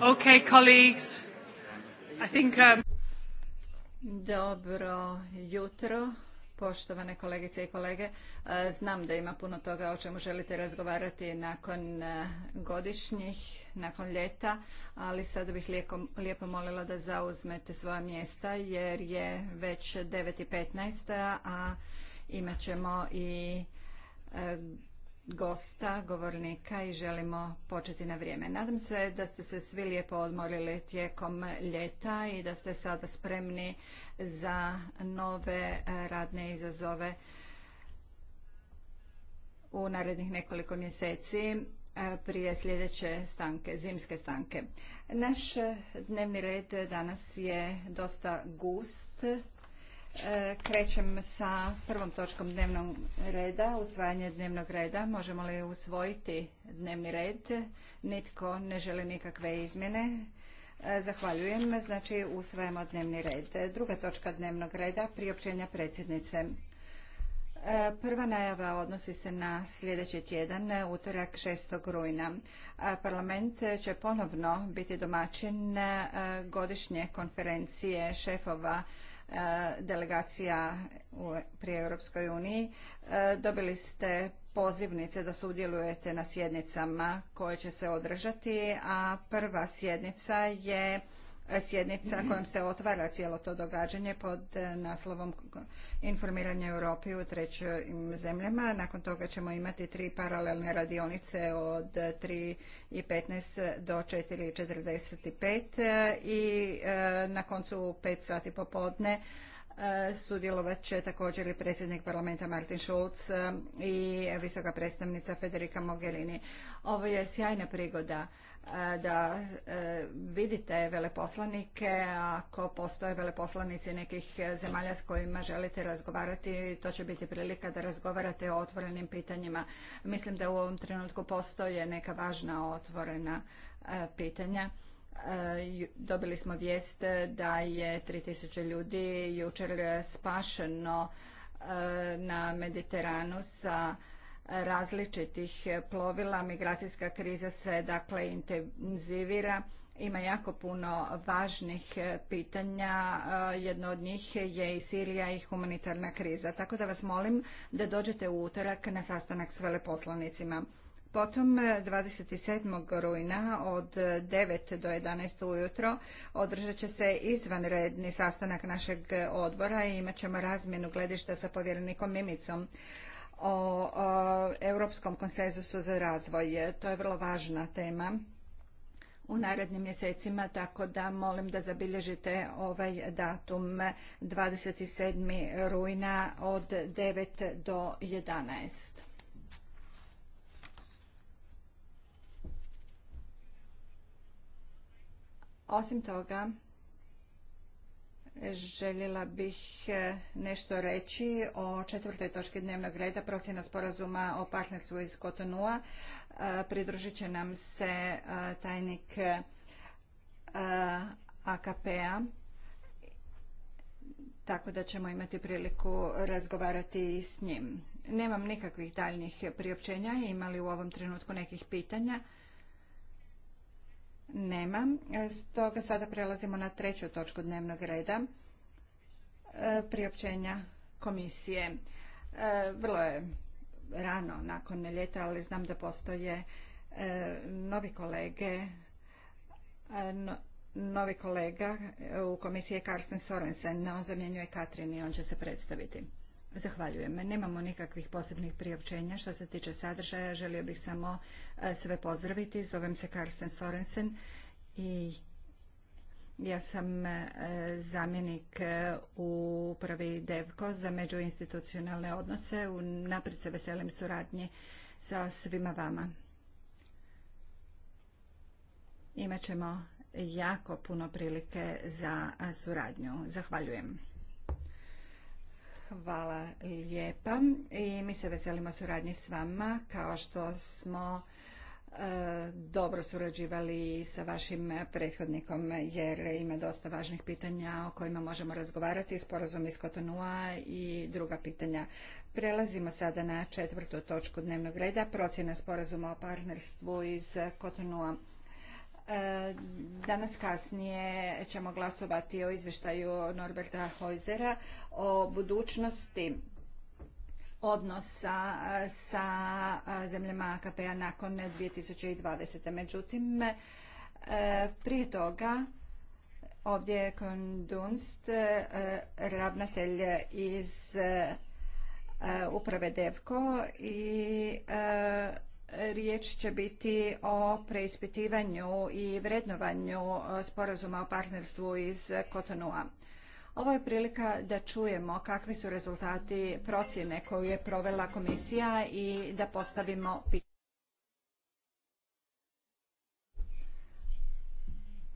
Okay, colleagues. Um, Dobro jutro, poštovane kolegice i kolege. E, znam da ima puno toga o čemu želite razgovarati nakon e, godišnjih, nakon ljeta, ali sada bih lijepo, molila da zauzmete svoja mjesta jer je već 9.15, a imat ćemo i e, gosta, govornika i želimo početi na vrijeme. Nadam se da ste se svi lijepo odmorili tijekom ljeta i da ste sada spremni za nove radne izazove u narednih nekoliko mjeseci e, prije sljedeće stanke, zimske stanke. Naš dnevni red danas je dosta gust E, krećem sa prvom točkom dnevnog reda, usvajanje dnevnog reda. Možemo li usvojiti dnevni red? Nitko ne želi nikakve izmjene. E, zahvaljujem. Znači, usvajamo dnevni red. Druga točka dnevnog reda, priopćenja predsjednice. E, prva najava odnosi se na sljedeći tjedan, utorak 6. rujna. Parlament će ponovno biti domaćin godišnje konferencije šefova E, delegacija pri Europskoj uniji. E, dobili ste pozivnice da sudjelujete na sjednicama koje će se održati, a prva sjednica je sjednica kojom se otvara cijelo to događanje pod naslovom informiranje Europi u trećim zemljama. Nakon toga ćemo imati tri paralelne radionice od 3.15 do 4.45 i e, na koncu u 5 sati popodne e, sudjelovat će također i predsjednik parlamenta Martin Schulz e, i visoka predstavnica Federica Mogherini. Ovo je sjajna prigoda E, da e, vidite veleposlanike, ako postoje veleposlanici nekih zemalja s kojima želite razgovarati, to će biti prilika da razgovarate o otvorenim pitanjima. Mislim da u ovom trenutku postoje neka važna otvorena e, pitanja. Dobili smo vijest da je 3000 ljudi jučer spašeno na Mediteranu sa različitih plovila. Migracijska kriza se dakle intenzivira. Ima jako puno važnih e, pitanja. E, jedno od njih je i Sirija i humanitarna kriza. Tako da vas molim da dođete u utorak na sastanak s veleposlanicima. Potom 27. E, rujna od 9 do 11 ujutro održat će se izvanredni sastanak našeg odbora i imat ćemo razmjenu gledišta sa povjerenikom Mimicom o europskom konsenzusu za razvoj. To je vrlo važna tema u narednim mjesecima, tako da molim da zabilježite ovaj datum 27. rujna od 9 do 11. Osim toga, Željela bih e, nešto reći o četvrtoj točki dnevnog reda procjena sporazuma o partnerstvu iz Kotonua. E, pridružit će nam se e, tajnik AKP-a, tako da ćemo imati priliku razgovarati i s njim. Nemam nikakvih daljnjih priopćenja, imali u ovom trenutku nekih pitanja nema. E, stoga sada prelazimo na treću točku dnevnog reda. E, priopćenja komisije. E, vrlo je rano nakon ljeta, ali znam da postoje novi kolege novi kolega u komisiji je Karsten Sorensen. On zamjenjuje Katrin i on će se predstaviti. Zahvaljujem. Nemamo nikakvih posebnih priopćenja što se tiče sadržaja. Želio bih samo e, sve pozdraviti. Zovem se Karsten Sorensen i ja sam e, zamjenik e, u upravi DEVKO za međuinstitucionalne odnose. Naprijed se veselim suradnji sa svima vama. Imaćemo jako puno prilike za suradnju. Zahvaljujem. Hvala lijepa i mi se veselimo suradnji s vama kao što smo e, dobro surađivali sa vašim prethodnikom jer ima dosta važnih pitanja o kojima možemo razgovarati, sporazum iz Kotonua i druga pitanja. Prelazimo sada na četvrtu točku dnevnog reda, procjena sporazuma o partnerstvu iz Kotonua. E, danas kasnije ćemo glasovati o izvještaju Norberta Hojzera o budućnosti odnosa e, sa e, zemljama AKP-a nakon 2020. Međutim, prije toga ovdje je Kondunst, ravnatelj iz uprave DEVKO i Riječ će biti o preispitivanju i vrednovanju e, sporazuma o partnerstvu iz Kotonua. Ovo je prilika da čujemo kakvi su rezultati procjene koju je provela komisija i da postavimo pitanje.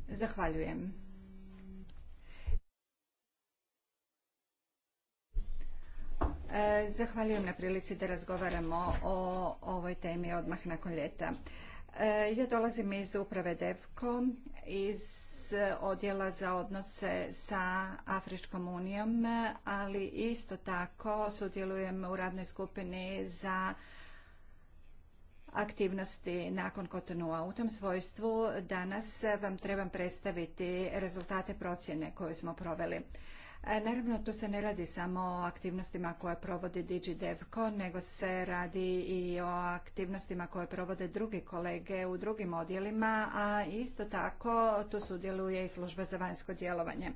Zahvaljujem. E, zahvaljujem na prilici da razgovaramo o ovoj temi odmah nakon ljeta. E, ja dolazim iz uprave DEVKO, iz odjela za odnose sa Afričkom unijom, ali isto tako sudjelujem u radnoj skupini za aktivnosti nakon Kotonua. U tom svojstvu danas vam trebam predstaviti rezultate procjene koje smo proveli. E, naravno, tu se ne radi samo o aktivnostima koje provodi DigiDevCo, nego se radi i o aktivnostima koje provode drugi kolege u drugim odjelima, a isto tako tu sudjeluje i služba za vanjsko djelovanje.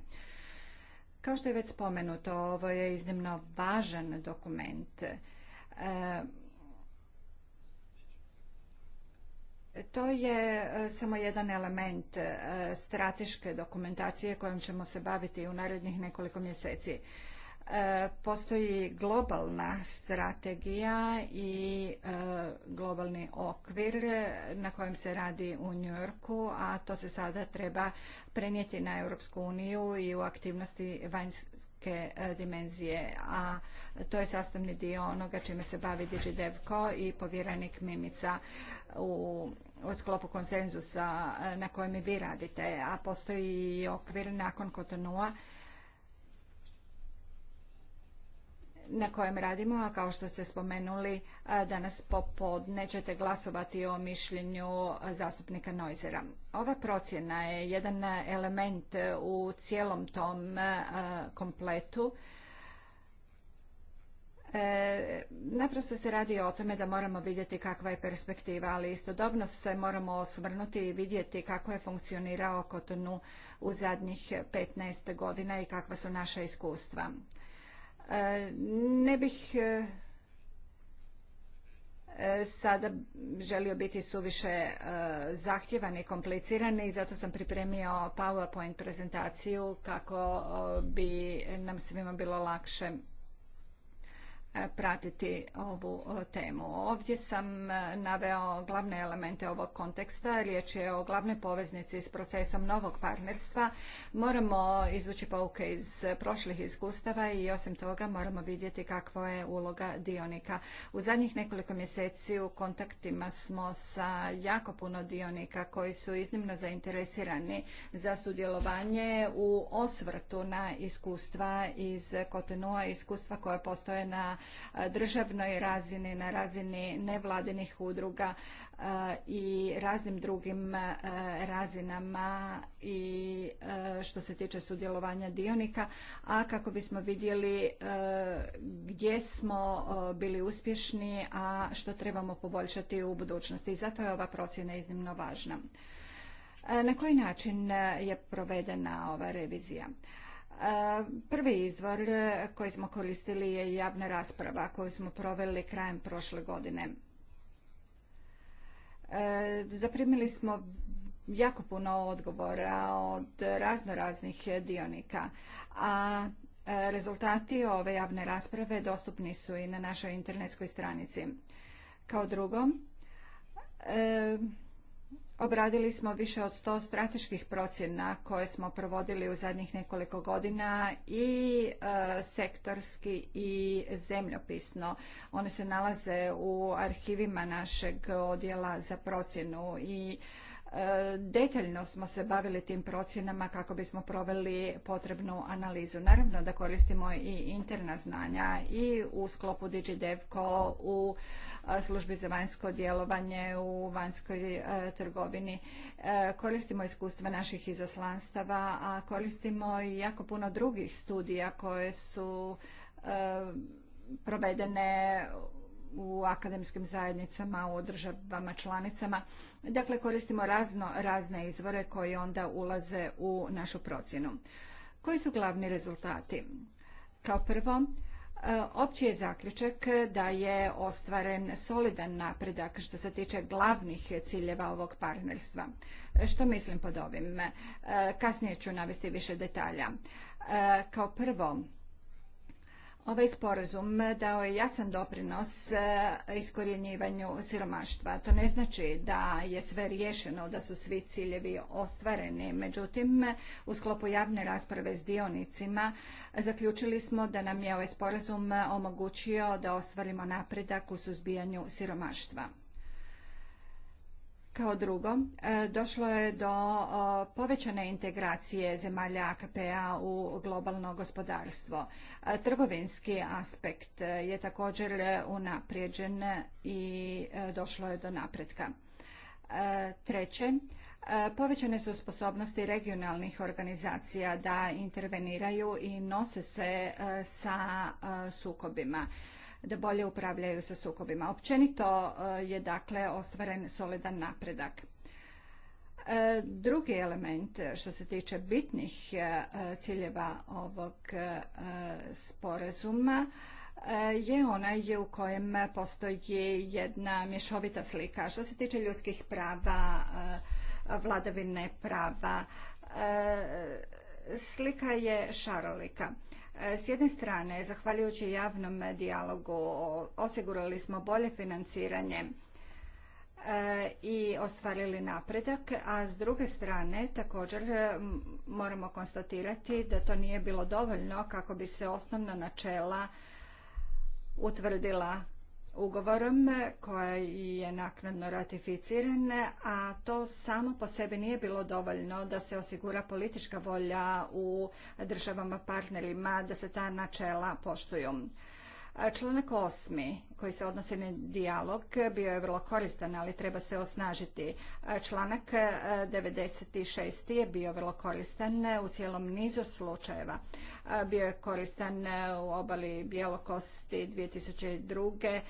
Kao što je već spomenuto, ovo je iznimno važan dokument. E, To je e, samo jedan element e, strateške dokumentacije kojom ćemo se baviti u narednih nekoliko mjeseci. E, postoji globalna strategija i globalni okvir na kojem se radi u Njorku, a to se sada treba prenijeti na Europsku uniju i u aktivnosti vanjske dimenzije, a to je sastavni dio onoga čime se bavi DigiDevko i povjerenik Mimica u u sklopu konsenzusa e, na kojem vi radite, a postoji i okvir nakon Kotonua na kojem radimo, a kao što ste spomenuli, e, danas popodne ćete glasovati o mišljenju zastupnika Noizera. Ova procjena je jedan element u cijelom tom e, kompletu E, naprosto se radi o tome da moramo vidjeti kakva je perspektiva, ali istodobno se moramo osvrnuti i vidjeti kako je funkcionirao Kotonu u zadnjih 15 godina i kakva su naša iskustva. E, ne bih e, sada želio biti suviše zahtjevan i kompliciran i zato sam pripremio PowerPoint prezentaciju kako bi nam svima bilo lakše pratiti ovu temu. Ovdje sam e, naveo glavne elemente ovog konteksta. Riječ je o glavnoj poveznici s procesom novog partnerstva. Moramo izvući pouke iz prošlih iskustava i osim toga moramo vidjeti kakva je uloga dionika. U zadnjih nekoliko mjeseci u kontaktima smo sa jako puno dionika koji su iznimno zainteresirani za sudjelovanje u osvrtu na iskustva iz Kotenua, iskustva koja postoje na državnoj razini, na razini nevladinih udruga i raznim drugim razinama i što se tiče sudjelovanja dionika, a kako bismo vidjeli gdje smo bili uspješni, a što trebamo poboljšati u budućnosti. I zato je ova procjena iznimno važna. Na koji način je provedena ova revizija? Prvi izvor e, koji smo koristili je javna rasprava koju smo proveli krajem prošle godine. E, zaprimili smo jako puno odgovora od razno raznih dionika, a e, rezultati ove javne rasprave dostupni su i na našoj internetskoj stranici. Kao drugo, Obradili smo više od 100 strateških procjena koje smo provodili u zadnjih nekoliko godina i e, sektorski i zemljopisno. One se nalaze u arhivima našeg odjela za procjenu i E, detaljno smo se bavili tim procjenama kako bismo proveli potrebnu analizu. Naravno da koristimo i interna znanja i u sklopu DigiDevco, u e, službi za vanjsko djelovanje, u vanjskoj e, trgovini. koristimo iskustva naših izaslanstava, a koristimo i jako puno drugih studija koje su provedene u u akademskim zajednicama, u državama članicama. Dakle, koristimo razno razne izvore koji onda ulaze u našu procjenu. Koji su glavni rezultati? Kao prvo, e, Opći je zaključak da je ostvaren solidan napredak što se tiče glavnih ciljeva ovog partnerstva. Što mislim pod ovim? E, kasnije ću navesti više detalja. E, kao prvo, Ovaj sporazum dao je jasan doprinos e, iskorjenjivanju siromaštva. To ne znači da je sve riješeno, da su svi ciljevi ostvareni. Međutim, u sklopu javne rasprave s dionicima zaključili smo da nam je ovaj sporazum omogućio da ostvarimo napredak u suzbijanju siromaštva. Kao drugo, e, došlo je do povećane integracije zemalja AKP-a u globalno gospodarstvo. E, trgovinski aspekt e, je također unaprijeđen i došlo je do napretka. Treće, povećane su sposobnosti regionalnih organizacija da interveniraju i nose se sa sukobima da bolje upravljaju sa sukobima. Općenito e, je dakle ostvaren solidan napredak. E, drugi element što se tiče bitnih e, ciljeva ovog sporazuma je onaj u kojem postoji jedna mješovita slika. Što se tiče ljudskih prava, vladavine prava, slika je šarolika. S jedne strane, zahvaljujući javnom dijalogu, osigurali smo bolje financiranje e, i ostvarili napredak, a s druge strane također moramo konstatirati da to nije bilo dovoljno kako bi se osnovna načela utvrdila ugovorom e, koji je naknadno ratificiran, a to samo po sebi nije bilo dovoljno da se osigura politička volja u državama partnerima da se ta načela poštuju. Članak osmi koji se odnosi na dijalog bio je vrlo koristan, ali treba se osnažiti. Članak 96. E, je bio vrlo koristan u cijelom nizu slučajeva. Bio je koristan u obali Bjelokosti 2002.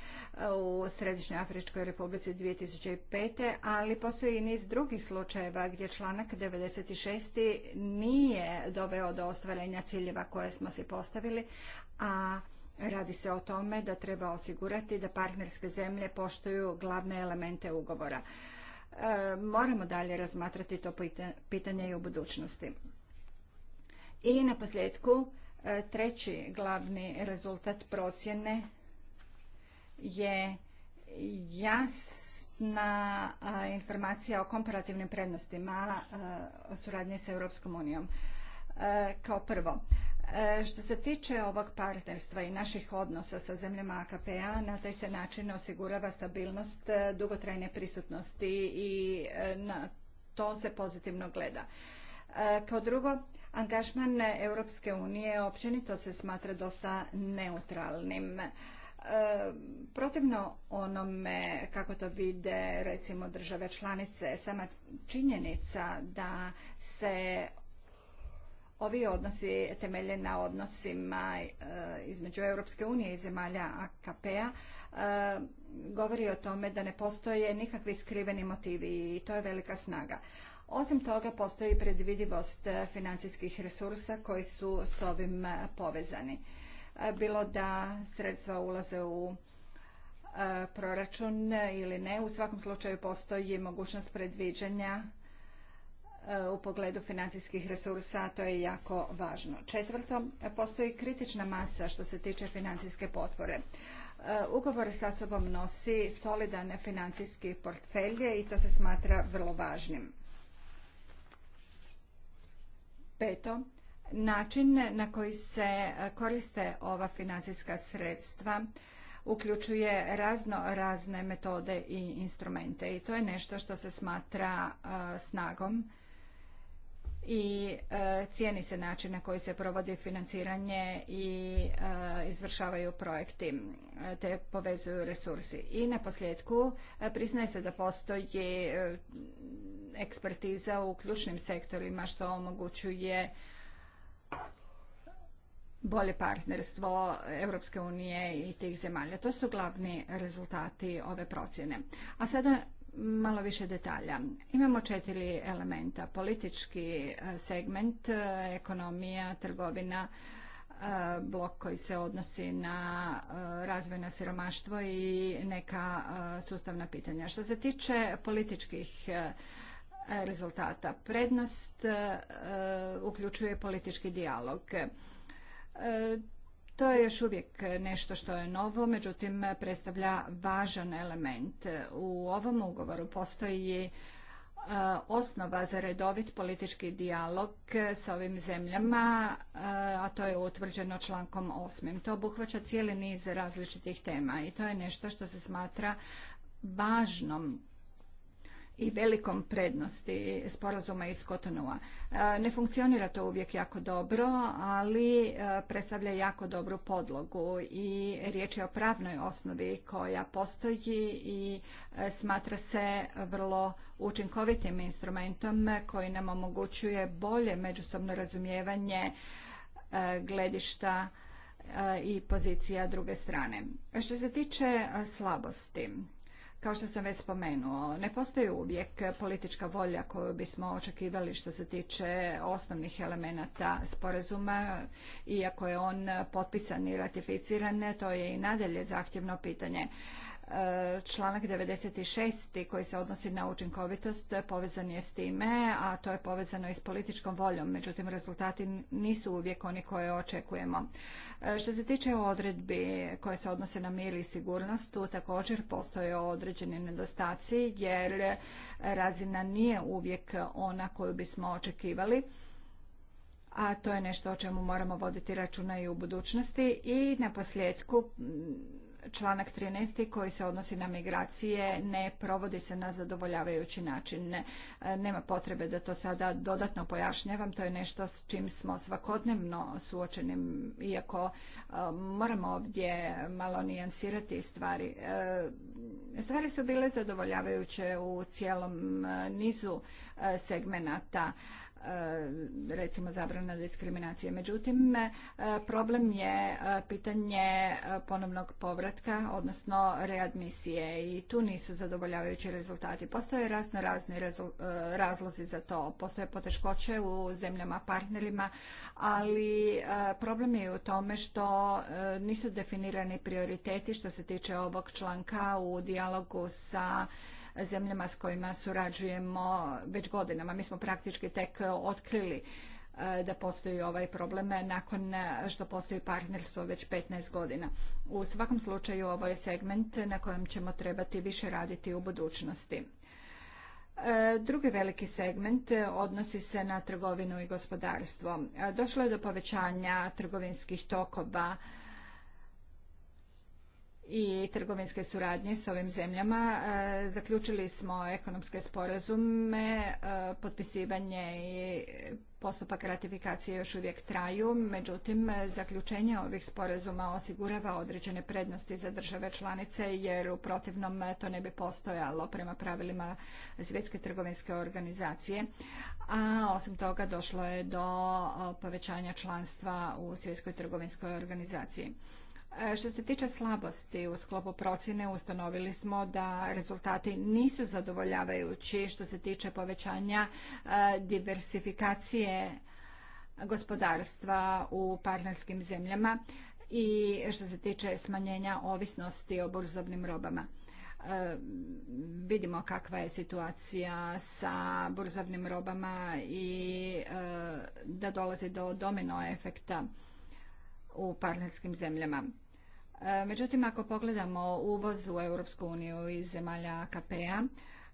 u Središnjoj Afričkoj Republici 2005. ali postoji i niz drugih slučajeva gdje članak 96. nije doveo do ostvarenja ciljeva koje smo si postavili, a Radi se o tome da treba osigurati da partnerske zemlje poštuju glavne elemente ugovora. E, moramo dalje razmatrati to pitanje i u budućnosti. I na posljedku, e, treći glavni rezultat procjene je jasna informacija o komparativnim prednostima o suradnji sa Europskom unijom. E, kao prvo, E, što se tiče ovog partnerstva i naših odnosa sa zemljama AKP-a, na taj se način osigurava stabilnost e, dugotrajne prisutnosti i e, na to se pozitivno gleda. Kao drugo, angažman Europske unije općenito se smatra dosta neutralnim. protivno onome kako to vide recimo države članice, sama činjenica da se Ovi odnosi temelje na odnosima e, između Europske unije i zemalja AKP-a e, govori o tome da ne postoje nikakvi skriveni motivi i to je velika snaga. Osim toga postoji predvidivost financijskih resursa koji su s ovim povezani. E, bilo da sredstva ulaze u proračun ili ne, u svakom slučaju postoji mogućnost predviđanja E, u pogledu financijskih resursa, to je jako važno. Četvrto, postoji kritična masa što se tiče financijske potpore. E, ugovor sa sobom nosi solidan financijski portfelje i to se smatra vrlo važnim. Peto, način na koji se koriste ova financijska sredstva uključuje razno razne metode i instrumente i to je nešto što se smatra e, snagom i e, cijeni se način na koji se provodi financiranje i e, izvršavaju projekti e, te povezuju resursi. I na posljedku priznaje se da postoji ekspertiza u ključnim sektorima što omogućuje bolje partnerstvo Europske unije i tih zemalja. To su glavni rezultati ove procjene. A sada malo više detalja. Imamo četiri elementa. Politički e, segment, e, ekonomija, trgovina, e, blok koji se odnosi na razvoj na siromaštvo i neka sustavna pitanja. Što se tiče političkih rezultata, prednost uključuje politički dijalog. To je još uvijek nešto što je novo, međutim predstavlja važan element. U ovom ugovoru postoji e, osnova za redovit politički dijalog s ovim zemljama, e, a to je utvrđeno člankom 8. To obuhvaća cijeli niz različitih tema i to je nešto što se smatra važnom i velikom prednosti sporazuma iz Kotonova. E, ne funkcionira to uvijek jako dobro, ali e, predstavlja jako dobru podlogu i riječ je o pravnoj osnovi koja postoji i e, smatra se vrlo učinkovitim instrumentom koji nam omogućuje bolje međusobno razumijevanje gledišta i pozicija druge strane. Što se tiče slabosti, kao što sam već spomenuo, ne postoji uvijek politička volja koju bismo očekivali što se tiče osnovnih elemenata sporazuma. Iako je on potpisan i ratificiran, to je i nadalje zahtjevno pitanje. Članak 96. koji se odnosi na učinkovitost povezan je s time, a to je povezano i s političkom voljom. Međutim, rezultati nisu uvijek oni koje očekujemo. E, što se tiče odredbi koje se odnose na mir i sigurnost, tu također postoje određeni nedostaci jer razina nije uvijek ona koju bismo očekivali a to je nešto o čemu moramo voditi računa i u budućnosti. I na posljedku članak 13. koji se odnosi na migracije ne provodi se na zadovoljavajući način. E, nema potrebe da to sada dodatno pojašnjavam, to je nešto s čim smo svakodnevno suočeni, iako e, moramo ovdje malo nijansirati stvari. E, stvari su bile zadovoljavajuće u cijelom nizu segmenata E, recimo zabrana diskriminacije. Međutim, e, problem je e, pitanje ponovnog povratka, odnosno readmisije i tu nisu zadovoljavajući rezultati. Postoje razno razni razlozi za to. Postoje poteškoće u zemljama partnerima, ali problem je u tome što nisu definirani prioriteti što se tiče ovog članka u dijalogu sa zemljama s kojima surađujemo već godinama. Mi smo praktički tek otkrili e, da postoji ovaj problem nakon što postoji partnerstvo već 15 godina. U svakom slučaju ovo je segment na kojem ćemo trebati više raditi u budućnosti. E, drugi veliki segment odnosi se na trgovinu i gospodarstvo. E, došlo je do povećanja trgovinskih tokova i trgovinske suradnje s ovim zemljama. E, zaključili smo ekonomske sporazume, e, potpisivanje i postupak ratifikacije još uvijek traju, međutim zaključenje ovih sporazuma osigurava određene prednosti za države članice jer u protivnom to ne bi postojalo prema pravilima Svjetske trgovinske organizacije. A osim toga došlo je do povećanja članstva u Svjetskoj trgovinskoj organizaciji. E, što se tiče slabosti u sklopu procjene, ustanovili smo da rezultati nisu zadovoljavajući što se tiče povećanja e, diversifikacije gospodarstva u partnerskim zemljama i što se tiče smanjenja ovisnosti o burzovnim robama. E, vidimo kakva je situacija sa burzovnim robama i da dolazi do domino efekta u partnerskim zemljama. E, međutim, ako pogledamo uvoz u Europsku uniju iz zemalja AKP-a,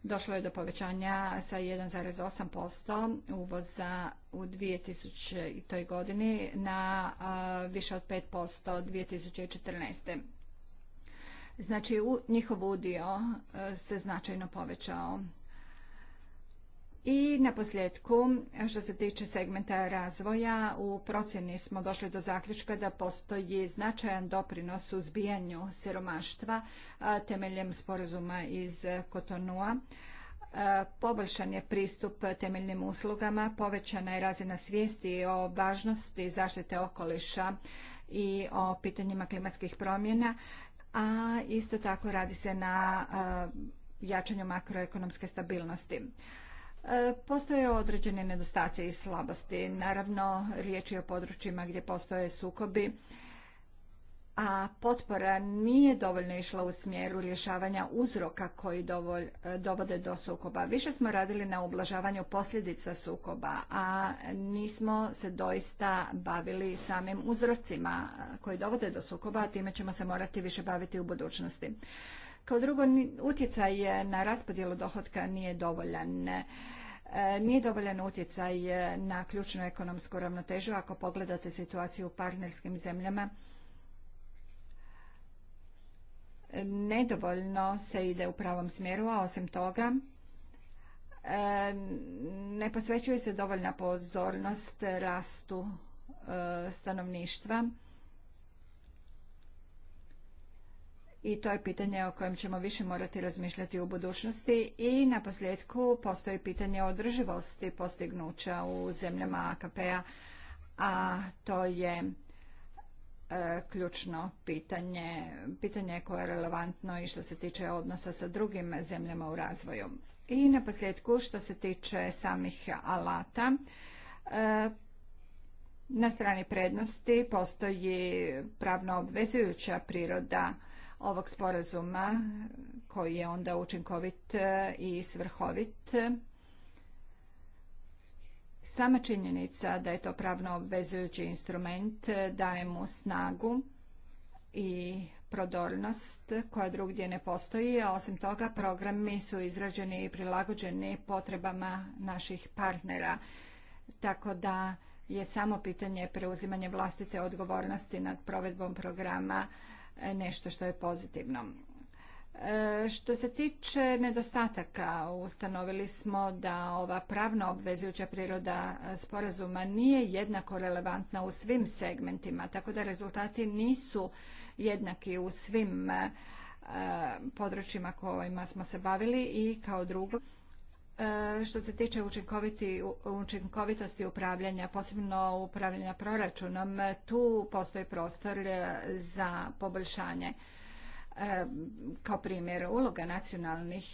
došlo je do povećanja sa 1,8% uvoza u 2000. godini na više od 5% 2014. Znači, njihov udio e, se značajno povećao i na posljedku, što se tiče segmenta razvoja, u procjeni smo došli do zaključka da postoji značajan doprinos u zbijanju siromaštva temeljem sporazuma iz Kotonua. Poboljšan je pristup temeljnim uslugama, povećana je razina svijesti o važnosti zaštite okoliša i o pitanjima klimatskih promjena, a isto tako radi se na jačanju makroekonomske stabilnosti. Postoje određene nedostacije i slabosti. Naravno, riječ je o područjima gdje postoje sukobi, a potpora nije dovoljno išla u smjeru rješavanja uzroka koji dovode do sukoba. Više smo radili na ublažavanju posljedica sukoba, a nismo se doista bavili samim uzrocima koji dovode do sukoba, a time ćemo se morati više baviti u budućnosti. Kao drugo, utjecaj na raspodjelu dohotka nije dovoljan E, nije dovoljan utjecaj e, na ključnu ekonomsku ravnotežu ako pogledate situaciju u partnerskim zemljama. Nedovoljno se ide u pravom smjeru, a osim toga e, ne posvećuje se dovoljna pozornost rastu stanovništva i to je pitanje o kojem ćemo više morati razmišljati u budućnosti i na posljedku postoji pitanje održivosti postignuća u zemljama AKP-a, a to je e, ključno pitanje, pitanje koje je relevantno i što se tiče odnosa sa drugim zemljama u razvoju. I na posljedku što se tiče samih alata, e, na strani prednosti postoji pravno obvezujuća priroda ovog sporazuma koji je onda učinkovit e, i svrhovit. Sama činjenica da je to pravno obvezujući instrument e, daje mu snagu i prodornost koja drugdje ne postoji, a osim toga programi su izrađeni i prilagođeni potrebama naših partnera. Tako da je samo pitanje preuzimanje vlastite odgovornosti nad provedbom programa nešto što je pozitivno. E, što se tiče nedostataka, ustanovili smo da ova pravno obvezujuća priroda sporazuma nije jednako relevantna u svim segmentima, tako da rezultati nisu jednaki u svim e, područjima kojima smo se bavili i kao drugo E, što se tiče učinkovitosti upravljanja, posebno upravljanja proračunom, tu postoji prostor e, za poboljšanje. E, kao primjer, uloga nacionalnih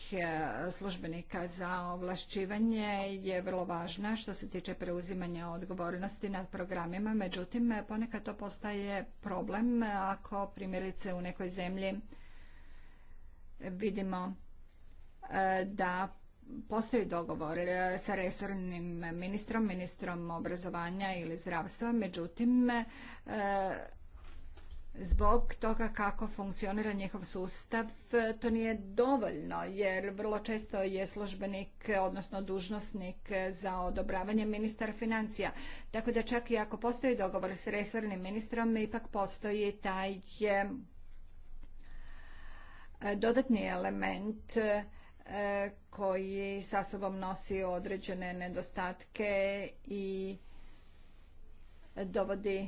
službenika za ovlašćivanje je vrlo važna što se tiče preuzimanja odgovornosti nad programima, međutim ponekad to postaje problem ako primjerice u nekoj zemlji vidimo da postoji dogovor e, sa resornim ministrom, ministrom obrazovanja ili zdravstva, međutim e, zbog toga kako funkcionira njihov sustav to nije dovoljno jer vrlo često je službenik odnosno dužnosnik za odobravanje ministar financija tako da čak i ako postoji dogovor s resornim ministrom ipak postoji taj e, dodatni element E, koji sa sobom nosi određene nedostatke i dovodi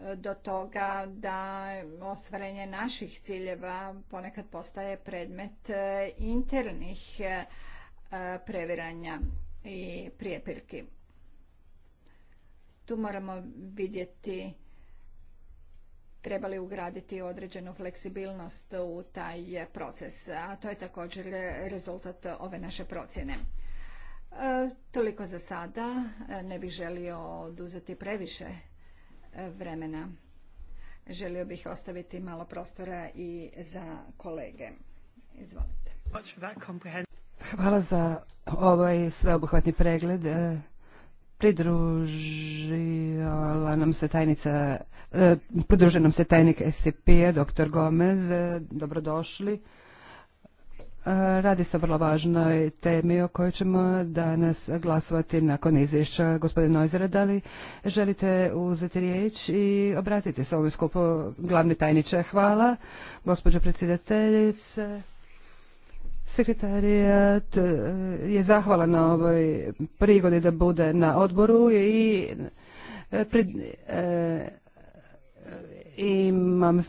e, do toga da ostvarenje naših ciljeva ponekad postaje predmet e, internih previranja i prijepirki. Tu moramo vidjeti trebali ugraditi određenu fleksibilnost u taj proces, a to je također rezultat ove naše procjene. E, toliko za sada, e, ne bih želio oduzeti previše e, vremena. Želio bih ostaviti malo prostora i za kolege. Izvolite. Hvala za ovaj sveobuhvatni pregled. Pridružila nam se tajnica E, Pridružuje se tajnik SCP-a, dr. Gomez. E, dobrodošli. E, radi se o vrlo važnoj temi o kojoj ćemo danas glasovati nakon izvješća gospodina Nojzera. Da li želite uzeti riječ i obratiti se ovom skupu glavni tajniče? Hvala. Gospođo predsjedateljice, sekretarijat je zahvala na ovoj prigodi da bude na odboru i imam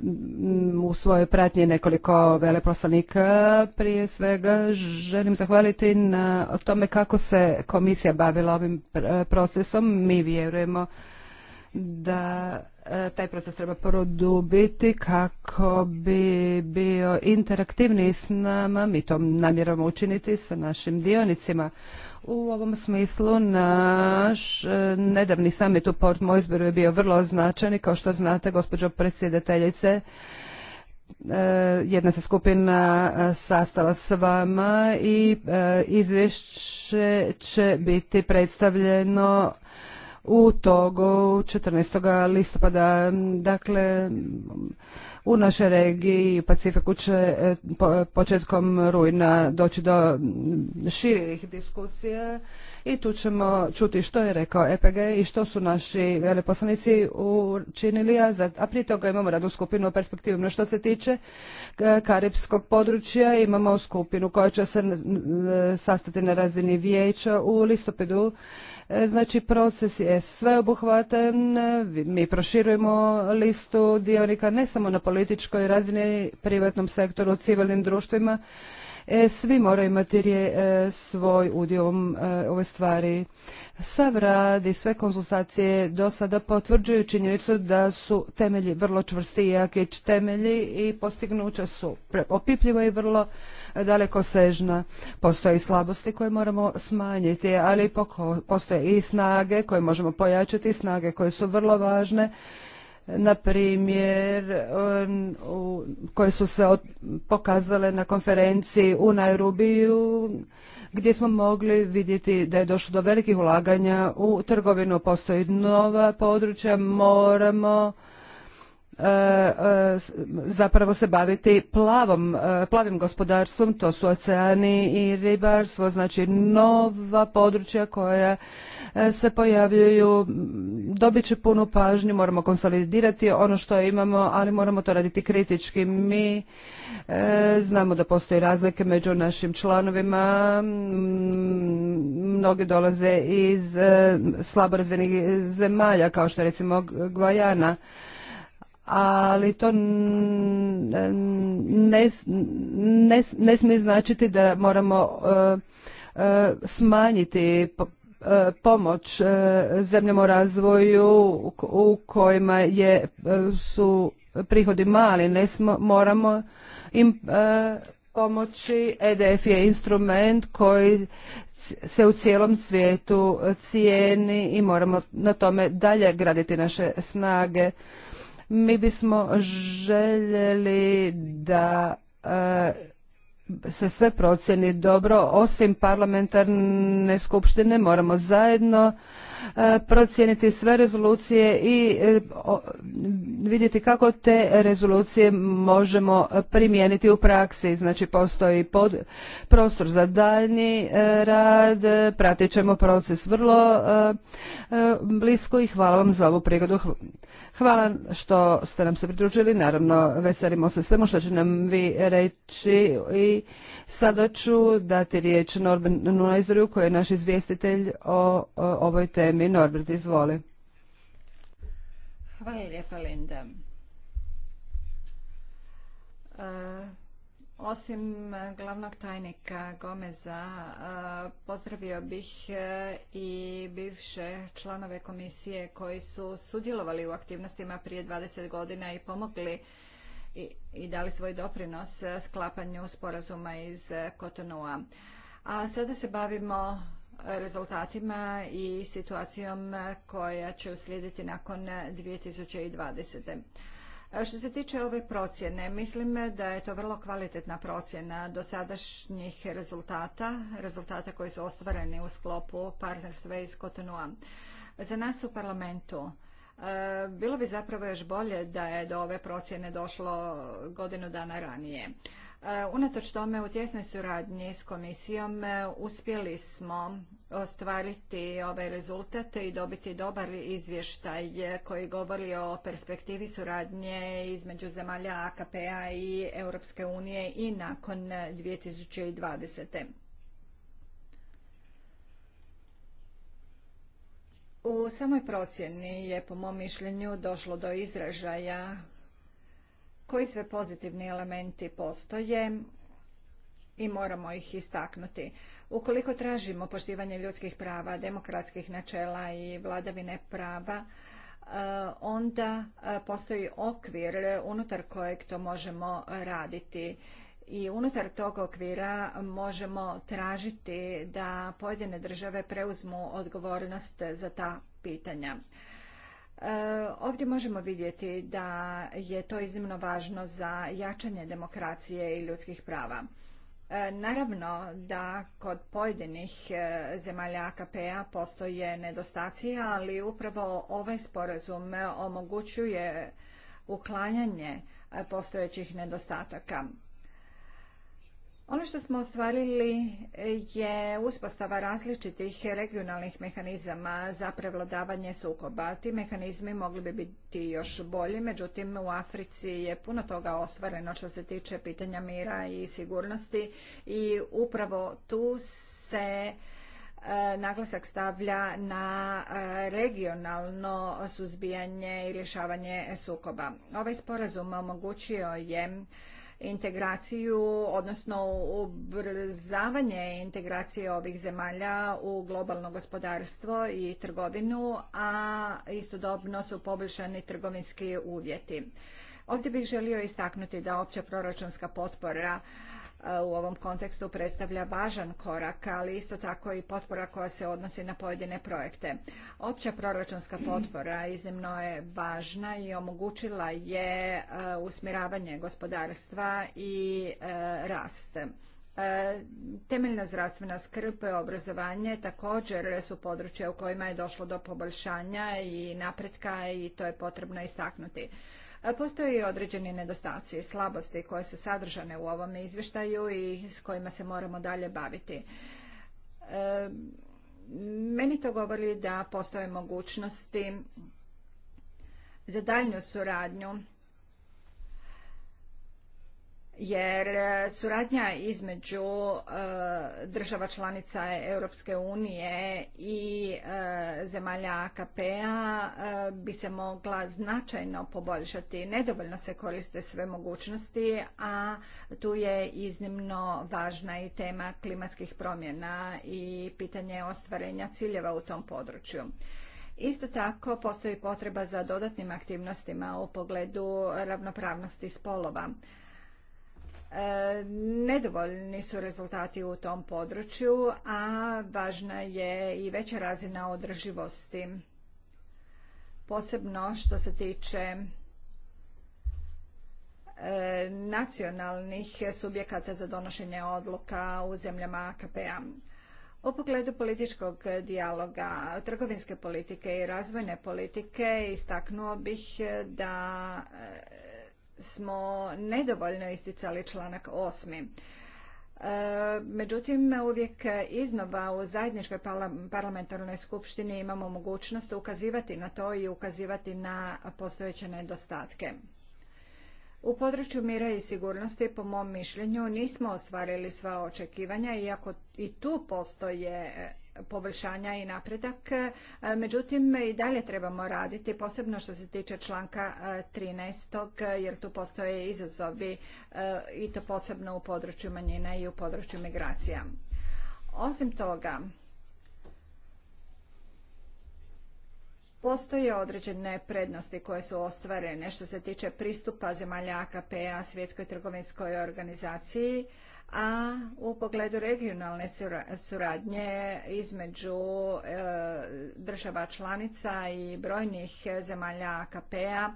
u svojoj pratnji nekoliko veleposlanika. Prije svega želim zahvaliti na tome kako se komisija bavila ovim procesom. Mi vjerujemo da e, taj proces treba produbiti kako bi bio interaktivniji s nama. Mi to namjeramo učiniti sa našim dionicima. U ovom smislu naš e, nedavni samit u Port izboru je bio vrlo značajan i kao što znate gospođo predsjedateljice e, jedna se skupina e, sastala s vama i izvješće će biti predstavljeno u Togo 14. listopada. Dakle, u našoj regiji Pacifiku će e, početkom rujna doći do mm, širih diskusija i tu ćemo čuti što je rekao EPG i što su naši veleposlanici učinili, a prije toga imamo radnu skupinu o perspektivima. Što se tiče e, karibskog područja, imamo skupinu koja će se sastati na razini vijeća u listopadu E, znači proces je sveobuhvatan, e, mi proširujemo listu dionika ne samo na političkoj razini, privatnom sektoru, civilnim društvima, e, svi moraju imati svoj udio ovoj stvari. Sav rad i sve konsultacije do sada potvrđuju činjenicu da su temelji vrlo čvrsti i jaki temelji i postignuća su opipljiva i vrlo dalekosežna. Postoje i slabosti koje moramo smanjiti, ali postoje i snage koje možemo pojačati, snage koje su vrlo važne na primjer um, koje su se pokazale na konferenciji u Nairobiju gdje smo mogli vidjeti da je došlo do velikih ulaganja u trgovinu, postoji nova područja, moramo E, e, zapravo se baviti plavom, e, plavim gospodarstvom, to su oceani i ribarstvo, znači nova područja koja se pojavljuju, dobit će punu pažnju, moramo konsolidirati ono što imamo, ali moramo to raditi kritički. Mi znamo da postoje razlike među našim članovima, mnogi dolaze iz slabo razvijenih zemalja, kao što recimo Gvajana ali to ne, ne, smije značiti da moramo e, e, smanjiti e, pomoć zemljama u razvoju u kojima je, su prihodi mali, moramo im pomoći. EDF je instrument koji se u cijelom svijetu cijeni i moramo na tome dalje graditi naše snage. Mi bismo željeli da e, se sve procjeni dobro, osim parlamentarne skupštine moramo zajedno e, procijeniti sve rezolucije i e, vidjeti kako te rezolucije možemo primijeniti u praksi. Znači postoji pod, prostor za daljnji rad, pratit ćemo proces vrlo blisko i hvala vam za ovu prigodu. Hvala što ste nam se pridružili, naravno veselimo se svemu što će nam vi reći i sada ću dati riječ Norbert Nunajzeru koji je naš izvjestitelj o, ovoj temi. Norbert, izvoli. Hvala lijepa Linda. Osim e, glavnog tajnika Gomeza, e, pozdravio bih e, i bivše članove komisije koji su sudjelovali u aktivnostima prije 20 godina i pomogli i, dali svoj doprinos sklapanju sporazuma iz Kotonua. A sada se bavimo rezultatima i situacijom koja će uslijediti nakon 2020. Što se tiče ove procjene, mislim da je to vrlo kvalitetna procjena dosadašnjih rezultata, rezultata koji su ostvareni u sklopu partnerstva iz Kotonua. Za nas u parlamentu e, bilo bi zapravo još bolje da je do ove procjene došlo godinu dana ranije. E, unatoč tome u tjesnoj suradnji s komisijom e, uspjeli smo ostvariti ovaj rezultat i dobiti dobar izvještaj e, koji govori o perspektivi suradnje između zemalja AKP-a i Europske unije i nakon 2020. U samoj procjeni je po mom mišljenju došlo do izražaja koji sve pozitivni elementi postoje i moramo ih istaknuti. Ukoliko tražimo poštivanje ljudskih prava, demokratskih načela i vladavine prava, e, onda e, postoji okvir unutar kojeg to možemo raditi i unutar tog okvira možemo tražiti da pojedine države preuzmu odgovornost za ta pitanja. E, ovdje možemo vidjeti da je to iznimno važno za jačanje demokracije i ljudskih prava. E, naravno da kod pojedinih e, zemalja AKP-a postoje nedostaci, ali upravo ovaj sporazum omogućuje uklanjanje postojećih nedostataka. Ono što smo ostvarili e, je uspostava različitih regionalnih mehanizama za prevladavanje sukoba. Ti mehanizmi mogli bi biti još bolji, međutim u Africi je puno toga ostvareno što se tiče pitanja mira i sigurnosti i upravo tu se e, naglasak stavlja na e, regionalno suzbijanje i rješavanje sukoba. Ovaj sporazum omogućio je integraciju, odnosno ubrzavanje integracije ovih zemalja u globalno gospodarstvo i trgovinu, a istodobno su poboljšani trgovinski uvjeti. Ovdje bih želio istaknuti da opća proračunska potpora E, u ovom kontekstu predstavlja važan korak, ali isto tako i potpora koja se odnosi na pojedine projekte. Opća proračunska potpora iznimno je važna i omogućila je e, usmjeravanje gospodarstva i e, rast. Temeljna zdravstvena skrb, obrazovanje također su područja u kojima je došlo do poboljšanja i napretka i to je potrebno istaknuti. Postoje određeni nedostaci i slabosti koje su sadržane u ovom izvještaju i s kojima se moramo dalje baviti. E, meni to govori da postoje mogućnosti za daljnju suradnju jer e, suradnja između e, država članica Europske unije i e, zemalja AKP-a bi se mogla značajno poboljšati. Nedovoljno se koriste sve mogućnosti, a tu je iznimno važna i tema klimatskih promjena i pitanje ostvarenja ciljeva u tom području. Isto tako postoji potreba za dodatnim aktivnostima u pogledu ravnopravnosti spolova E, nedovoljni su rezultati u tom području, a važna je i veća razina održivosti. Posebno što se tiče e, nacionalnih subjekata za donošenje odluka u zemljama AKP-a. U pogledu političkog dijaloga, trgovinske politike i razvojne politike istaknuo bih da smo nedovoljno isticali članak 8. E, međutim, uvijek iznova u zajedničkoj parlamentarnoj skupštini imamo mogućnost ukazivati na to i ukazivati na postojeće nedostatke. U području mira i sigurnosti, po mom mišljenju, nismo ostvarili sva očekivanja, iako i tu postoje poboljšanja i napredak. E, međutim, i dalje trebamo raditi, posebno što se tiče članka 13. E, jer tu postoje izazovi e, i to posebno u području manjina i u području migracija. Osim toga, Postoje određene prednosti koje su ostvarene što se tiče pristupa zemalja AKP-a svjetskoj trgovinskoj organizaciji a u pogledu regionalne suradnje između e, država članica i brojnih zemalja AKP-a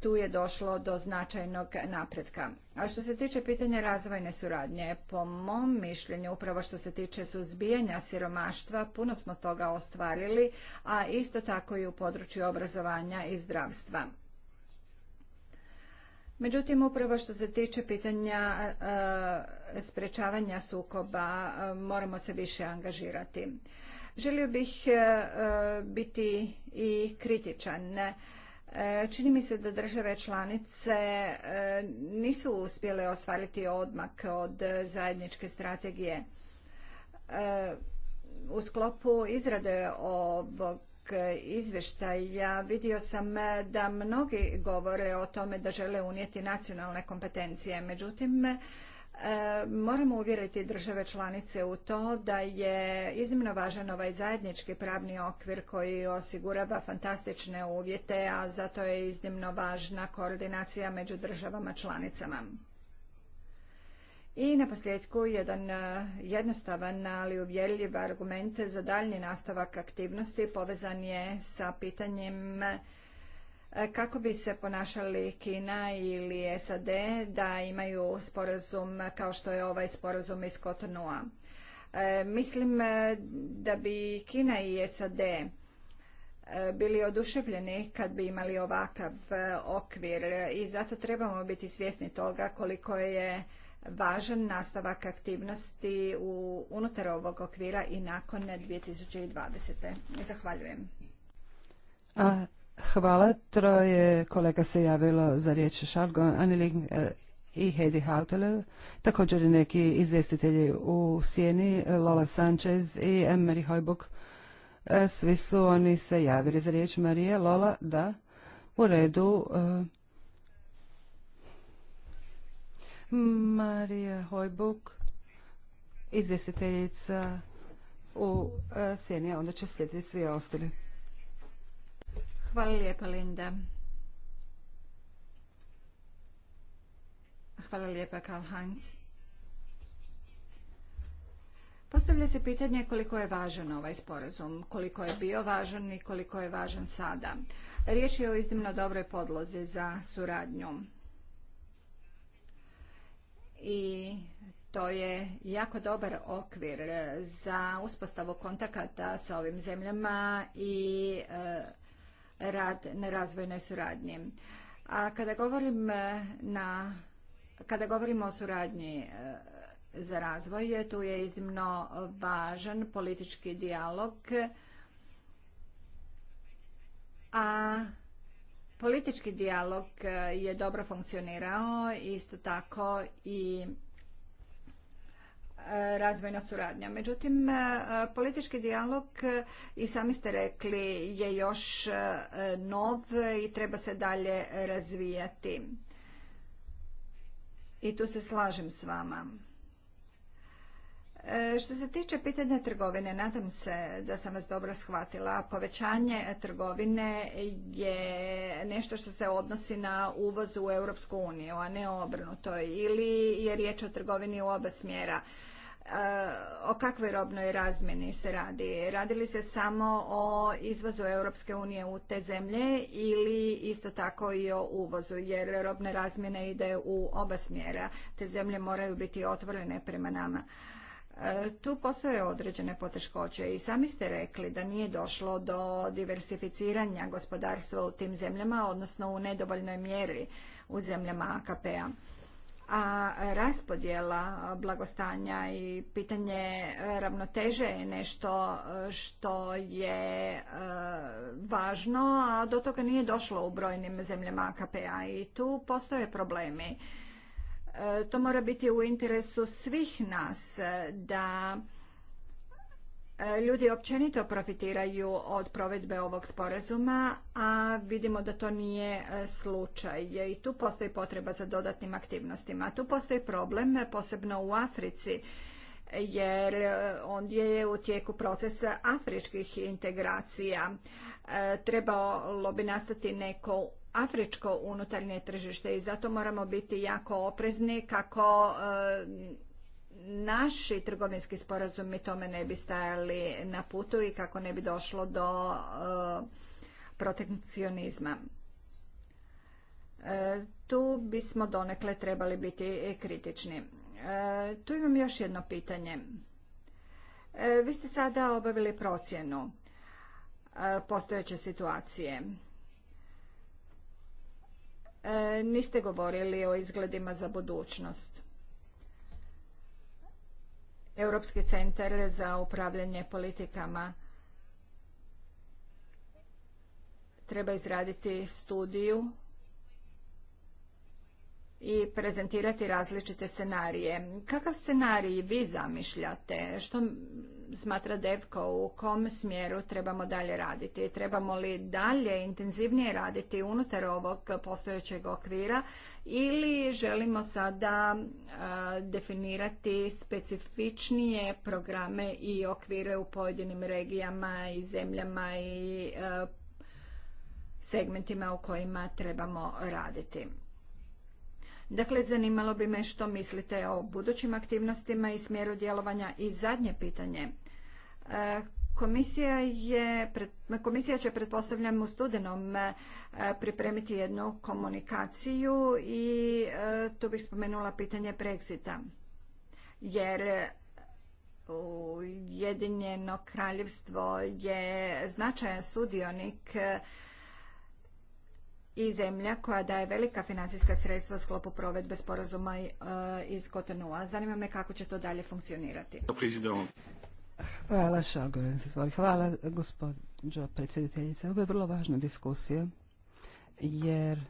tu je došlo do značajnog napretka. A što se tiče pitanja razvojne suradnje, po mom mišljenju, upravo što se tiče suzbijanja siromaštva, puno smo toga ostvarili, a isto tako i u području obrazovanja i zdravstva. Međutim, upravo što se tiče pitanja e, sprečavanja sukoba, e, moramo se više angažirati. Želio bih e, biti i kritičan. Čini mi se da države članice nisu uspjele ostvariti odmak od zajedničke strategije. U sklopu izrade ovog E, izvještaja vidio sam e, da mnogi govore o tome da žele unijeti nacionalne kompetencije. Međutim, e, moramo uvjeriti države članice u to da je iznimno važan ovaj zajednički pravni okvir koji osigurava fantastične uvjete, a zato je iznimno važna koordinacija među državama članicama. I na posljedku jedan e, jednostavan, ali uvjerljiv argument za daljnji nastavak aktivnosti povezan je sa pitanjem e, kako bi se ponašali Kina ili SAD da imaju sporazum kao što je ovaj sporazum iz Kotonua. E, mislim da bi Kina i SAD bili oduševljeni kad bi imali ovakav okvir i zato trebamo biti svjesni toga koliko je važan nastavak aktivnosti u, unutar ovog okvira i nakon 2020. Zahvaljujem. A, hvala. Troje kolega se javilo za riječ Šargon, Anilin e, i Heidi Hautele. Također neki izvjestitelji u Sjeni, Lola Sanchez i Emery Hojbuk. E, svi su oni se javili za riječ Marije. Lola, da. U redu. E, Marija Hojbuk, izvjestiteljica u e, Sjeni, a onda će slijediti svi ostali. Hvala lijepa, Linda. Hvala lijepa, Karl Heinz. Postavlja se pitanje koliko je važan ovaj sporazum, koliko je bio važan i koliko je važan sada. Riječ je o iznimno dobroj podlozi za suradnju i to je jako dobar okvir za uspostavu kontakata sa ovim zemljama i e, rad na razvojnoj suradnji. A kada govorim e, na kada govorimo o suradnji e, za razvoj, tu je iznimno važan politički dijalog, a Politički dijalog e, je dobro funkcionirao, isto tako i e, razvojna suradnja. Međutim, e, politički dijalog, i sami ste rekli, je još nov i treba se dalje razvijati. I tu se slažem s vama. E, što se tiče pitanja trgovine, nadam se da sam vas dobro shvatila. Povećanje trgovine je nešto što se odnosi na uvoz u Europsku uniju, a ne obrnuto. Ili je riječ o trgovini u oba smjera. E, o kakvoj robnoj razmjeni se radi? Radi li se samo o izvozu Europske unije u te zemlje ili isto tako i o uvozu? Jer robne razmjene ide u oba smjera. Te zemlje moraju biti otvorene prema nama. E, tu postoje određene poteškoće i sami ste rekli da nije došlo do diversificiranja gospodarstva u tim zemljama, odnosno u nedovoljnoj mjeri u zemljama AKP-a. A raspodjela blagostanja i pitanje ravnoteže je nešto e, što je e, važno, a do toga nije došlo u brojnim zemljama AKP-a i tu postoje problemi E, to mora biti u interesu svih nas e, da e, ljudi općenito profitiraju od provedbe ovog sporazuma, a vidimo da to nije slučaj i tu postoji potreba za dodatnim aktivnostima. Tu postoji problem, posebno u Africi, jer ondje je u tijeku proces afričkih integracija. Trebalo bi nastati neko afričko unutarnje tržište i zato moramo biti jako oprezni kako e, naši trgovinski sporazumi tome ne bi stajali na putu i kako ne bi došlo do e, protekcionizma. E, tu bismo donekle trebali biti kritični. Tu imam još jedno pitanje. Vi ste sada obavili procjenu postojeće situacije. E, niste govorili o izgledima za budućnost. Europski centar za upravljanje politikama treba izraditi studiju i prezentirati različite scenarije. Kakav scenarij vi zamišljate? Što smatra Devko u kom smjeru trebamo dalje raditi. Trebamo li dalje intenzivnije raditi unutar ovog postojećeg okvira ili želimo sada e, definirati specifičnije programe i okvire u pojedinim regijama i zemljama i e, segmentima u kojima trebamo raditi. Dakle, zanimalo bi me što mislite o budućim aktivnostima i smjeru djelovanja. I zadnje pitanje. E, komisija, je, komisija će pretpostavljam u studenom e, pripremiti jednu komunikaciju i e, tu bih spomenula pitanje Brexita. Jer Ujedinjeno kraljevstvo je značajan sudionik i zemlja koja daje velika financijska sredstva u sklopu provedbe sporazuma iz Kotonua. Zanima me kako će to dalje funkcionirati. Hvala, Šogoren, Hvala, gospođo predsjediteljice. Ovo je vrlo važna diskusija, jer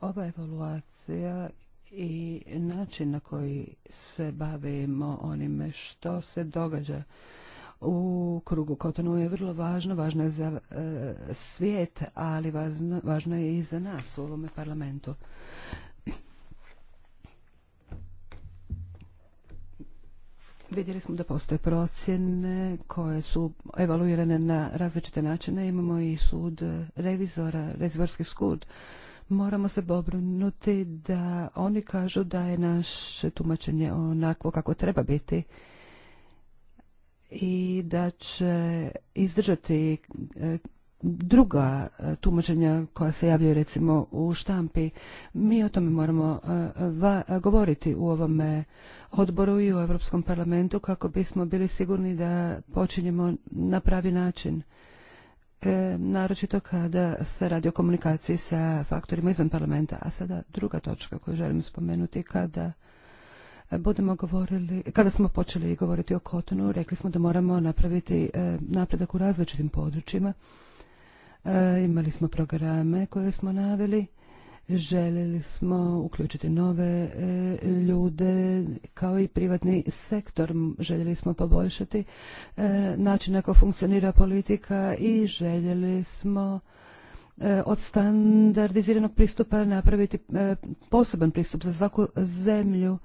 ova evaluacija i način na koji se bavimo onime što se događa u krugu Kotonu je vrlo važno, važno je za e, svijet, ali važno, važno je i za nas u ovome parlamentu. Vidjeli smo da postoje procjene koje su evaluirane na različite načine. Imamo i sud revizora, revizorski sud. Moramo se obrnuti da oni kažu da je naše tumačenje onako kako treba biti i da će izdržati e, druga e, tumačenja koja se javljaju recimo u štampi. Mi o tome moramo e, govoriti u ovome odboru i u Europskom parlamentu kako bismo bili sigurni da počinjemo na pravi način. E, naročito kada se radi o komunikaciji sa faktorima izvan parlamenta. A sada druga točka koju želim spomenuti kada budemo govorili, kada smo počeli govoriti o kotonu, rekli smo da moramo napraviti napredak u različitim područjima. E, imali smo programe koje smo naveli. Željeli smo uključiti nove e, ljude kao i privatni sektor. Željeli smo poboljšati e, način kako funkcionira politika i željeli smo od standardiziranog pristupa napraviti poseban pristup za svaku zemlju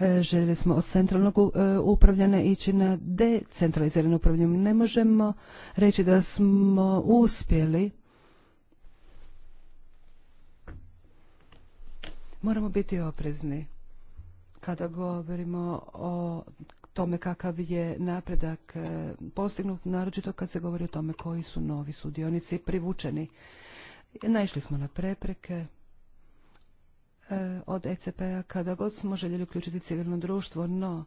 E, željeli smo od centralnog e, upravljanja ići na decentralizirano upravljanje. Ne možemo reći da smo uspjeli. Moramo biti oprezni kada govorimo o tome kakav je napredak e, postignut, naročito kad se govori o tome koji su novi sudionici privučeni. Naišli smo na prepreke, E, od ECP-a kada god smo željeli uključiti civilno društvo, no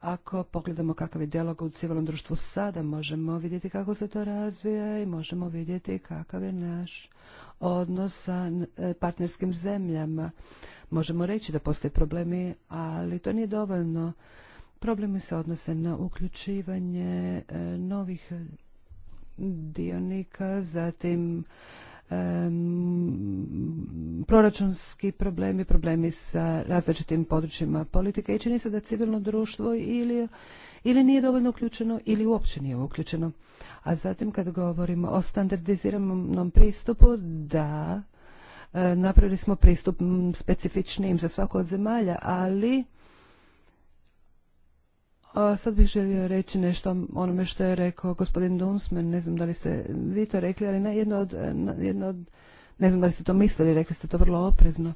ako pogledamo kakav je dijalog u civilnom društvu sada, možemo vidjeti kako se to razvija i možemo vidjeti kakav je naš odnos sa e, partnerskim zemljama. Možemo reći da postoje problemi, ali to nije dovoljno. Problemi se odnose na uključivanje e, novih dionika, zatim proračunski problemi, problemi sa različitim područjima politike i čini se da civilno društvo ili, ili nije dovoljno uključeno ili uopće nije uključeno. A zatim kad govorimo o standardiziranom pristupu, da e, napravili smo pristup specifičnijim za svako od zemalja, ali sad bih želio reći nešto onome što je rekao gospodin Dunsman, ne znam da li ste vi to rekli, ali jedno od, jedno ne znam da li ste to mislili, rekli ste to vrlo oprezno.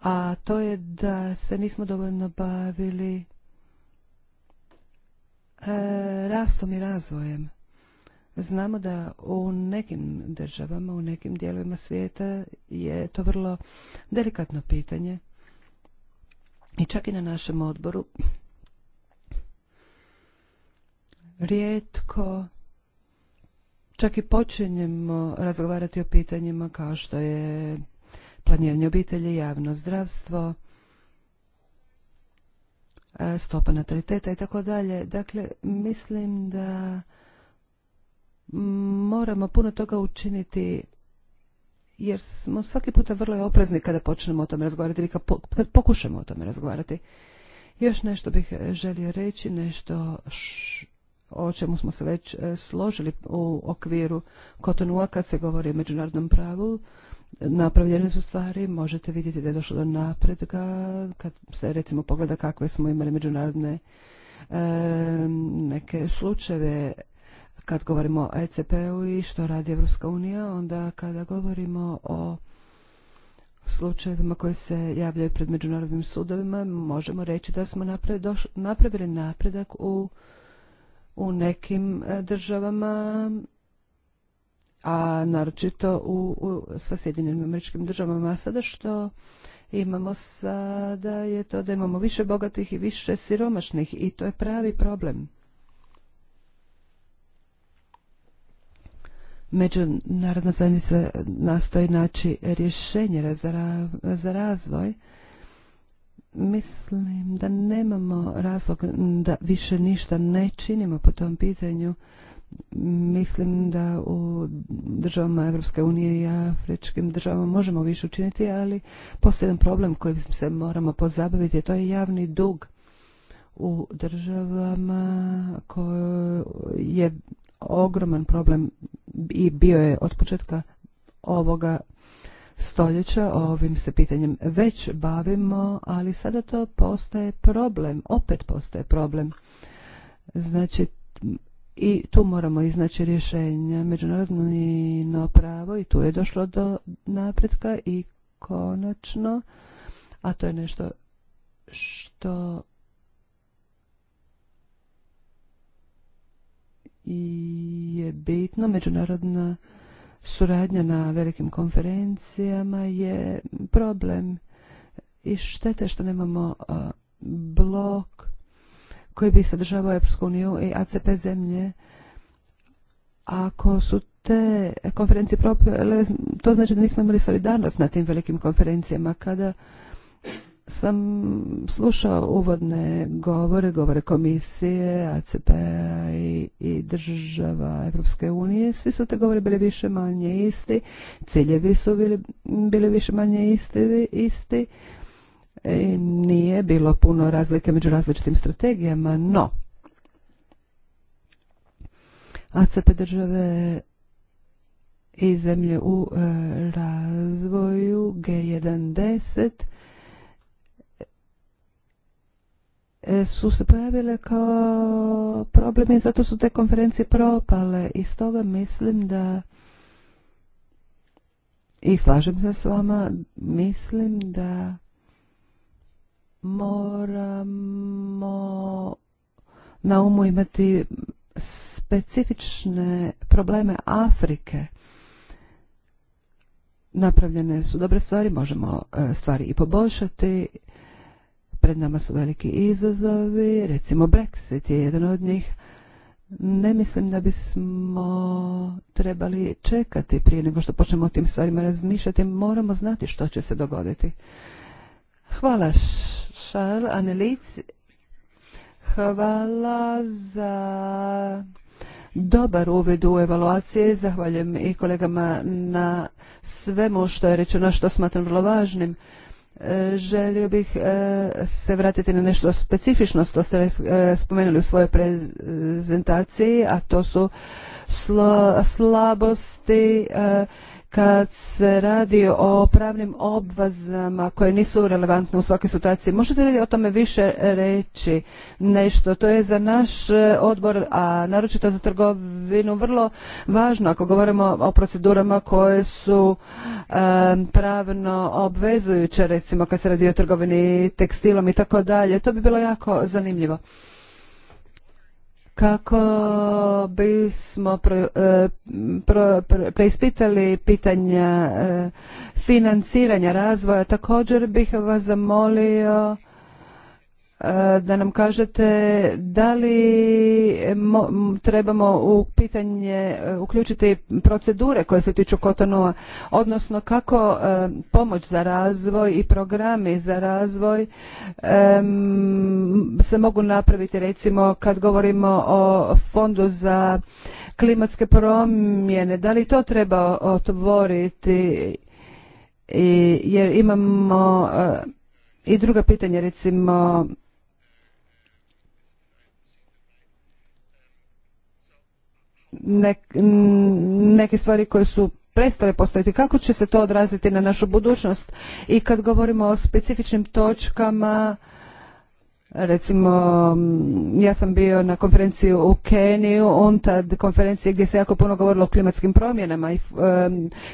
A to je da se nismo dovoljno bavili e, rastom i razvojem. Znamo da u nekim državama, u nekim dijelovima svijeta je to vrlo delikatno pitanje. I čak i na našem odboru rijetko čak i počinjemo razgovarati o pitanjima kao što je planiranje obitelji, javno zdravstvo, e, stopa nataliteta i tako dalje. Dakle, mislim da moramo puno toga učiniti jer smo svaki puta vrlo oprezni kada počnemo o tome razgovarati ili kad pokušamo o tome razgovarati. Još nešto bih želio reći, nešto o čemu smo se već e, složili u okviru Kotonua kad se govori o međunarodnom pravu. Napravljene su stvari, možete vidjeti da je došlo do napredka, kad se recimo pogleda kakve smo imali međunarodne e, neke slučajeve kad govorimo o ECP-u i što radi Evropska unija, onda kada govorimo o slučajevima koji se javljaju pred međunarodnim sudovima, možemo reći da smo napravili napredak u u nekim e, državama a naročito u, u sa američkim državama a sada što imamo sada je to da imamo više bogatih i više siromašnih i to je pravi problem. Međunarodna zajednica nastoji naći rješenje za razvoj Mislim da nemamo razlog da više ništa ne činimo po tom pitanju. Mislim da u državama Evropske unije i afričkim državama možemo više učiniti, ali postoji jedan problem kojim se moramo pozabaviti, to je javni dug u državama koji je ogroman problem i bio je od početka ovoga stoljeća ovim se pitanjem već bavimo, ali sada to postaje problem, opet postaje problem. Znači, i tu moramo iznaći rješenja. Međunarodno pravo i tu je došlo do napretka i konačno, a to je nešto što je bitno, međunarodna suradnja na velikim konferencijama je problem i štete što nemamo blok koji bi sadržavao Europsku uniju i ACP zemlje. Ako su te konferencije to znači da nismo imali solidarnost na tim velikim konferencijama. Kada sam slušao uvodne govore, govore komisije, ACP p-a i, i država Evropske unije. Svi su te govori bili više manje isti, ciljevi su bili, bili više manje isti, isti. I e, nije bilo puno razlike među različitim strategijama, no ACP države i zemlje u e, razvoju g 10 E, su se pojavile kao problem i zato su te konferencije propale i stoga mislim da i slažem se s vama, mislim da moramo na umu imati specifične probleme Afrike. Napravljene su dobre stvari, možemo e, stvari i poboljšati Pred nama su veliki izazovi, recimo Brexit je jedan od njih. Ne mislim da bismo trebali čekati prije nego što počnemo o tim stvarima razmišljati. Moramo znati što će se dogoditi. Hvala Šal, Anelic. Hvala za dobar uvid u evaluacije. Zahvaljujem i kolegama na svemu što je rečeno, što smatram vrlo važnim. E, želio bih e, se vratiti na nešto specifično što ste e, spomenuli u svojoj prezentaciji, a to su slabosti kad se radi o pravnim obvazama koje nisu relevantne u svakoj situaciji. Možete li o tome više reći nešto? To je za naš e, odbor, a naročito za trgovinu, vrlo važno ako govorimo o procedurama koje su e, pravno obvezujuće, recimo kad se radi o trgovini tekstilom i tako dalje. To bi bilo jako zanimljivo kako bismo e, preispitali pitanja e, financiranja razvoja. Također bih vas zamolio E, da nam kažete da li trebamo u pitanje e, uključiti procedure koje se tiču kotonova, odnosno kako e, pomoć za razvoj i programi za razvoj se mogu napraviti recimo kad govorimo o fondu za klimatske promjene, da li to treba otvoriti jer imamo i druga pitanja recimo neke stvari koje su prestale postojati, kako će se to odraziti na našu budućnost i kad govorimo o specifičnim točkama recimo ja sam bio na konferenciji u Keniju, tad, konferencije gdje se jako puno govorilo o klimatskim promjenama i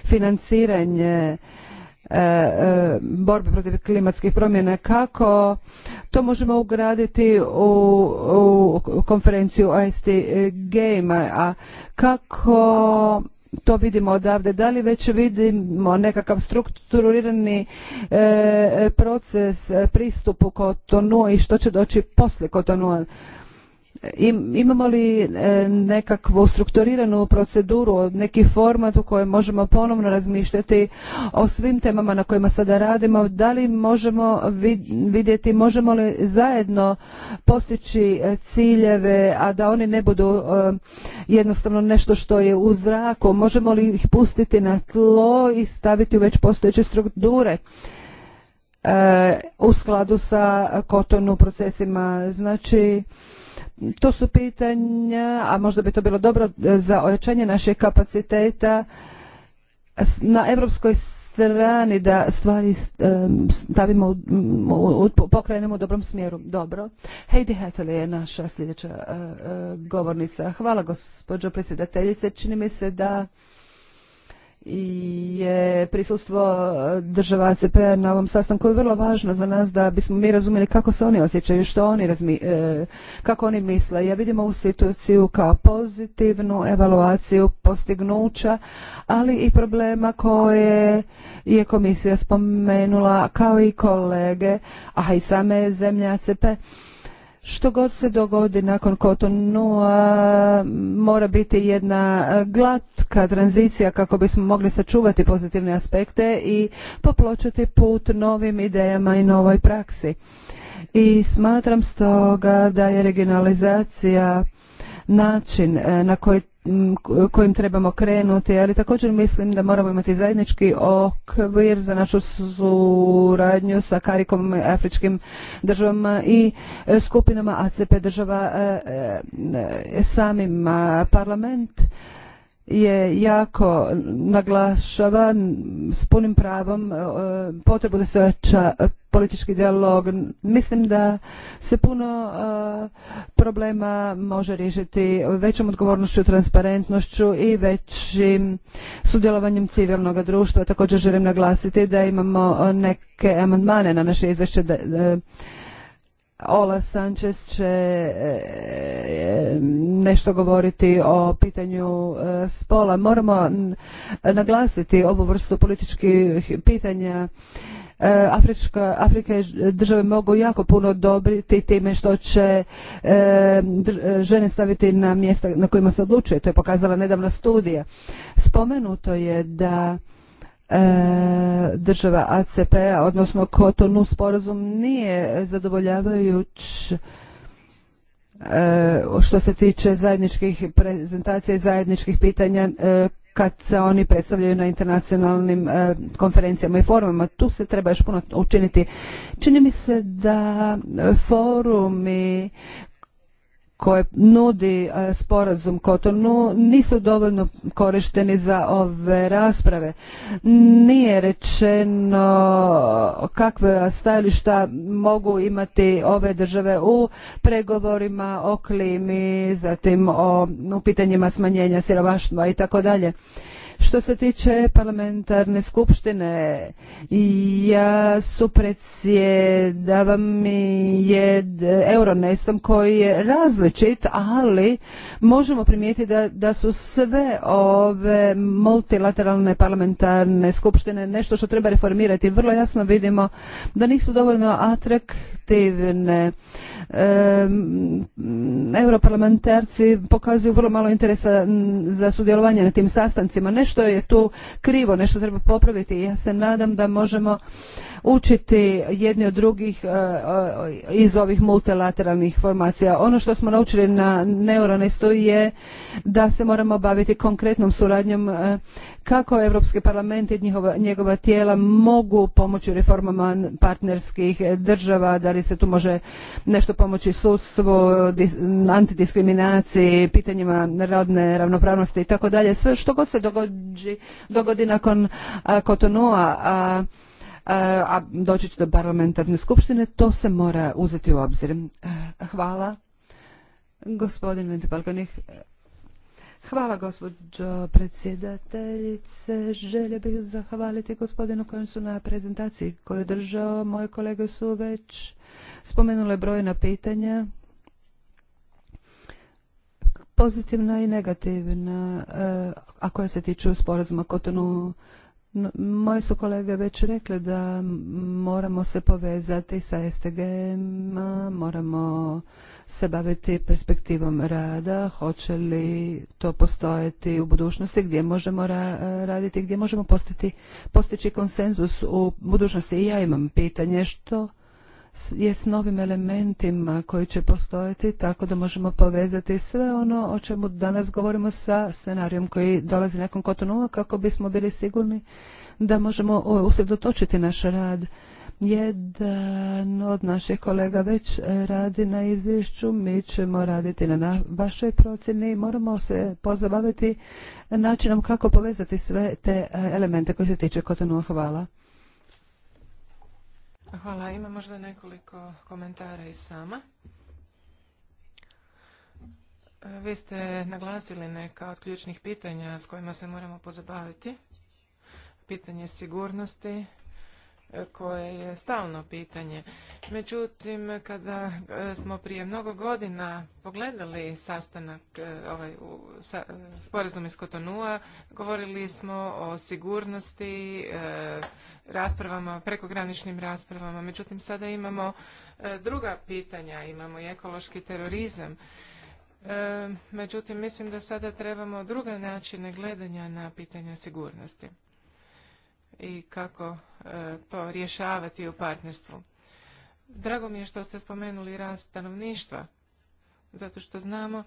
financiranje E, e, borbe protiv klimatskih promjena. Kako to možemo ugraditi u, konferenciju IST Game, a kako to vidimo odavde. Da li već vidimo nekakav strukturirani e, proces pristupu Kotonu i što će doći poslije Kotonua? Imamo li e, nekakvu strukturiranu proceduru, neki format u kojem možemo ponovno razmišljati o svim temama na kojima sada radimo, da li možemo vidjeti, možemo li zajedno postići e, ciljeve, a da oni ne budu e, jednostavno nešto što je u zraku, možemo li ih pustiti na tlo i staviti u već postojeće strukture. u skladu sa kotonu procesima. Znači, to su pitanja, a možda bi to bilo dobro e, za ojačanje naših kapaciteta na evropskoj strani da stvari e, stavimo u, pokrenemo u dobrom smjeru. Dobro. Heidi Hetel je naša sljedeća e, govornica. Hvala gospođo predsjedateljice. Čini mi se da je prisustvo eh, država acp na ovom sastanku je vrlo važno za nas da bismo mi razumjeli kako se oni osjećaju, što oni razmi, eh, kako oni misle. Ja vidimo ovu situaciju kao pozitivnu evaluaciju postignuća, ali i problema koje je komisija spomenula kao i kolege, a i same zemlje ACP. Što god se dogodi nakon Kotonua mora biti jedna glatka tranzicija kako bismo mogli sačuvati pozitivne aspekte i popločiti put novim idejama i novoj praksi. I smatram stoga da je regionalizacija način e, na koji kojim trebamo krenuti, ali također mislim da moramo imati zajednički okvir za našu suradnju sa karikom afričkim državama i e, skupinama ACP država e, e, samim parlament je jako naglašava s punim pravom e, potrebu da se ojača politički dijalog. Mislim da se puno e, problema može riješiti većom odgovornošću, transparentnošću i većim sudjelovanjem civilnog društva. Također želim naglasiti da imamo e, neke amandmane na naše izvješće Ola Sanchez će e, e, nešto govoriti o pitanju e, spola. Moramo naglasiti ovu vrstu političkih pitanja. Afrička, Afrika države mogu jako puno dobiti time što će žene staviti na mjesta na kojima se odlučuje. To je pokazala nedavna studija. Spomenuto je da E, država ACP, odnosno Kotonu sporazum nije zadovoljavajuć e, što se tiče zajedničkih prezentacija i zajedničkih pitanja e, kad se oni predstavljaju na internacionalnim konferencijama i forumama. Tu se treba još puno učiniti. Čini mi se da forumi koje nudi e, sporazum Kotonu nisu dovoljno korišteni za ove rasprave. Nije rečeno kakve stajališta mogu imati ove države u pregovorima o klimi, zatim o u pitanjima smanjenja siromaštva i tako dalje. Što se tiče parlamentarne skupštine, ja su predsjedavam je Euronestom koji je različit, ali možemo primijetiti da, da su sve ove multilateralne parlamentarne skupštine nešto što treba reformirati. Vrlo jasno vidimo da nisu dovoljno atrak aktivne. Europarlamentarci pokazuju vrlo malo interesa za sudjelovanje na tim sastancima. Nešto je tu krivo, nešto treba popraviti. Ja se nadam da možemo učiti jedni od drugih e, e, iz ovih multilateralnih formacija. Ono što smo naučili na Neuronestu je da se moramo baviti konkretnom suradnjom e, kako Europski parlament i njegova tijela mogu pomoći reformama partnerskih država, da li li se tu može nešto pomoći sudstvu, antidiskriminaciji, pitanjima rodne ravnopravnosti i tako dalje. Sve što god se dogodi, dogodi nakon Kotonua, a, a, a doći će do parlamentarne skupštine, to se mora uzeti u obzir. Eh, hvala. Gospodin Vendipalkanih, Hvala gospođo predsjedateljice. Želio bih zahvaliti gospodinu kojem su na prezentaciji koju je držao. Moje kolege su već spomenule brojna pitanja pozitivna i negativna, eh, a koja se tiču sporazuma Kotonu. Moje su kolege već rekli da moramo se povezati sa stg moramo se baviti perspektivom rada, hoće li to postojati u budućnosti, gdje možemo e, raditi, gdje možemo postići konsenzus u budućnosti. I ja imam pitanje što je s novim elementima koji će postojati tako da možemo povezati sve ono o čemu danas govorimo sa scenarijom koji dolazi nakon Kotonova kako bismo bili sigurni da možemo e, usredotočiti naš rad jedan od naših kolega već radi na izvješću, mi ćemo raditi na vašoj procjeni moramo se pozabaviti načinom kako povezati sve te e, elemente koji se tiče Kotonu. Hvala. Hvala. Ima možda nekoliko komentara i sama. Vi ste naglasili neka od ključnih pitanja s kojima se moramo pozabaviti. Pitanje sigurnosti, koje je stalno pitanje. Međutim, kada e, smo prije mnogo godina pogledali sastanak, e, ovaj, sa, e, sporazum iz Kotonua, govorili smo o sigurnosti, raspravama, prekograničnim raspravama. Međutim, sada imamo druga pitanja, imamo i ekološki terorizam. međutim, mislim da sada trebamo druge načine gledanja na pitanja sigurnosti i kako e, to rješavati u partnerstvu. Drago mi je što ste spomenuli rast stanovništva, zato što znamo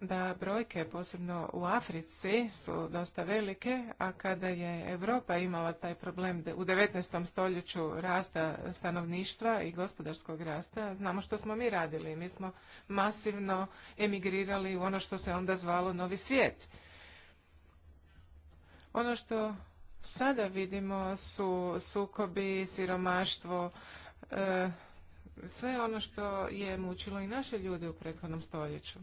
da brojke, posebno u Africi, su dosta velike, a kada je Europa imala taj problem u 19. stoljeću rasta stanovništva i gospodarskog rasta, znamo što smo mi radili. Mi smo masivno emigrirali u ono što se onda zvalo novi svijet. Ono što sada vidimo su sukobi, siromaštvo, e, sve ono što je mučilo i naše ljude u prethodnom stoljeću.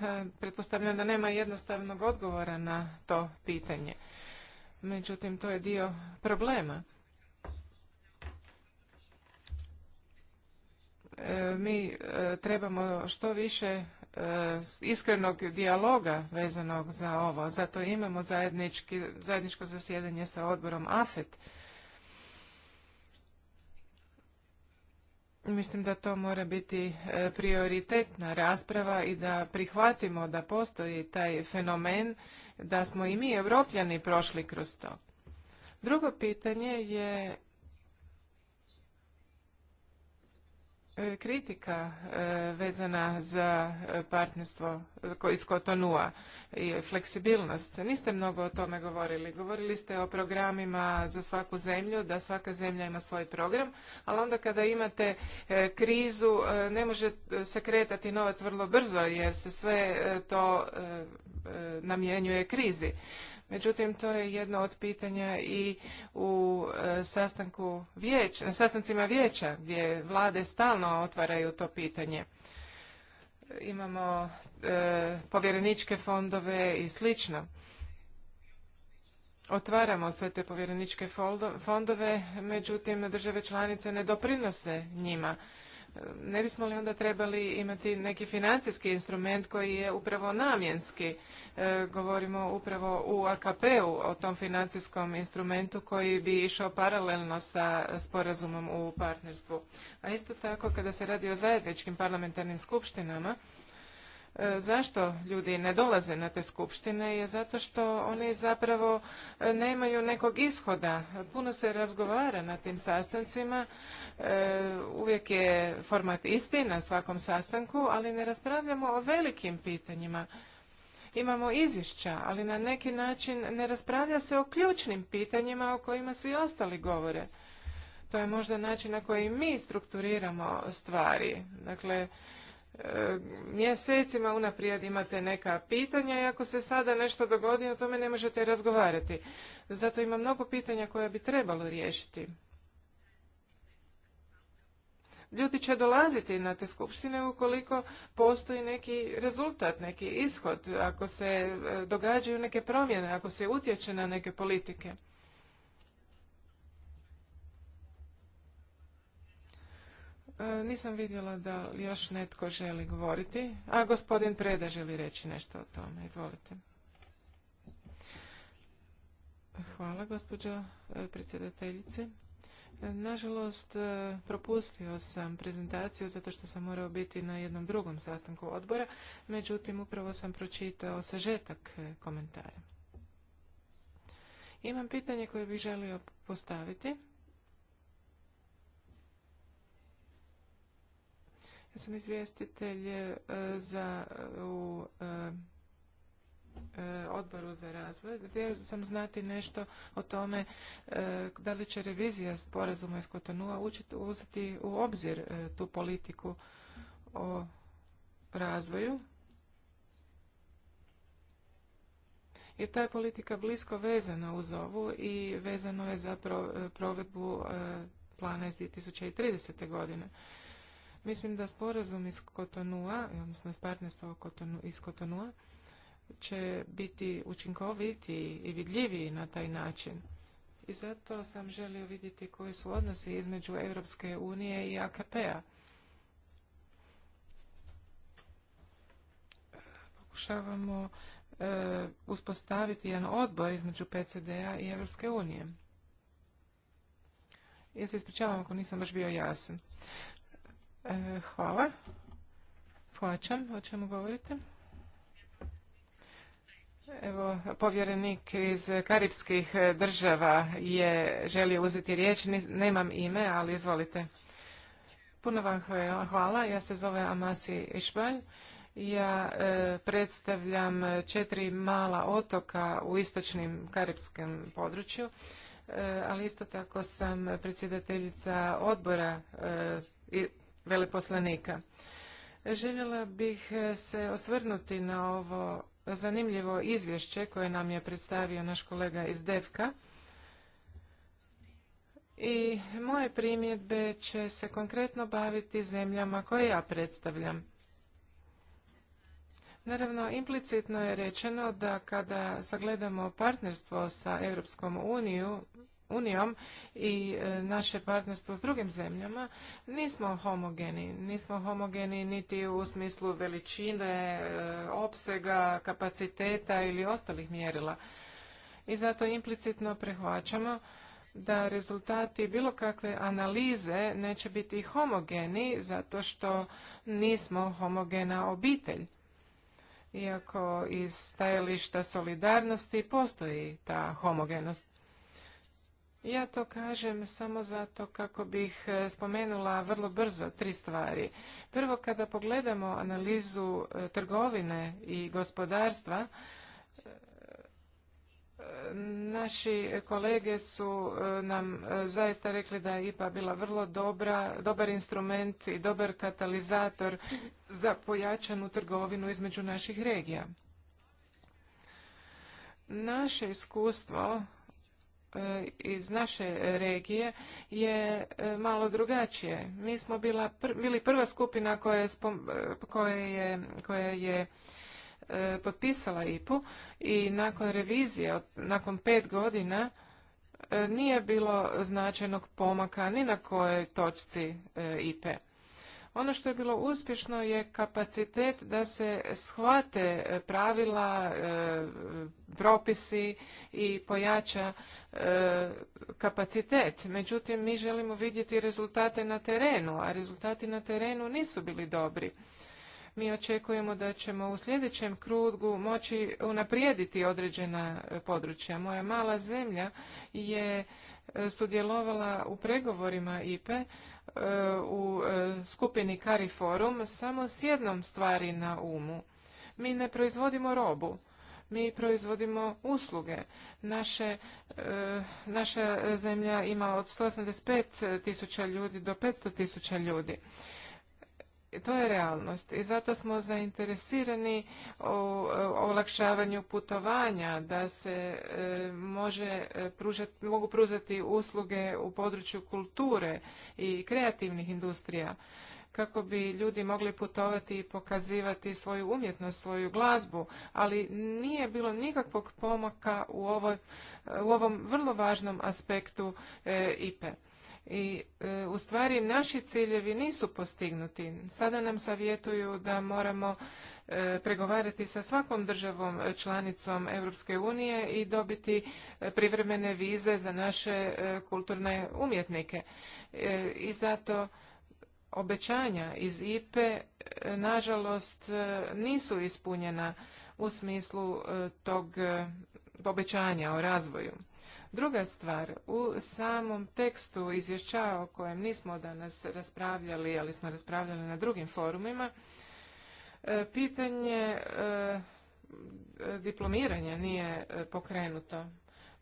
E, pretpostavljam da nema jednostavnog odgovora na to pitanje. Međutim, to je dio problema. E, mi trebamo što više E, iskrenog dijaloga vezanog za ovo. Zato imamo zajedničko zasjedanje sa odborom AFET. Mislim da to mora biti e, prioritetna rasprava i da prihvatimo da postoji taj fenomen da smo i mi, evropljani, prošli kroz to. Drugo pitanje je E, kritika e, vezana za e, partnerstvo iz Kotonua i fleksibilnost. Niste mnogo o tome govorili. Govorili ste o programima za svaku zemlju, da svaka zemlja ima svoj program, ali onda kada imate e, krizu e, ne može se kretati novac vrlo brzo jer se sve e, to namjenjuje krizi. Međutim, to je jedno od pitanja i u sastanku sastancima vijeća gdje vlade stalno otvaraju to pitanje imamo e, povjereničke fondove i slično. Otvaramo sve te povjereničke fondove, međutim države članice ne doprinose njima ne bismo li onda trebali imati neki financijski instrument koji je upravo namjenski? E, govorimo upravo u AKP-u o tom financijskom instrumentu koji bi išao paralelno sa sporazumom u partnerstvu. A isto tako kada se radi o zajedničkim parlamentarnim skupštinama, E, zašto ljudi ne dolaze na te skupštine je zato što oni zapravo e, nemaju nekog ishoda. Puno se razgovara na tim sastancima, e, uvijek je format isti na svakom sastanku, ali ne raspravljamo o velikim pitanjima. Imamo izvješća, ali na neki način ne raspravlja se o ključnim pitanjima o kojima svi ostali govore. To je možda način na koji mi strukturiramo stvari. Dakle, mjesecima unaprijed imate neka pitanja i ako se sada nešto dogodi o tome ne možete razgovarati. Zato ima mnogo pitanja koja bi trebalo riješiti. Ljudi će dolaziti na te skupštine ukoliko postoji neki rezultat, neki ishod, ako se e, događaju neke promjene, ako se utječe na neke politike. E, nisam vidjela da još netko želi govoriti, a gospodin Preda želi reći nešto o tome. Izvolite. Hvala, gospođo e, predsjedateljice. E, nažalost, propustio sam prezentaciju zato što sam morao biti na jednom drugom sastanku odbora, međutim, upravo sam pročitao sažetak komentara. Imam pitanje koje bih želio postaviti Ja sam izvjestitelj e, za, e, u e, odboru za razvoj. Htio sam znati nešto o tome da li će revizija sporazuma iz Kotonua uzeti u obzir tu politiku o razvoju. Jer ta je politika blisko vezana uz ovu i vezano je za provedbu plana iz 2030. godine. Mislim da sporazum iz Kotonua, odnosno iz partnerstva iz Kotonua, će biti učinkoviti i vidljiviji na taj način. I zato sam želio vidjeti koji su odnosi između Europske unije i AKP-a. Pokušavamo e, uspostaviti jedan odbor između PCD-a i Europske unije. Ja se ispričavam ako nisam baš bio jasan. E, hvala. Shvaćam o čemu govorite. Evo, povjerenik iz karipskih država je želio uzeti riječ. Nemam ime, ali izvolite. Puno vam hvala. Ja se zove Amasi Išbalj. Ja e, predstavljam četiri mala otoka u istočnim karipskom području, e, ali isto tako sam predsjedateljica odbora i veleposlanika. Željela bih e, se osvrnuti na ovo zanimljivo izvješće koje nam je predstavio naš kolega iz DEFKA. I moje primjedbe će se konkretno baviti zemljama koje ja predstavljam. Naravno, implicitno je rečeno da kada sagledamo partnerstvo sa Europskom uniju, unijom i e, naše partnerstvo s drugim zemljama, nismo homogeni. Nismo homogeni niti u smislu veličine, e, opsega, kapaciteta ili ostalih mjerila. I zato implicitno prehvaćamo da rezultati bilo kakve analize neće biti homogeni zato što nismo homogena obitelj. Iako iz stajališta solidarnosti postoji ta homogenost. Ja to kažem samo zato kako bih e, spomenula vrlo brzo tri stvari. Prvo, kada pogledamo analizu e, trgovine i gospodarstva, e, naši kolege su nam zaista rekli da je IPA bila vrlo dobra, dobar instrument i dobar katalizator za pojačanu trgovinu između naših regija. Naše iskustvo E, iz naše regije je e, malo drugačije. Mi smo bila pr bili prva skupina koja je, spom e, koja je, koja je potpisala IPU i nakon revizije, nakon pet godina, nije bilo značajnog pomaka ni na kojoj točci e, ono što je bilo uspješno je kapacitet da se shvate pravila, e, propisi i pojača e, kapacitet. Međutim, mi želimo vidjeti rezultate na terenu, a rezultati na terenu nisu bili dobri. Mi očekujemo da ćemo u sljedećem krugu moći unaprijediti određena e, područja. Moja mala zemlja je sudjelovala u pregovorima IPE, E, u e, skupini Cariforum samo s jednom stvari na umu. Mi ne proizvodimo robu, mi proizvodimo usluge. Naše, e, naša zemlja ima od 185 tisuća ljudi do 500 tisuća ljudi to je realnost i zato smo zainteresirani o olakšavanju putovanja da se e, može e, pružati, mogu pružati usluge u području kulture i kreativnih industrija kako bi ljudi mogli putovati i pokazivati svoju umjetnost, svoju glazbu, ali nije bilo nikakvog pomaka u, u ovom vrlo važnom aspektu e, IP i e, u stvari naši ciljevi nisu postignuti. Sada nam savjetuju da moramo e, pregovarati sa svakom državom članicom Europske unije i dobiti e, privremene vize za naše e, kulturne umjetnike. I zato obećanja iz IPE nažalost nisu ispunjena u smislu tog obećanja o razvoju. Druga stvar, u samom tekstu izvješća o kojem nismo danas raspravljali, ali smo raspravljali na drugim forumima, e, pitanje e, diplomiranja nije e, pokrenuto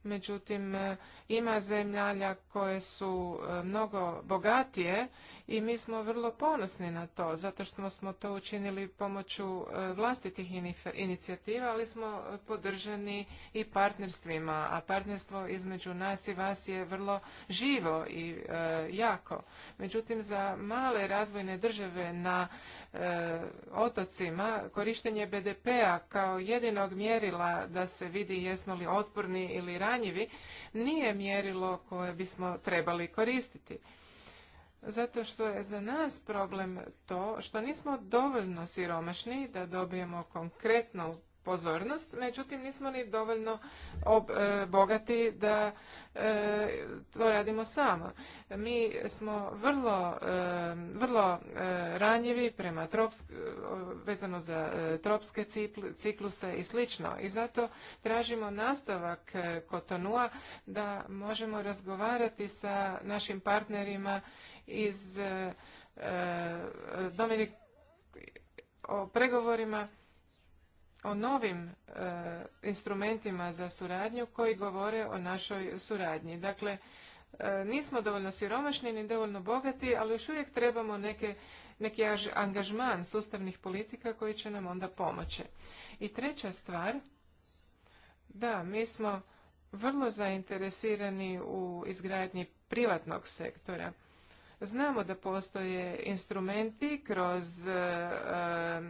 međutim e, ima zemljalja koje su e, mnogo bogatije i mi smo vrlo ponosni na to zato što smo to učinili pomoću e, vlastitih inicijativa, ali smo podržani i partnerstvima, a partnerstvo između nas i vas je vrlo živo i jako. Međutim, za male razvojne države na E, otocima, korištenje BDP-a kao jedinog mjerila da se vidi jesmo li otporni ili ranjivi, nije mjerilo koje bismo trebali koristiti. Zato što je za nas problem to što nismo dovoljno siromašni da dobijemo konkretnu pozornost, međutim nismo ni dovoljno e, bogati da e, to radimo samo. Mi smo vrlo, e, vrlo e, ranjivi prema vezano za tropske cikluse i slično i zato tražimo nastavak Kotonua da možemo razgovarati sa našim partnerima iz Dominik o pregovorima o novim e, instrumentima za suradnju koji govore o našoj suradnji. Dakle, e, nismo dovoljno siromašni ni dovoljno bogati, ali još uvijek trebamo neke, neki angažman sustavnih politika koji će nam onda pomoći. I treća stvar, da, mi smo vrlo zainteresirani u izgradnji privatnog sektora. Znamo da postoje instrumenti kroz e, e,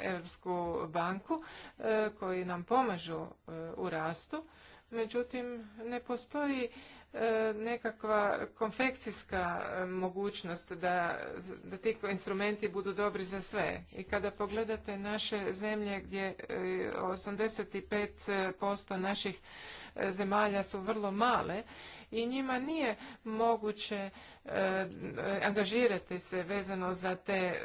Europsku banku e, koji nam pomažu u rastu, međutim ne postoji nekakva konfekcijska mogućnost da, da ti instrumenti budu dobri za sve. I kada pogledate naše zemlje gdje 85% naših zemalja su vrlo male i njima nije moguće e, angažirati se vezano za te,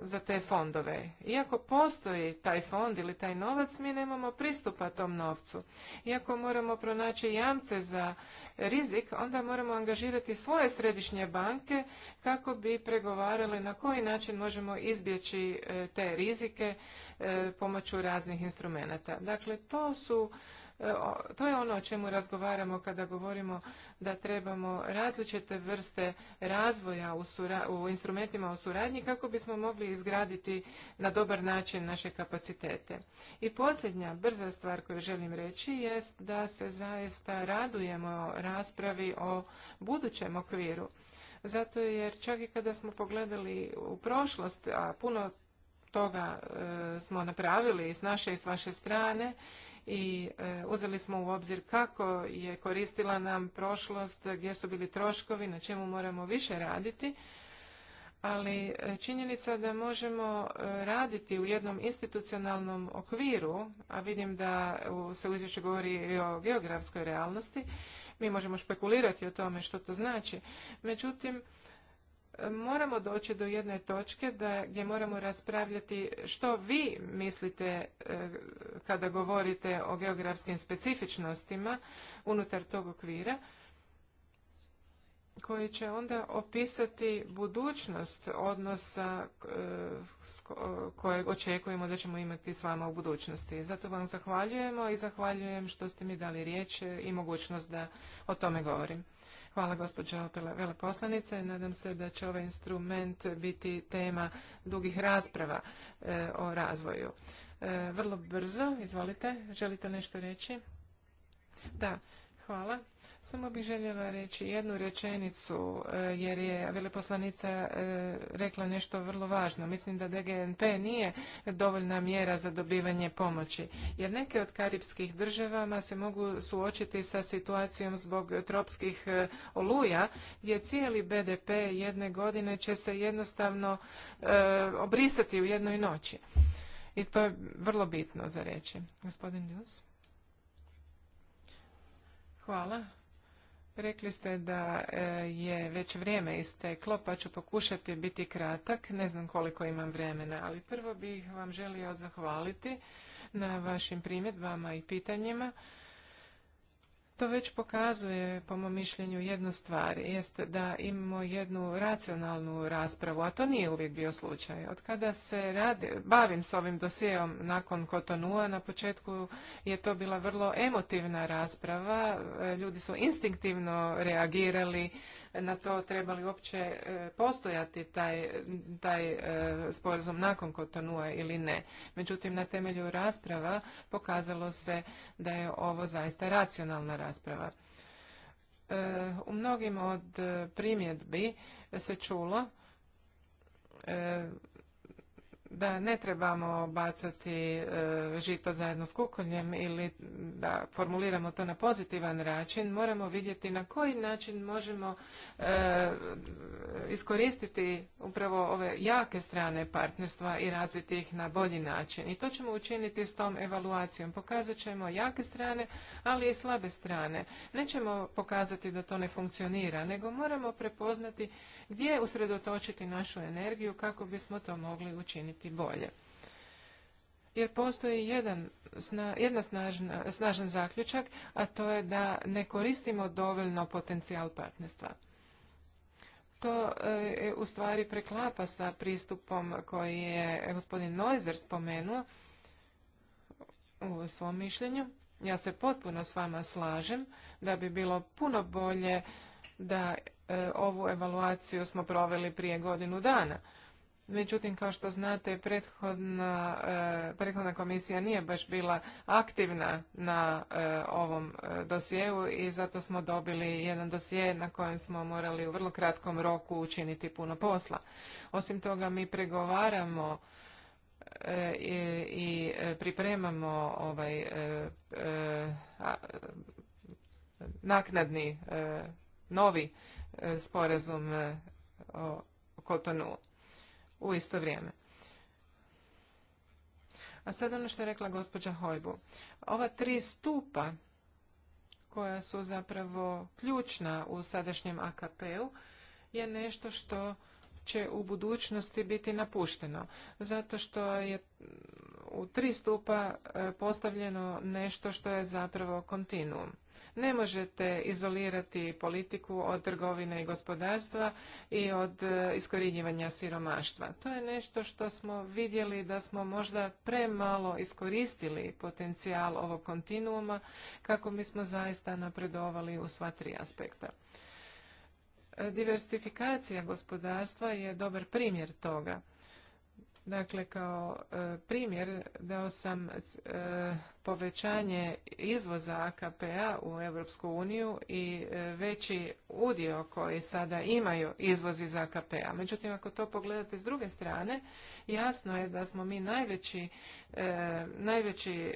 za te fondove. Iako postoji taj fond ili taj novac, mi nemamo pristupa tom novcu. Iako moramo pronaći jamce za rizik, onda moramo angažirati svoje središnje banke kako bi pregovarale na koji način možemo izbjeći e, te rizike e, pomoću raznih instrumenata. Dakle, to su E, to je ono o čemu razgovaramo kada govorimo da trebamo različite vrste razvoja u, u instrumentima u suradnji kako bismo mogli izgraditi na dobar način naše kapacitete. I posljednja brza stvar koju želim reći jest da se zaista radujemo raspravi o budućem okviru. Zato jer čak i kada smo pogledali u prošlost, a puno toga e, smo napravili s naše i s vaše strane, i e, uzeli smo u obzir kako je koristila nam prošlost, gdje su bili troškovi, na čemu moramo više raditi ali e, činjenica da možemo e, raditi u jednom institucionalnom okviru, a vidim da se u izvješću govori i o geografskoj realnosti, mi možemo špekulirati o tome što to znači. Međutim, moramo doći do jedne točke da, gdje moramo raspravljati što vi mislite e, kada govorite o geografskim specifičnostima unutar tog okvira koji će onda opisati budućnost odnosa e, kojeg očekujemo da ćemo imati s vama u budućnosti. Zato vam zahvaljujemo i zahvaljujem što ste mi dali riječ i mogućnost da o tome govorim. Hvala gospođo veleposlanice. Nadam se da će ovaj instrument biti tema dugih rasprava e, o razvoju. E, vrlo brzo, izvolite, želite nešto reći? Da, Hvala. Samo bih željela reći jednu rečenicu e, jer je veleposlanica e, rekla nešto vrlo važno. Mislim da DGNP nije dovoljna mjera za dobivanje pomoći jer neke od karipskih državama se mogu suočiti sa situacijom zbog tropskih e, oluja gdje cijeli BDP jedne godine će se jednostavno obrisati u jednoj noći. I to je vrlo bitno za reći. Gospodin Ljus. Hvala. Rekli ste da e, je već vrijeme isteklo, pa ću pokušati biti kratak. Ne znam koliko imam vremena, ali prvo bih vam želio zahvaliti na vašim primjedbama i pitanjima. To već pokazuje, po mom mišljenju, jednu stvar, jest da imamo jednu racionalnu raspravu, a to nije uvijek bio slučaj. Od kada se radi, bavim s ovim dosijeom nakon Kotonua, na početku je to bila vrlo emotivna rasprava, ljudi su instinktivno reagirali na to trebali uopće e, postojati taj, taj e, sporazum nakon Kotonua ili ne. Međutim, na temelju rasprava pokazalo se da je ovo zaista racionalna rasprava rasprava. E, u mnogim od primjedbi se čulo e, da ne trebamo bacati e, žito zajedno s kukoljem ili da formuliramo to na pozitivan način, moramo vidjeti na koji način možemo e, iskoristiti upravo ove jake strane partnerstva i razviti ih na bolji način. I to ćemo učiniti s tom evaluacijom. Pokazat ćemo jake strane, ali i slabe strane. Nećemo pokazati da to ne funkcionira, nego moramo prepoznati gdje usredotočiti našu energiju kako bismo to mogli učiniti i bolje. Jer postoji jedan jedna snažan zaključak, a to je da ne koristimo dovoljno potencijal partnerstva. To e, e u stvari preklapa sa pristupom koji je gospodin Noizer spomenuo u svom mišljenju. Ja se potpuno s vama slažem da bi bilo puno bolje da e, ovu evaluaciju smo proveli prije godinu dana. Međutim, kao što znate, e, prethodna, komisija nije baš bila aktivna na e, ovom e, dosjeu i zato smo dobili jedan dosje na kojem smo morali u vrlo kratkom roku učiniti puno posla. Osim toga, mi pregovaramo i pripremamo ovaj naknadni novi sporazum o Kotonu u isto vrijeme. A sad ono što je rekla gospođa Hojbu. Ova tri stupa koja su zapravo ključna u sadašnjem AKP-u je nešto što će u budućnosti biti napušteno. Zato što je u tri stupa e, postavljeno nešto što je zapravo kontinuum. Ne možete izolirati politiku od trgovine i gospodarstva i od e, iskorjenjivanja siromaštva. To je nešto što smo vidjeli da smo možda premalo iskoristili potencijal ovog kontinuuma kako bismo zaista napredovali u sva tri aspekta. E, diversifikacija gospodarstva je dobar primjer toga. Dakle, kao e, primjer dao sam e, povećanje izvoza AKP-a u Europsku uniju i e, veći udio koji sada imaju izvozi iz AKP-a. Međutim, ako to pogledate s druge strane, jasno je da smo mi najveći, najveći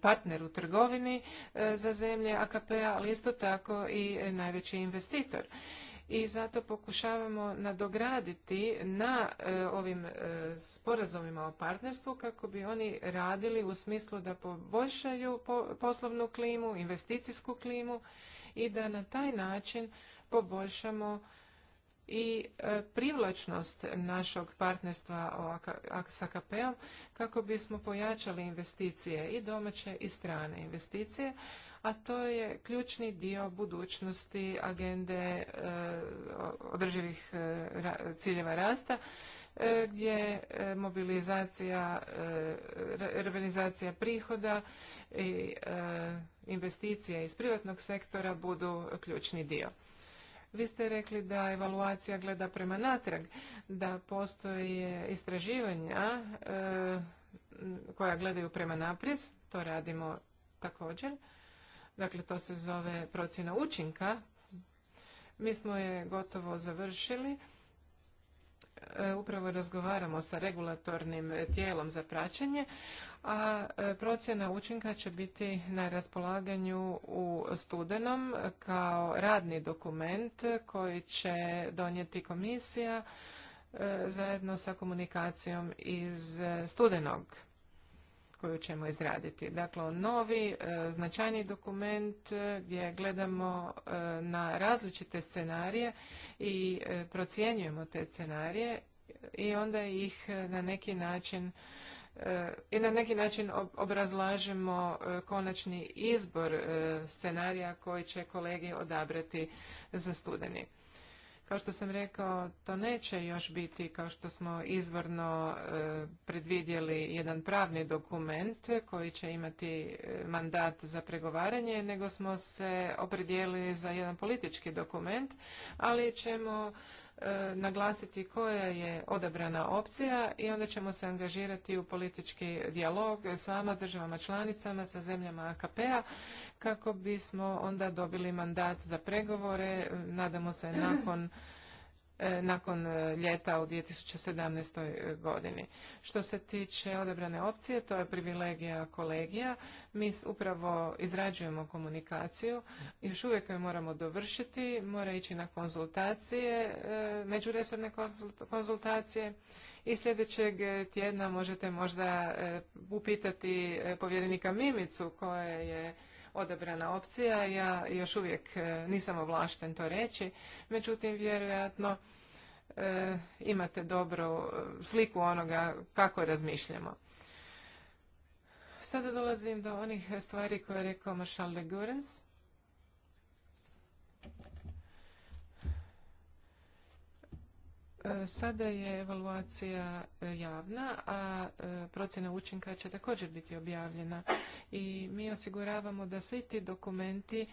partner u trgovini za zemlje AKP-a, ali isto tako i najveći investitor i zato pokušavamo nadograditi na e, ovim e, sporazumima o partnerstvu kako bi oni radili u smislu da poboljšaju poslovnu klimu, investicijsku klimu i da na taj način poboljšamo i e, privlačnost našeg partnerstva s AKP-om kako bismo pojačali investicije i domaće i strane investicije, a to je ključni dio budućnosti agende e, održivih e, ciljeva rasta e, gdje mobilizacija, urbanizacija prihoda i investicija iz privatnog sektora budu ključni dio. Vi ste rekli da evaluacija gleda prema natrag, da postoje istraživanja koja gledaju prema naprijed, to radimo također. Dakle, to se zove procjena učinka. Mi smo je gotovo završili. E, upravo razgovaramo sa regulatornim tijelom za praćenje, a e, procjena učinka će biti na raspolaganju u studenom kao radni dokument koji će donijeti komisija e, zajedno sa komunikacijom iz studenog koju ćemo izraditi. Dakle, novi e, značajni dokument e, gdje gledamo e, na različite scenarije i procjenjujemo te scenarije i onda ih na neki način i na neki način obrazlažemo konačni izbor scenarija koji će kolegi odabrati za studeni. Kao što sam rekao, to neće još biti kao što smo izvorno e, predvidjeli jedan pravni dokument koji će imati e, mandat za pregovaranje, nego smo se opredijelili za jedan politički dokument, ali ćemo E, naglasiti koja je odabrana opcija i onda ćemo se angažirati u politički dijalog s vama, s državama članicama, sa zemljama AKP-a kako bismo onda dobili mandat za pregovore, nadamo se nakon E, nakon e, ljeta u 2017. E, godini. Što se tiče odebrane opcije, to je privilegija kolegija. Mi upravo izrađujemo komunikaciju, još uvijek ju moramo dovršiti, mora ići na konzultacije, međuresorne konzultacije i sljedećeg tjedna možete možda upitati povjerenika Mimicu koja je odabrana opcija. Ja još uvijek e, nisam ovlašten to reći, međutim vjerojatno e, imate dobru e, sliku onoga kako razmišljamo. Sada dolazim do onih stvari koje je rekao Marshall de Gurens. E, sada je evaluacija e, javna, a e, procjena učinka će također biti objavljena i mi osiguravamo da svi ti dokumenti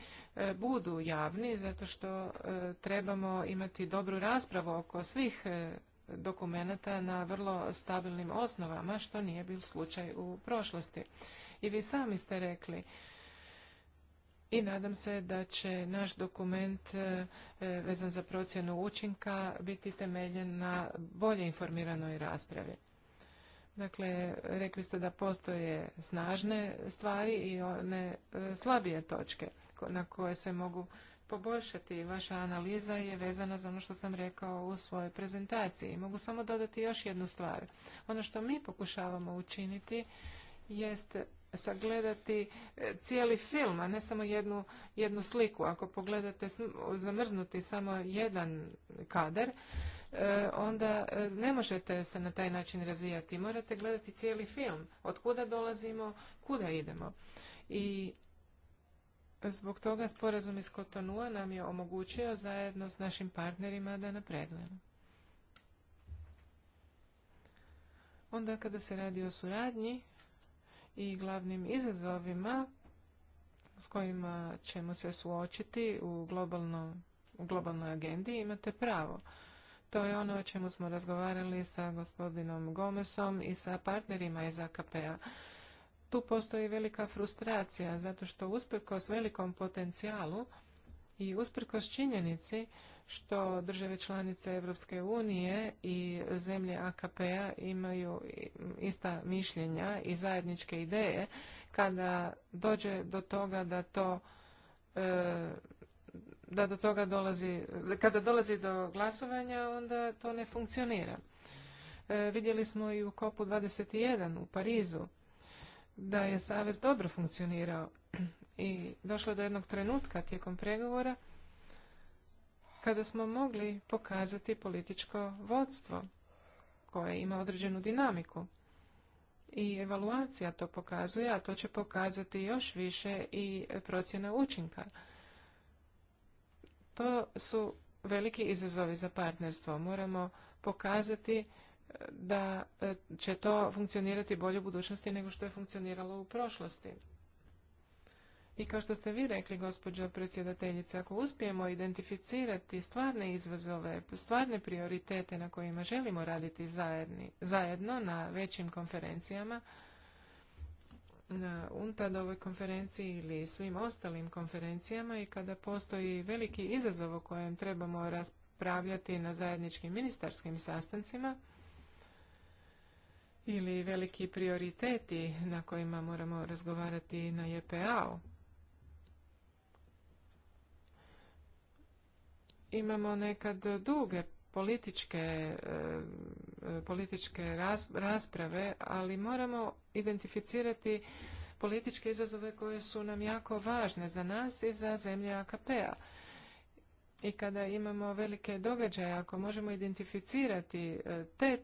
budu javni zato što trebamo imati dobru raspravu oko svih dokumenata na vrlo stabilnim osnovama što nije bil slučaj u prošlosti. I vi sami ste rekli i nadam se da će naš dokument e, e, vezan za procjenu učinka biti temeljen na bolje informiranoj raspravi. Dakle, rekli ste da postoje snažne stvari i one e, slabije točke na koje se mogu poboljšati. Vaša analiza je vezana za ono što sam rekao u svojoj prezentaciji. Mogu samo dodati još jednu stvar. Ono što mi pokušavamo učiniti jest sagledati e, cijeli film, a ne samo jednu, jednu sliku. Ako pogledate zamrznuti samo jedan kadar, e, onda e, ne možete se na taj način razvijati. Morate gledati cijeli film, od kuda dolazimo, kuda idemo. I zbog toga sporazum iz Kotonua nam je omogućio zajedno s našim partnerima da napredujemo. Onda kada se radi o suradnji, i glavnim izazovima s kojima ćemo se suočiti u, globalno, globalnoj agendi imate pravo. To je ono o čemu smo razgovarali sa gospodinom Gomesom i sa partnerima iz AKP-a. Tu postoji velika frustracija zato što usprkos velikom potencijalu i usprkos činjenici što države članice Europske unije i zemlje AKP-a imaju ista mišljenja i zajedničke ideje kada dođe do toga da to e, da do toga dolazi kada dolazi do glasovanja onda to ne funkcionira. E, vidjeli smo i u kopu 21 u Parizu da je savez dobro funkcionirao i došlo do jednog trenutka tijekom pregovora kada smo mogli pokazati političko vodstvo koje ima određenu dinamiku. I evaluacija to pokazuje, a to će pokazati još više i procjena učinka. To su veliki izazovi za partnerstvo. Moramo pokazati e, da e, će to funkcionirati bolje u budućnosti nego što je funkcioniralo u prošlosti. I kao što ste vi rekli, gospođo predsjedateljice, ako uspijemo identificirati stvarne izazove, stvarne prioritete na kojima želimo raditi zajedno na većim konferencijama, na UNTAD ovoj konferenciji ili svim ostalim konferencijama i kada postoji veliki izazov o kojem trebamo raspravljati na zajedničkim ministarskim sastancima, ili veliki prioriteti na kojima moramo razgovarati na JPA-u. imamo nekad duge političke, e, političke rasprave, ali moramo identificirati političke izazove koje su nam jako važne za nas i za zemlje AKP-a. I kada imamo velike događaje, ako možemo identificirati e, te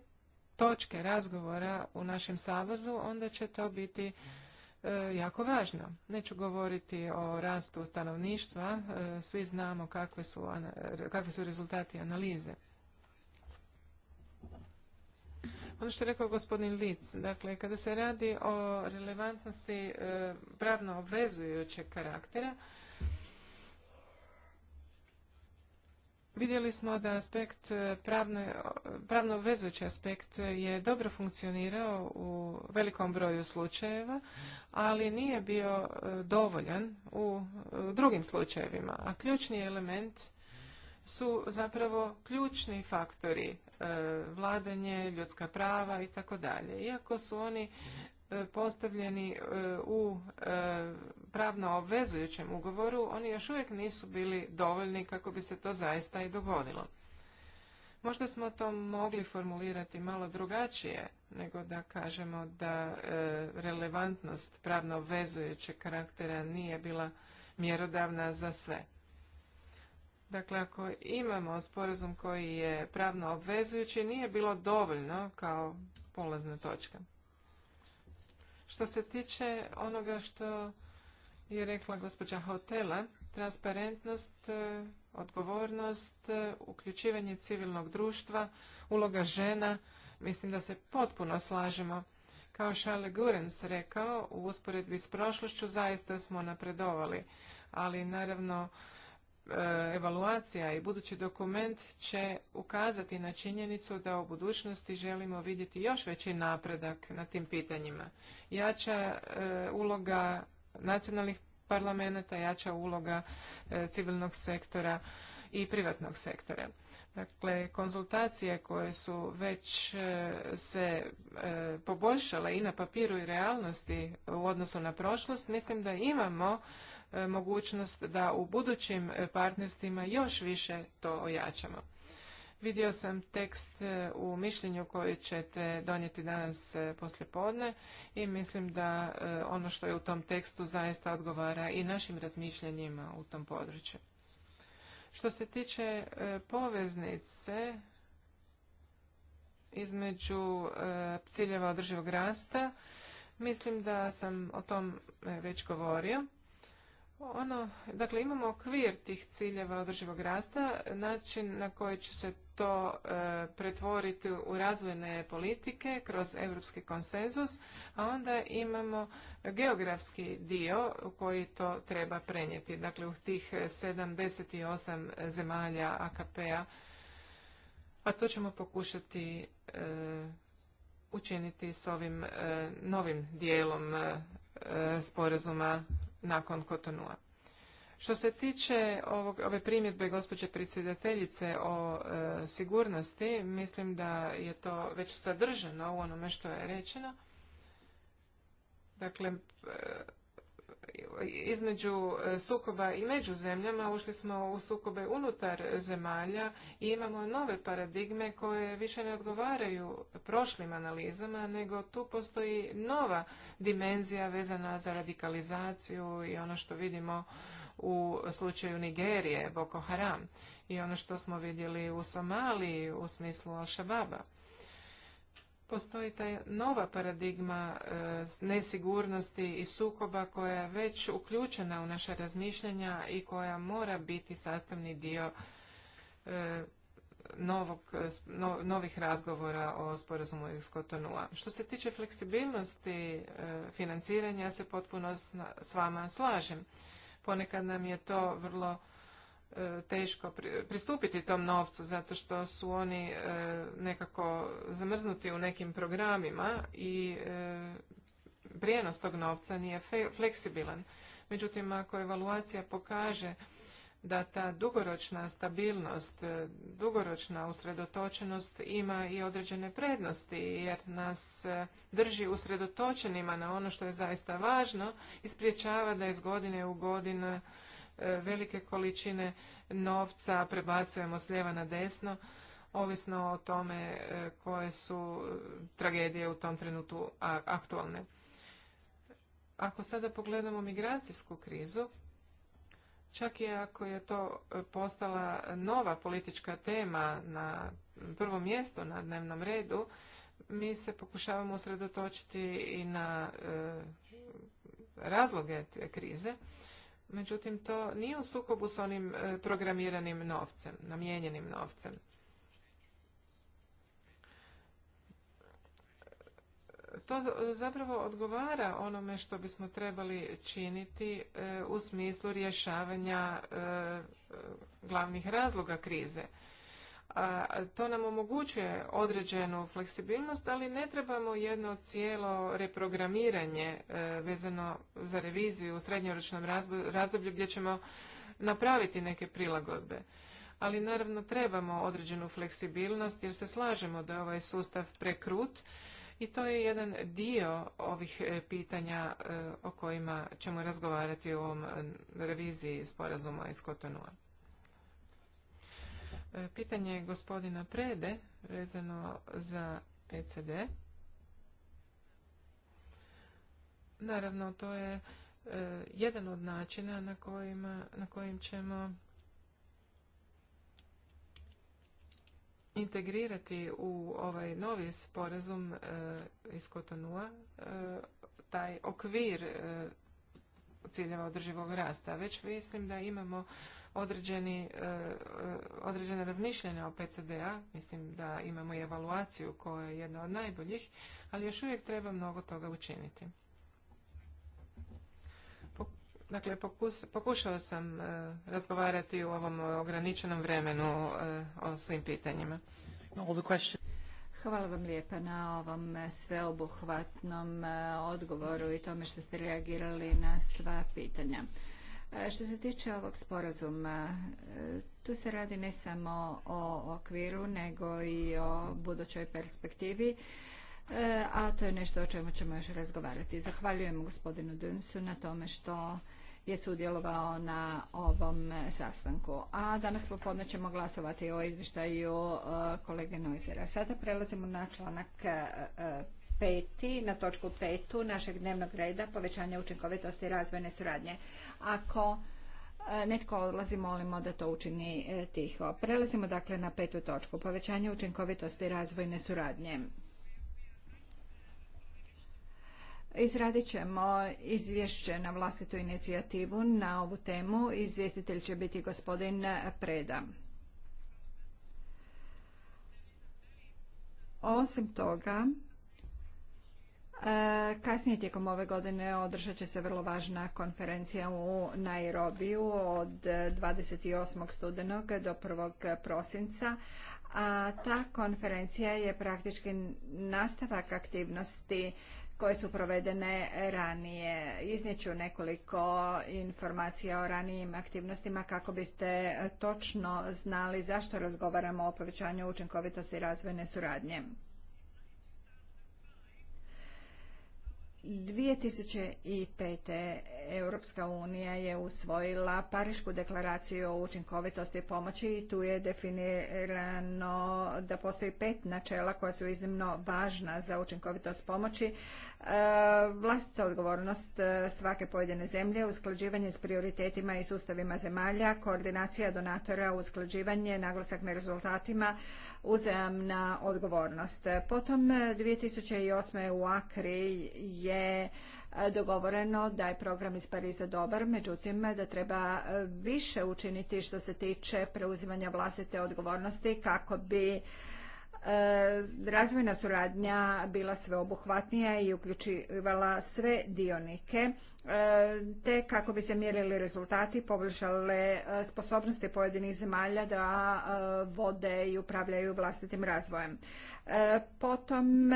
točke razgovora u našem savezu, onda će to biti E, jako važno. Neću govoriti o rastu stanovništva, e, svi znamo kakve su, su rezultati analize. Ono što je rekao gospodin Lic, dakle, kada se radi o relevantnosti e, pravno obvezujućeg karaktera, Vidjeli smo da aspekt e, pravno, pravno aspekt je dobro funkcionirao u velikom broju slučajeva, ali nije bio e, dovoljan u drugim slučajevima. A ključni element su zapravo ključni faktori e, vladanje, ljudska prava i tako dalje. Iako su oni postavljeni e, u e, pravno obvezujućem ugovoru, oni još uvijek nisu bili dovoljni kako bi se to zaista i dogodilo. Možda smo to mogli formulirati malo drugačije nego da kažemo da e, relevantnost pravno obvezujućeg karaktera nije bila mjerodavna za sve. Dakle, ako imamo sporazum koji je pravno obvezujući, nije bilo dovoljno kao polazna točka. Što se tiče onoga što je rekla gospođa Hotela, transparentnost, e, odgovornost, e, uključivanje civilnog društva, uloga žena, mislim da se potpuno slažemo. Kao Šale Gurens rekao, u usporedbi s prošlošću zaista smo napredovali, ali naravno E, evaluacija i budući dokument će ukazati na činjenicu da u budućnosti želimo vidjeti još veći napredak na tim pitanjima. Jača e, uloga nacionalnih parlamenta, jača uloga e, civilnog sektora i privatnog sektora. Dakle, konzultacije koje su već se poboljšale i na papiru i realnosti u odnosu na prošlost, mislim da imamo E, mogućnost da u budućim e, partnerstvima još više to ojačamo. Vidio sam tekst e, u mišljenju koje ćete donijeti danas podne i mislim da ono što je u tom tekstu zaista odgovara i našim razmišljanjima u tom području. Što se tiče poveznice između ciljeva održivog rasta, mislim da sam o tom već govorio. Ono, dakle, imamo okvir tih ciljeva održivog rasta, način na koji će se to e, pretvoriti u razvojne politike kroz europski konsenzus, a onda imamo geografski dio koji to treba prenijeti. Dakle, u tih 78 zemalja AKP-a, a to ćemo pokušati e, učiniti s ovim e, novim dijelom E, sporazuma nakon Kotonua. Što se tiče ovog, ove primjedbe gospođe predsjedateljice o e, sigurnosti, mislim da je to već sadržano u onome što je rečeno. Dakle, e, između e, sukoba i među zemljama, ušli smo u sukobe unutar zemalja i imamo nove paradigme koje više ne odgovaraju prošlim analizama, nego tu postoji nova dimenzija vezana za radikalizaciju i ono što vidimo u slučaju Nigerije, Boko Haram i ono što smo vidjeli u Somaliji u smislu Al-Shababa postoji ta nova paradigma e, nesigurnosti i sukoba koja je već uključena u naša razmišljanja i koja mora biti sastavni dio e, novog, e, novih razgovora o sporazumu iz Kotonua. Što se tiče fleksibilnosti financiranja, ja se potpuno s vama slažem. Ponekad nam je to vrlo E, teško pristupiti tom novcu zato što su oni e, nekako zamrznuti u nekim programima i e, prijenos tog novca nije fleksibilan. Međutim, ako evaluacija pokaže da ta dugoročna stabilnost, dugoročna usredotočenost ima i određene prednosti jer nas drži usredotočenima na ono što je zaista važno i spriječava da iz godine u godinu velike količine novca prebacujemo s lijeva na desno, ovisno o tome e, koje su e, tragedije u tom trenutku aktualne. Ako sada pogledamo migracijsku krizu, čak i ako je to e, postala nova politička tema na prvo mjesto na dnevnom redu, mi se pokušavamo usredotočiti i na razloge te krize međutim to nije u sukobu s onim e, programiranim novcem, namijenjenim novcem. To zapravo odgovara onome što bismo trebali činiti e, u smislu rješavanja e, glavnih razloga krize. To nam omogućuje određenu fleksibilnost, ali ne trebamo jedno cijelo reprogramiranje e, vezano za reviziju u srednjoročnom razdoblju gdje ćemo napraviti neke prilagodbe. Ali naravno trebamo određenu fleksibilnost jer se slažemo da je ovaj sustav prekrut i to je jedan dio ovih e, pitanja e, o kojima ćemo razgovarati u ovom reviziji sporazuma iz Kotonua. E, pitanje gospodina Prede vezano za PCD. Naravno, to je e, jedan od načina na, kojima, na kojim ćemo integrirati u ovaj novi sporazum e, iz Kotonua taj okvir ciljeva održivog rasta. Već mislim da imamo određeni, e, e, određene razmišljanja o PCD-a. Mislim da imamo i evaluaciju koja je jedna od najboljih, ali još uvijek treba mnogo toga učiniti. Dakle, pokušao sam e, razgovarati u ovom ograničenom vremenu o svim pitanjima. Hvala vam lijepa na ovom sveobuhvatnom odgovoru i tome što ste reagirali na sva pitanja. Što se tiče ovog sporazuma, e, tu se radi ne samo o okviru, nego i o budućoj perspektivi, e, a to je nešto o čemu ćemo još razgovarati. Zahvaljujem gospodinu Dunsu na tome što je sudjelovao na ovom sastanku. A danas popodne ćemo glasovati o izvještaju e, kolege Noizera. Sada prelazimo na članak peti, na točku petu našeg dnevnog reda povećanje učinkovitosti i razvojne suradnje. Ako e, netko odlazi, molimo da to učini e, tiho. Prelazimo dakle na petu točku, povećanje učinkovitosti i razvojne suradnje. Izradit ćemo izvješće na vlastitu inicijativu na ovu temu. Izvjestitelj će biti gospodin Preda. Osim toga, Kasnije tijekom ove godine održat će se vrlo važna konferencija u Nairobiju od 28. studenog do 1. prosinca, a ta konferencija je praktički nastavak aktivnosti koje su provedene ranije. Iznijeću nekoliko informacija o ranijim aktivnostima kako biste točno znali zašto razgovaramo o povećanju učinkovitosti razvojne suradnje. 2005. Europska unija je usvojila Parišku deklaraciju o učinkovitosti pomoći i tu je definirano da postoji pet načela koja su iznimno važna za učinkovitost pomoći E, vlastita odgovornost e, svake pojedine zemlje, usklađivanje s prioritetima i sustavima zemalja, koordinacija donatora, usklađivanje, naglasak na rezultatima, uzajamna odgovornost. Potom 2008. E, u Akri je dogovoreno da je program iz Pariza dobar, međutim da treba više učiniti što se tiče preuzimanja vlastite odgovornosti kako bi E, razvojna suradnja bila sveobuhvatnija i uključivala sve dionike, e, te kako bi se mjerili rezultati, poboljšale e, sposobnosti pojedinih zemalja da vode i upravljaju vlastitim razvojem. Potom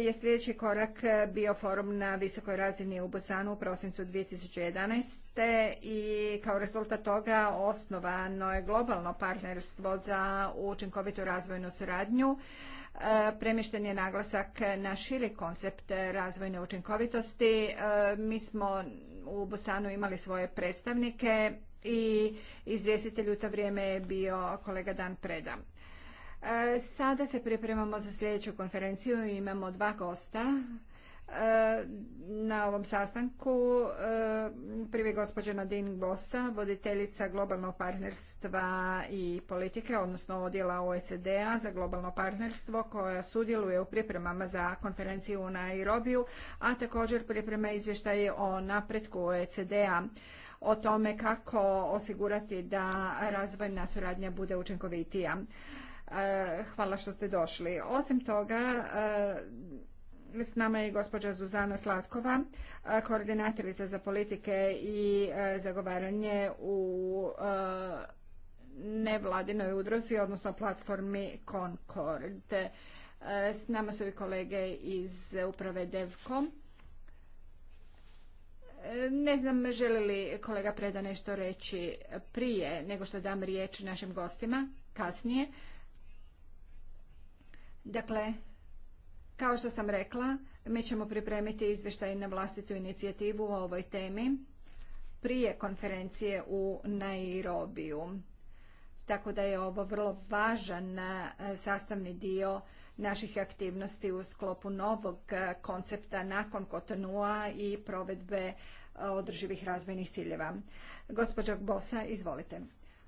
je sljedeći korak bio forum na visokoj razini u Bosanu u prosincu 2011 i kao rezultat toga osnovano je globalno partnerstvo za učinkovitu razvojnu suradnju. E, premješten je naglasak na širi koncept razvojne učinkovitosti. E, mi smo u Busanu imali svoje predstavnike i izvjestitelj u to vrijeme je bio kolega Dan Preda. E, sada se pripremamo za sljedeću konferenciju. Imamo dva gosta E, na ovom sastanku e, prvi gospođa Nadine bosa voditeljica globalnog partnerstva i politike, odnosno odjela OECD-a za globalno partnerstvo koja sudjeluje u pripremama za konferenciju na Irobiju, a također priprema izvještaje o napretku OECD-a o tome kako osigurati da razvojna suradnja bude učinkovitija. E, hvala što ste došli. Osim toga, s nama je gospođa Zuzana Slatkova, e, koordinatorica za politike i e, zagovaranje u e, nevladinoj udruzi, odnosno platformi Concord. S nama su i kolege iz uprave devko Ne znam, želi li kolega Preda nešto reći prije nego što dam riječ našim gostima, kasnije. Dakle, kao što sam rekla, mi ćemo pripremiti izvještaj na vlastitu inicijativu o ovoj temi prije konferencije u Nairobiju. Tako da je ovo vrlo važan e, sastavni dio naših aktivnosti u sklopu novog e, koncepta nakon Kotonua i provedbe e, održivih razvojnih ciljeva. Gospođo Bosa, izvolite.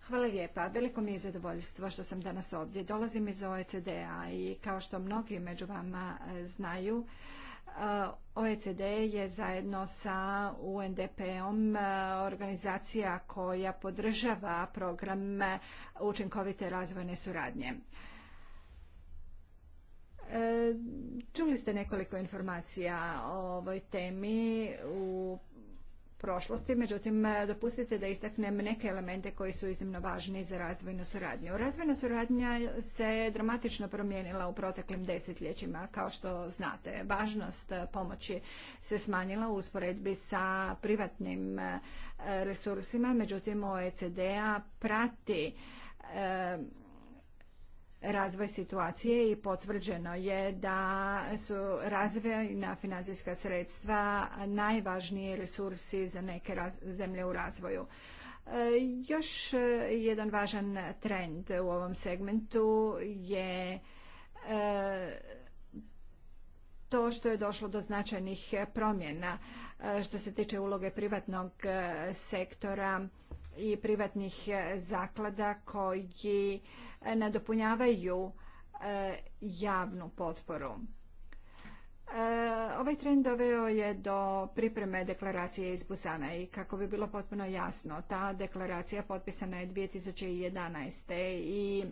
Hvala lijepa. Veliko mi je zadovoljstvo što sam danas ovdje. Dolazim iz OECD-a i kao što mnogi među vama e, znaju, e, OECD je zajedno sa UNDP-om e, organizacija koja podržava program učinkovite razvojne suradnje. Čuli ste nekoliko informacija o ovoj temi u prošlosti, međutim e, dopustite da istaknem neke elemente koji su iznimno važni za razvojnu suradnju. Razvojna suradnja se dramatično promijenila u proteklim desetljećima, kao što znate. Važnost pomoći se smanjila u usporedbi sa privatnim e, resursima, međutim OECD-a prati e, razvoj situacije i potvrđeno je da su razvojna financijska sredstva najvažniji resursi za neke zemlje u razvoju. E, još jedan važan trend u ovom segmentu je e, to što je došlo do značajnih promjena e, što se tiče uloge privatnog sektora i privatnih e, zaklada koji e, nadopunjavaju e, javnu potporu. Ovaj trend doveo je do pripreme deklaracije iz Busana i kako bi bilo potpuno jasno, ta deklaracija potpisana je 2011. i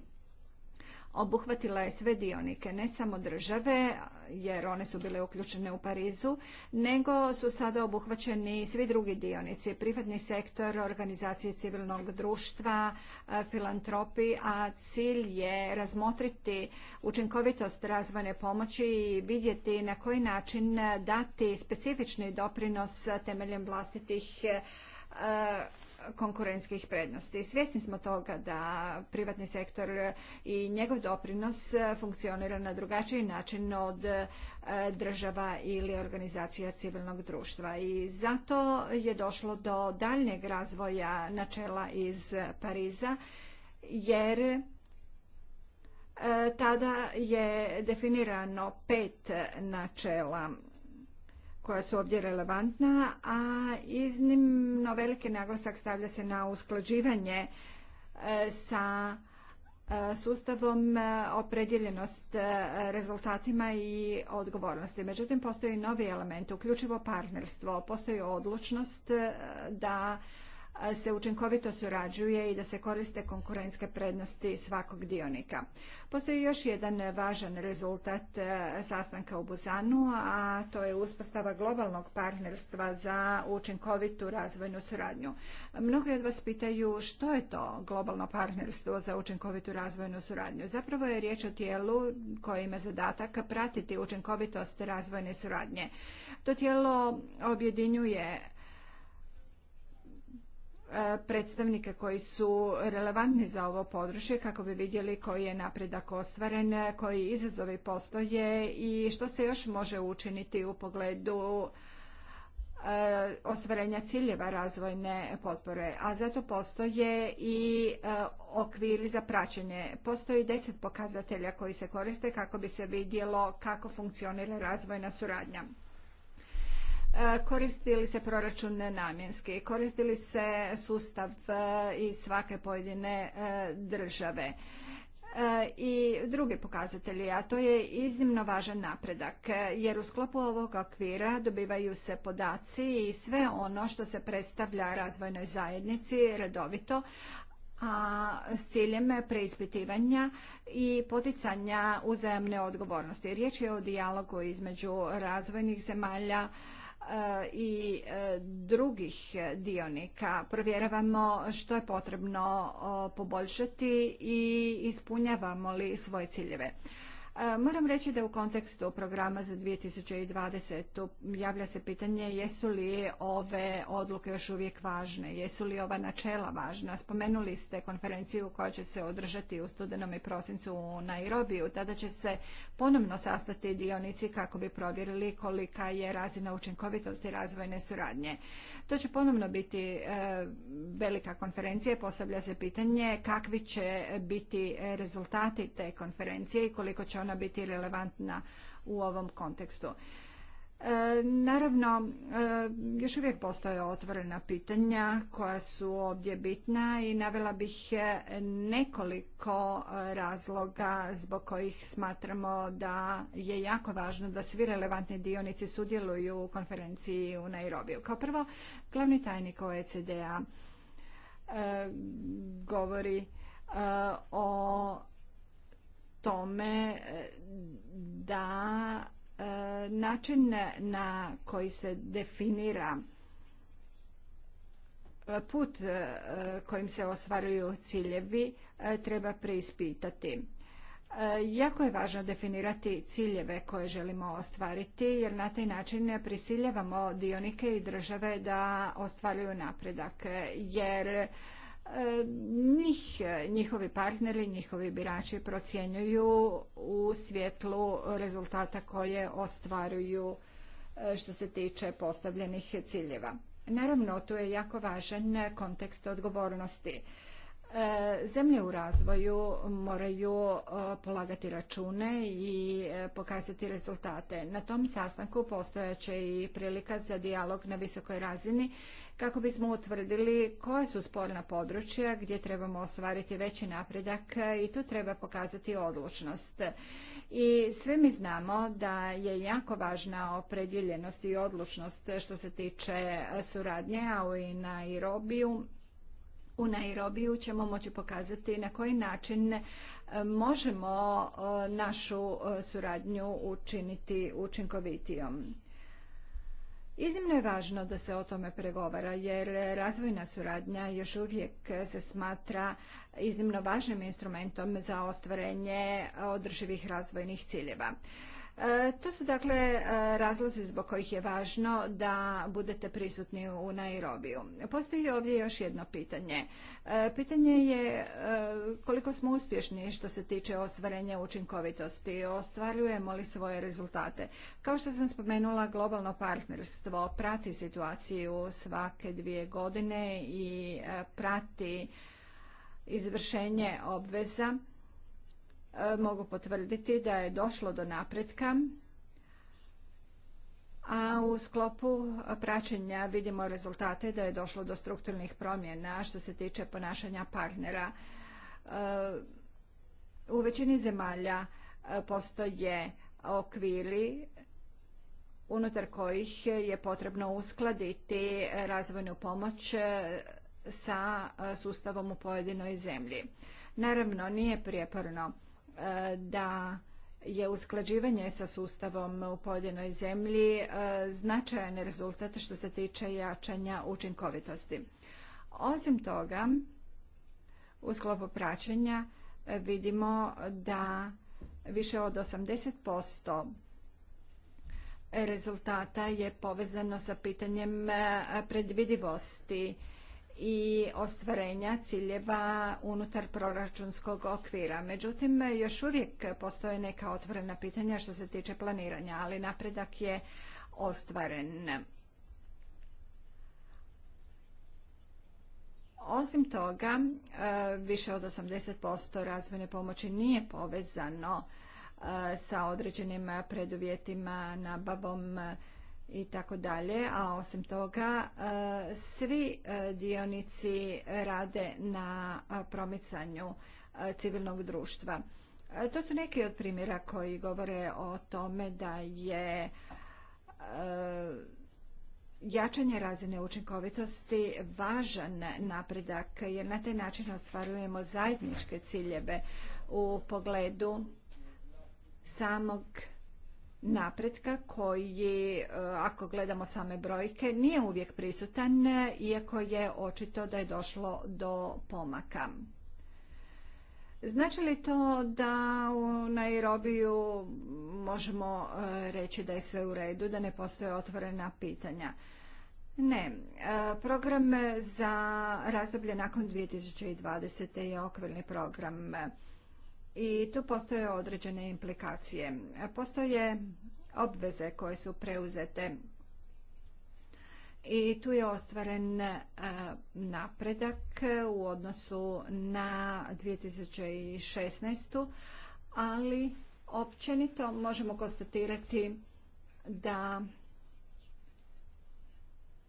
obuhvatila je sve dionike, ne samo države, jer one su bile uključene u Parizu, nego su sada obuhvaćeni svi drugi dionici, privatni sektor, organizacije civilnog društva, e, filantropi, a cilj je razmotriti učinkovitost razvojne pomoći i vidjeti na koji način dati specifični doprinos temeljem vlastitih e, konkurentskih prednosti. Svjesni smo toga da privatni sektor i njegov doprinos funkcionira na drugačiji način od e, država ili organizacija civilnog društva i zato je došlo do daljnjeg razvoja načela iz Pariza jer e, tada je definirano pet načela koja su ovdje relevantna, a iznimno veliki naglasak stavlja se na usklađivanje e, sa e, sustavom e, opredjeljenost rezultatima i odgovornosti. Međutim, postoji novi element, uključivo partnerstvo, postoji odlučnost da se učinkovito surađuje i da se koriste konkurentske prednosti svakog dionika. Postoji još jedan važan rezultat e, sastanka u Buzanu, a to je uspostava globalnog partnerstva za učinkovitu razvojnu suradnju. Mnogi od vas pitaju što je to globalno partnerstvo za učinkovitu razvojnu suradnju. Zapravo je riječ o tijelu koje ima zadatak pratiti učinkovitost razvojne suradnje. To tijelo objedinjuje E, predstavnike koji su relevantni za ovo područje kako bi vidjeli koji je napredak ostvaren, koji izazovi postoje i što se još može učiniti u pogledu e, ostvarenja ciljeva razvojne potpore, a zato postoje i e, okviri za praćenje. Postoji deset pokazatelja koji se koriste kako bi se vidjelo kako funkcionira razvojna suradnja koristili se proračun nenamjenski, koristili se sustav e, iz svake pojedine e, države e, i drugi pokazatelji, a to je iznimno važan napredak, jer u sklopu ovog okvira dobivaju se podaci i sve ono što se predstavlja razvojnoj zajednici redovito, a s ciljem preispitivanja i poticanja uzajamne odgovornosti. Riječ je o dijalogu između razvojnih zemalja, i e, drugih dionika provjeravamo što je potrebno poboljšati i ispunjavamo li svoje ciljeve. E, moram reći da u kontekstu programa za 2020. javlja se pitanje jesu li ove odluke još uvijek važne, jesu li ova načela važna. Spomenuli ste konferenciju koja će se održati u studenom i prosincu u Nairobiju. Tada će se ponovno sastati dionici kako bi provjerili kolika je razina učinkovitosti razvojne suradnje. To će ponovno biti e, velika konferencija. Postavlja se pitanje kakvi će biti rezultati te konferencije i koliko će ona biti relevantna u ovom kontekstu. E, naravno, e, još uvijek postoje otvorena pitanja koja su ovdje bitna i navela bih e, nekoliko razloga zbog kojih smatramo da je jako važno da svi relevantni dionici sudjeluju u konferenciji u Nairobiju. Kao prvo, glavni tajnik OECD-a govori o tome da e, način na koji se definira put e, kojim se ostvaruju ciljevi e, treba preispitati. Jako je važno definirati ciljeve koje želimo ostvariti jer na taj način prisiljevamo dionike i države da ostvaruju napredak jer njih, njihovi partneri, njihovi birači procjenjuju u svjetlu rezultata koje ostvaruju e, što se tiče postavljenih ciljeva. Naravno, tu je jako važan kontekst odgovornosti. E, zemlje u razvoju moraju e, polagati račune i pokazati rezultate. Na tom sastanku postojaće i prilika za dijalog na visokoj razini kako bismo utvrdili koje su sporna područja gdje trebamo ostvariti veći napredak i tu treba pokazati odlučnost. I sve mi znamo da je jako važna opredjeljenost i odlučnost što se tiče suradnje, a i Nairobiju. u Nairobiju ćemo moći pokazati na koji način e, možemo e, našu e, suradnju učiniti učinkovitijom. Iznimno je važno da se o tome pregovara jer razvojna suradnja još uvijek se smatra iznimno važnim instrumentom za ostvarenje održivih razvojnih ciljeva. E, to su dakle e, razlozi zbog kojih je važno da budete prisutni u Nairobiju. Postoji ovdje još jedno pitanje. E, pitanje je koliko smo uspješni što se tiče ostvarenja učinkovitosti, ostvarujemo li svoje rezultate. Kao što sam spomenula, globalno partnerstvo prati situaciju svake dvije godine i prati izvršenje obveza E, mogu potvrditi da je došlo do napretka, a u sklopu praćenja vidimo rezultate da je došlo do strukturnih promjena što se tiče ponašanja partnera. E, u većini zemalja e, postoje okviri unutar kojih je potrebno uskladiti razvojnu pomoć sa sustavom u pojedinoj zemlji. Naravno, nije prijeporno da je usklađivanje sa sustavom u pojedinoj zemlji e, značajan rezultat što se tiče jačanja učinkovitosti. Osim toga, u sklopu praćenja e, vidimo da više od 80% rezultata je povezano sa pitanjem e, predvidivosti i ostvarenja ciljeva unutar proračunskog okvira. Međutim, još uvijek postoje neka otvorena pitanja što se tiče planiranja, ali napredak je ostvaren. Osim toga, e, više od 80% razvojne pomoći nije povezano e, sa određenim preduvjetima, nabavom, i tako dalje, a osim toga e, svi e, dionici rade na promicanju e, civilnog društva. To su neki od primjera koji govore o tome da je jačanje razine učinkovitosti važan napredak jer na taj način ostvarujemo zajedničke ciljeve u pogledu samog napretka koji, e, ako gledamo same brojke, nije uvijek prisutan, iako je očito da je došlo do pomaka. Znači li to da u Nairobiju možemo e, reći da je sve u redu, da ne postoje otvorena pitanja? Ne. E, program za razdoblje nakon 2020. je okvirni program i tu postoje određene implikacije. Postoje obveze koje su preuzete i tu je ostvaren e, napredak u odnosu na 2016. ali općenito možemo konstatirati da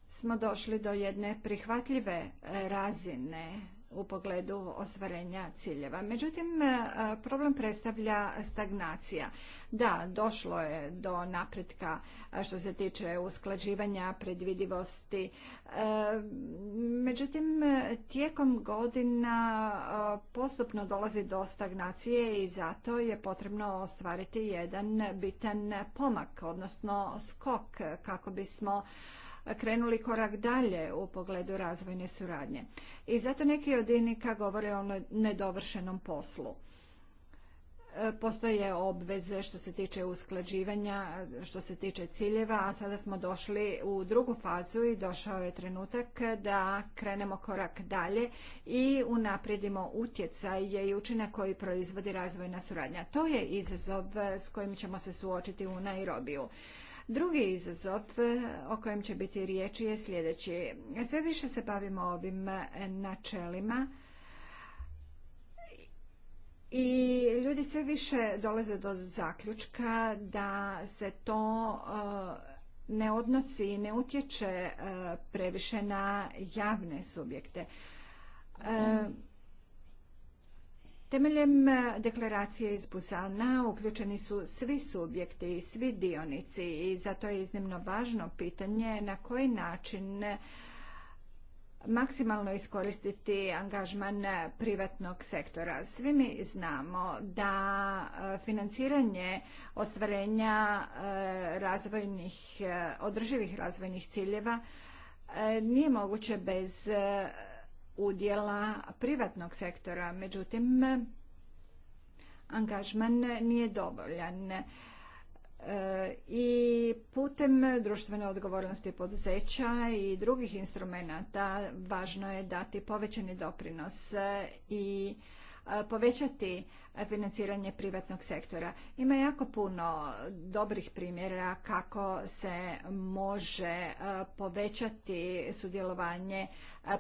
smo došli do jedne prihvatljive razine u pogledu ostvarenja ciljeva. Međutim, e, problem predstavlja stagnacija. Da, došlo je do napretka što se tiče usklađivanja, predvidivosti. E, međutim, e, tijekom godina postupno dolazi do stagnacije i zato je potrebno ostvariti jedan bitan pomak, odnosno skok kako bismo krenuli korak dalje u pogledu razvojne suradnje. I zato neki od inika govore o nedovršenom poslu. E, postoje obveze što se tiče usklađivanja, što se tiče ciljeva, a sada smo došli u drugu fazu i došao je trenutak da krenemo korak dalje i unaprijedimo utjecaj i učinak koji proizvodi razvojna suradnja. To je izazov s kojim ćemo se suočiti u Nairobiju. Drugi izazov e, o kojem će biti riječi je sljedeći. Sve više se bavimo ovim načelima i ljudi sve više dolaze do zaključka da se to e, ne odnosi i ne utječe e, previše na javne subjekte. Temeljem e, deklaracije iz Busana uključeni su svi subjekti i svi dionici i zato je iznimno važno pitanje na koji način e, maksimalno iskoristiti angažman e, privatnog sektora. Svi mi znamo da financiranje ostvarenja razvojnih, održivih razvojnih ciljeva nije moguće bez udjela privatnog sektora. Međutim, angažman nije dovoljan. E, I putem društvene odgovornosti poduzeća i drugih instrumenata važno je dati povećani doprinos i povećati financiranje privatnog sektora. Ima jako puno dobrih primjera kako se može povećati sudjelovanje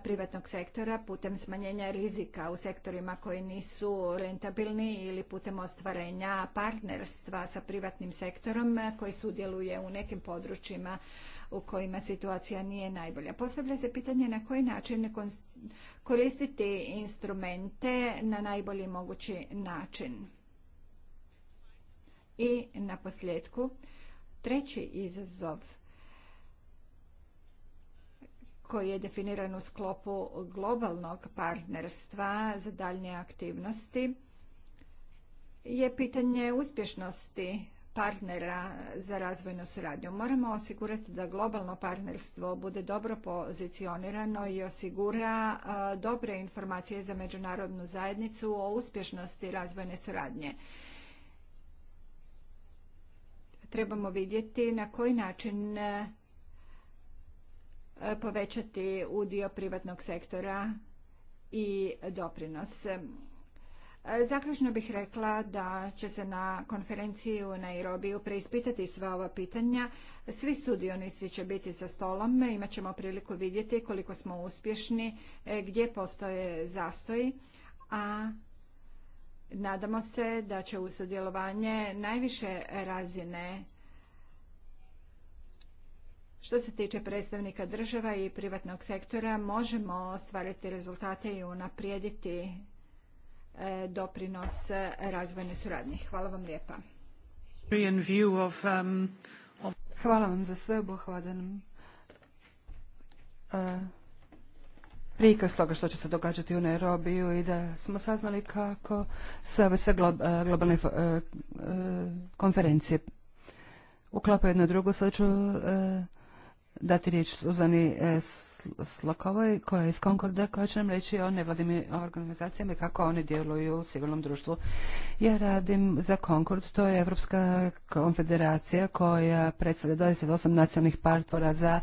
privatnog sektora putem smanjenja rizika u sektorima koji nisu rentabilni ili putem ostvarenja partnerstva sa privatnim sektorom koji sudjeluje u nekim područjima u kojima situacija nije najbolja. Postavlja se pitanje na koji način koristiti instrumente na najbolji mogući način. I na posljedku, treći izazov koji je definiran u sklopu globalnog partnerstva za daljnje aktivnosti je pitanje uspješnosti partnera za razvojnu suradnju. Moramo osigurati da globalno partnerstvo bude dobro pozicionirano i osigura dobre informacije za međunarodnu zajednicu o uspješnosti razvojne suradnje. Trebamo vidjeti na koji način e, povećati udio privatnog sektora i doprinos. Zaključno bih rekla da će se na konferenciji u Nairobiju preispitati sva ova pitanja. Svi sudionici će biti sa stolom, imat ćemo priliku vidjeti koliko smo uspješni, e, gdje postoje zastoji, a nadamo se da će u sudjelovanje najviše razine što se tiče predstavnika država i privatnog sektora možemo ostvariti rezultate i unaprijediti E, doprinos e, razvojne suradnje. Hvala vam lijepa. Um, Hvala vam za sve obuhvadan e, prikaz toga što će se događati u Nairobiju i da smo saznali kako se ove sve globalne konferencije uklapaju jedno drugo. Sada ću dati riječ Suzani e, Slokovoj koja je iz Konkorda koja će nam reći o nevladim organizacijama i kako oni djeluju u civilnom društvu. Ja radim za Konkord, to je Evropska konfederacija koja predstavlja 28 nacionalnih partvora za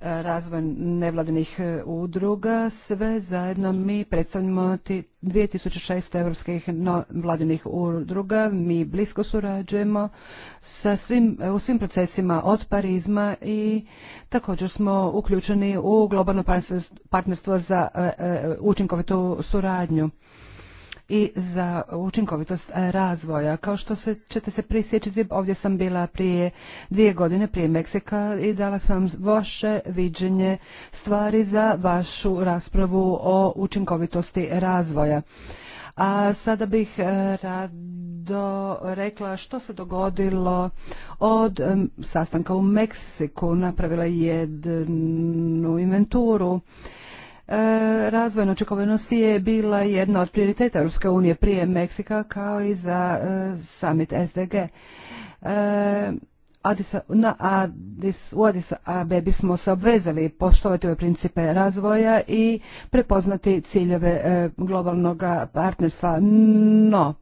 razvoj nevladinih e, udruga. Sve zajedno mi predstavljamo 2600 evropskih vladinih udruga. Mi blisko surađujemo sa svim, e, u svim procesima od Parizma i također smo uključeni u globalno partnerstvo za e, učinkovitu suradnju i za učinkovitost eh, razvoja. Kao što se, ćete se prisjećati, ovdje sam bila prije dvije godine prije Meksika i dala sam vaše viđenje stvari za vašu raspravu o učinkovitosti razvoja. A sada bih eh, rado rekla što se dogodilo od sastanka u Meksiku. Napravila jednu inventuru E, razvojna očekovanost je bila jedna od prioriteta Ruske unije prije Meksika kao i za e, summit SDG. E, u Adis Abebi smo se obvezali poštovati ove principe razvoja i prepoznati ciljeve globalnog partnerstva. No,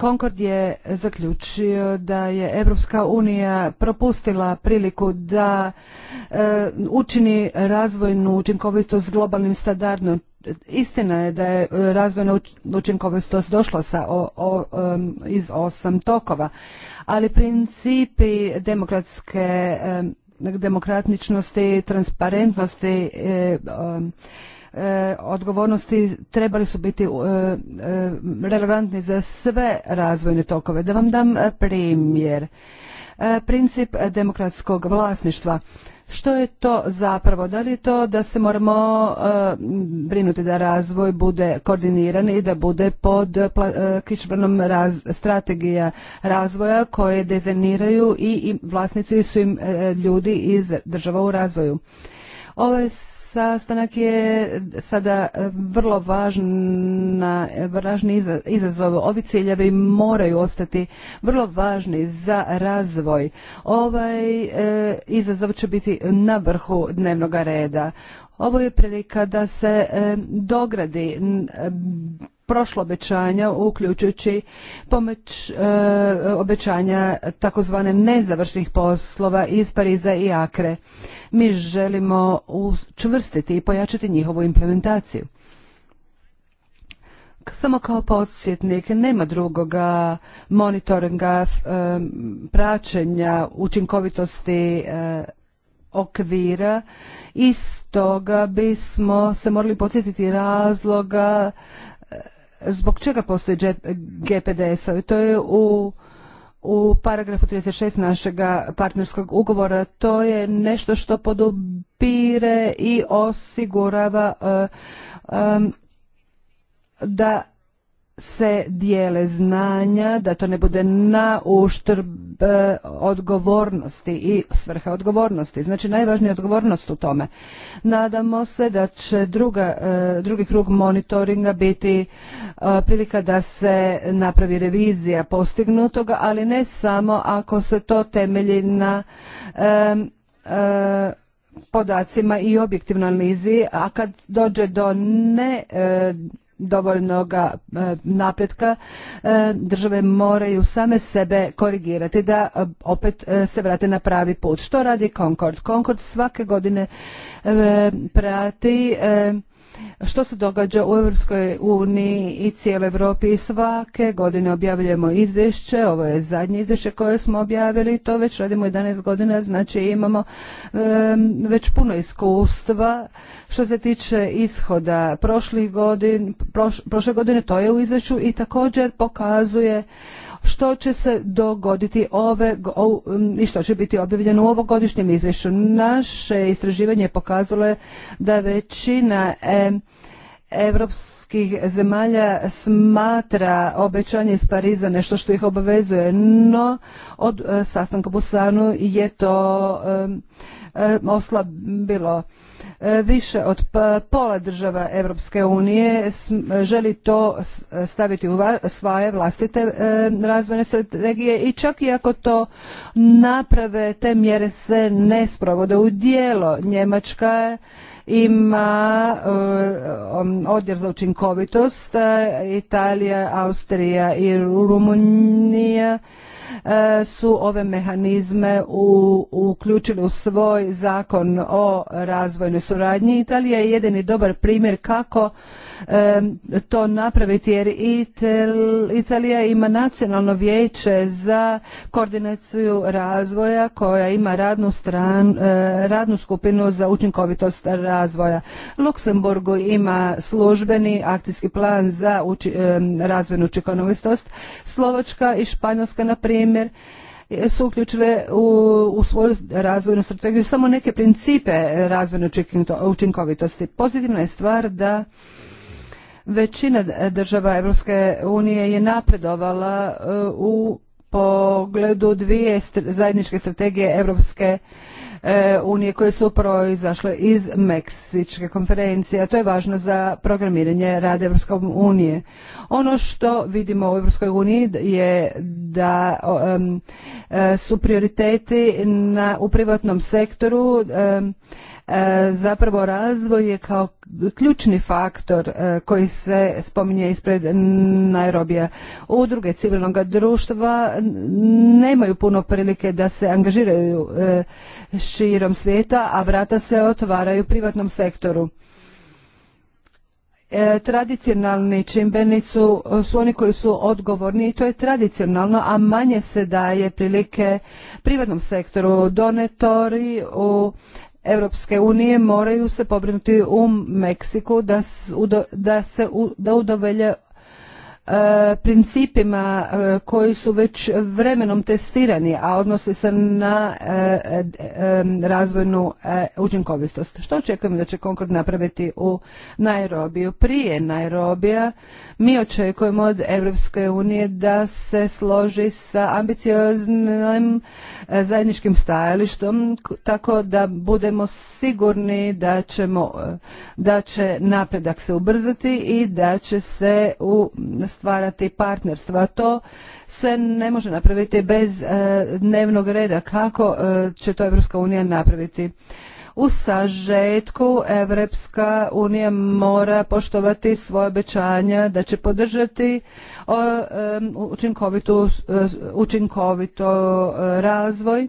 Concord je zaključio da je Europska unija propustila priliku da e, učini razvojnu učinkovitost globalnim standardom. Istina je da je razvojna učinkovitost došla sa o, iz osam tokova, ali principi demokratske demokratičnosti, transparentnosti e, E, odgovornosti trebali su biti e, e, relevantni za sve razvojne tokove. Da vam dam primjer. Princip demokratskog vlasništva. Što je to zapravo? Da li je to da se moramo brinuti da razvoj bude koordiniran i da bude pod uh, strategija razvoja koje dezeniraju i, vlasnici su im ljudi iz država u razvoju. je ovaj sastanak je sada vrlo važna, važni izazov. Ovi ciljevi moraju ostati vrlo važni za razvoj. Ovaj e, izazov će biti na vrhu dnevnog reda. Ovo je prilika da se e, dogradi prošla obećanja, uključujući pomoć e, obećanja takozvane nezavršnih poslova iz Pariza i Akre. Mi želimo učvrstiti i pojačati njihovu implementaciju. Samo kao podsjetnik, nema drugoga monitoringa, e, praćenja, učinkovitosti e, okvira i stoga bismo se morali podsjetiti razloga zbog čega postoji gpds To je u u paragrafu 36 našega partnerskog ugovora. To je nešto što podupire i osigurava e, e, da se dijele znanja, da to ne bude na uštrb e, odgovornosti i svrhe odgovornosti. Znači najvažnija odgovornost u tome. Nadamo se da će druga, e, drugi krug monitoringa biti e, prilika da se napravi revizija postignutoga, ali ne samo ako se to temelji na podacima i objektivnoj analizi, a kad dođe do ne dovoljnog e, napretka, e, države moraju same sebe korigirati da e, opet se vrate na pravi put. Što radi Concord? Concord svake godine prati što se događa u Europskoj uniji i cijeloj Europi i svake godine objavljujemo izvješće, ovo je zadnje izvješće koje smo objavili, to već radimo 11 godina, znači imamo već puno iskustva što se tiče ishoda prošlih godin, prošle godine to je u izvješću i također pokazuje što će se dogoditi ove i što će biti objavljeno u ovogodišnjem izvješću. Naše istraživanje pokazalo je da većina europskih zemalja smatra obećanje iz Pariza nešto što ih obavezuje, no od e, sastanka Busanu je to E, bilo e, Više od pola država Europske unije želi to staviti u svoje vlastite e, razvojne strategije i čak i ako to naprave, te mjere se ne sprovode u dijelo. Njemačka ima odjel za učinkovitost, Italija, Austrija i Rumunija E, su ove mehanizme u, uključili u svoj zakon o razvojnoj suradnji. Italija je jedini dobar primjer kako e, to napraviti jer Italija ima nacionalno vijeće za koordinaciju razvoja koja ima radnu, stran, e, radnu skupinu za učinkovitost razvoja. Luksemburgu ima službeni akcijski plan za razvojnu učinkovitost. Slovačka i Španjolska, na primjer, primjer, su uključile u, u svoju razvojnu strategiju samo neke principe razvojne učinkovitosti. Pozitivna je stvar da većina država Europske unije je napredovala e, u pogledu dvije zajedničke strategije Europske E, unije koje su proizašle iz Meksičke konferencije, a to je važno za programiranje rada Evropske unije. Ono što vidimo u Evropskoj uniji je da e, su prioriteti na, u privatnom sektoru E, zapravo razvoj je kao ključni faktor e, koji se spominje ispred Nairobija. Udruge civilnog društva nemaju puno prilike da se angažiraju e, širom svijeta, a vrata se otvaraju privatnom sektoru. tradicionalni čimbenici su, su oni koji su odgovorni i to je tradicionalno, a manje se daje prilike privatnom sektoru, donetori u Europske unije moraju se pobrinuti u Meksiku da, da se da udovelje E, principima e, koji su već vremenom testirani, a odnose se na e, razvojnu učinkovitost. Što očekujemo da će Concord napraviti u Nairobiju? Prije Nairobija mi očekujemo od Europske unije da se složi sa ambicioznim zajedničkim stajalištom tako da budemo sigurni da ćemo da će napredak se ubrzati i da će se u stvarati partnerstva. To se ne može napraviti bez e, dnevnog reda. Kako e, će to Evropska unija napraviti? U sažetku Evropska unija mora poštovati svoje obećanja da će podržati e, učinkovito razvoj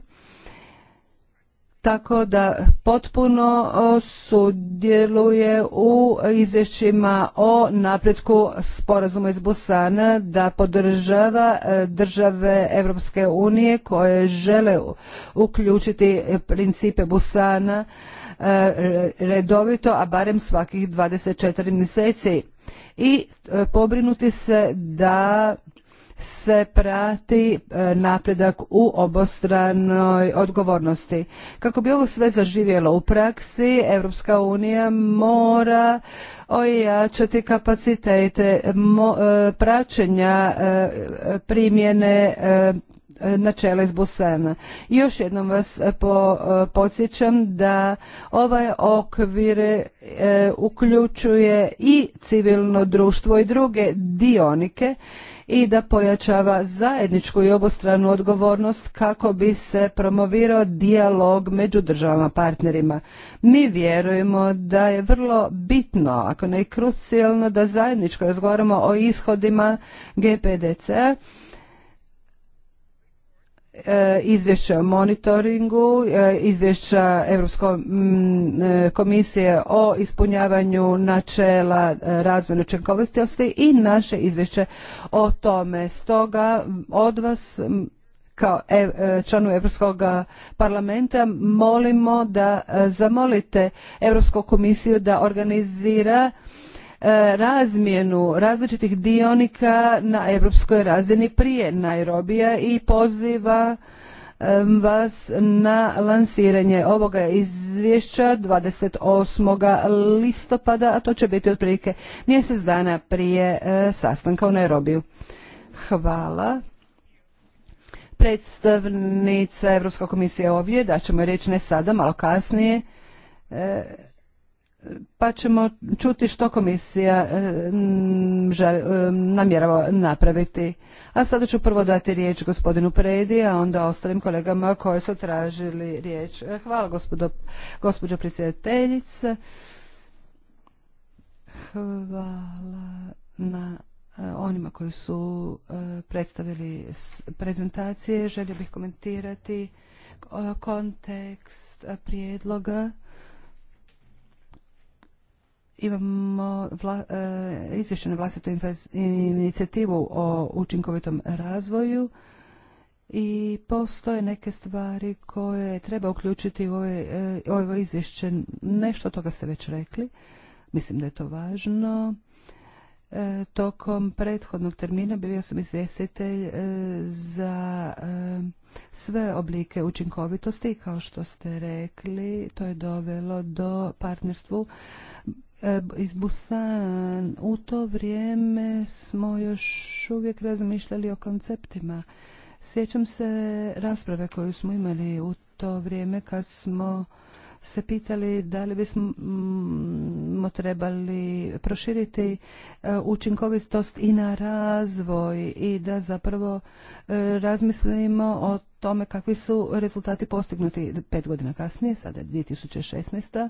tako da potpuno sudjeluje u izvješćima o napretku sporazuma iz Busana da podržava e, države Europske unije koje žele uključiti principe Busana e, redovito, a barem svakih 24 mjeseci i e, pobrinuti se da se prati e, napredak u obostranoj odgovornosti. Kako bi ovo sve zaživjelo u praksi, Europska unija mora ojačati kapacitete e, praćenja e, primjene načela iz Busana. Još jednom vas podsjećam da ovaj okvir uključuje i civilno društvo i druge dionike i da pojačava zajedničku i obostranu odgovornost kako bi se promovirao dijalog među državama partnerima. Mi vjerujemo da je vrlo bitno, ako ne i krucijalno, da zajedničko razgovaramo o ishodima GPDC-a E, izvješća o monitoringu, e, izvješća Europske komisije o ispunjavanju načela e, razvojne učinkovitosti i naše izvješće o tome. Stoga od vas kao članu Evropskog parlamenta molimo da zamolite Evropsku komisiju da organizira E, razmjenu različitih dionika na europskoj razini prije Nairobija i poziva vas na lansiranje ovoga izvješća 28. listopada, a to će biti otprilike mjesec dana prije e, sastanka u Nairobiju. Hvala. Predstavnica Europske komisije ovdje, da ćemo reći ne sada, malo kasnije. E, pa ćemo čuti što komisija e, e, namjerava napraviti. A sada ću prvo dati riječ gospodinu Predi, a onda ostalim kolegama koji su tražili riječ. E, hvala gospođo predsjedateljice. Hvala na onima koji su predstavili prezentacije. Želio bih komentirati kontekst prijedloga imamo vla, e, izvješće na vlastitu inicijativu o učinkovitom razvoju i postoje neke stvari koje treba uključiti u e, ovo izvješće. Nešto toga ste već rekli. Mislim da je to važno. E, tokom prethodnog termina bio sam izvjestitelj e, za e, sve oblike učinkovitosti. Kao što ste rekli, to je dovelo do partnerstvu E, iz Busana. U to vrijeme smo još uvijek razmišljali o konceptima. Sjećam se rasprave koju smo imali u to vrijeme kad smo se pitali da li bismo mm, trebali proširiti e, učinkovitost i na razvoj i da zapravo e, razmislimo o tome kakvi su rezultati postignuti pet godina kasnije, sada je 2016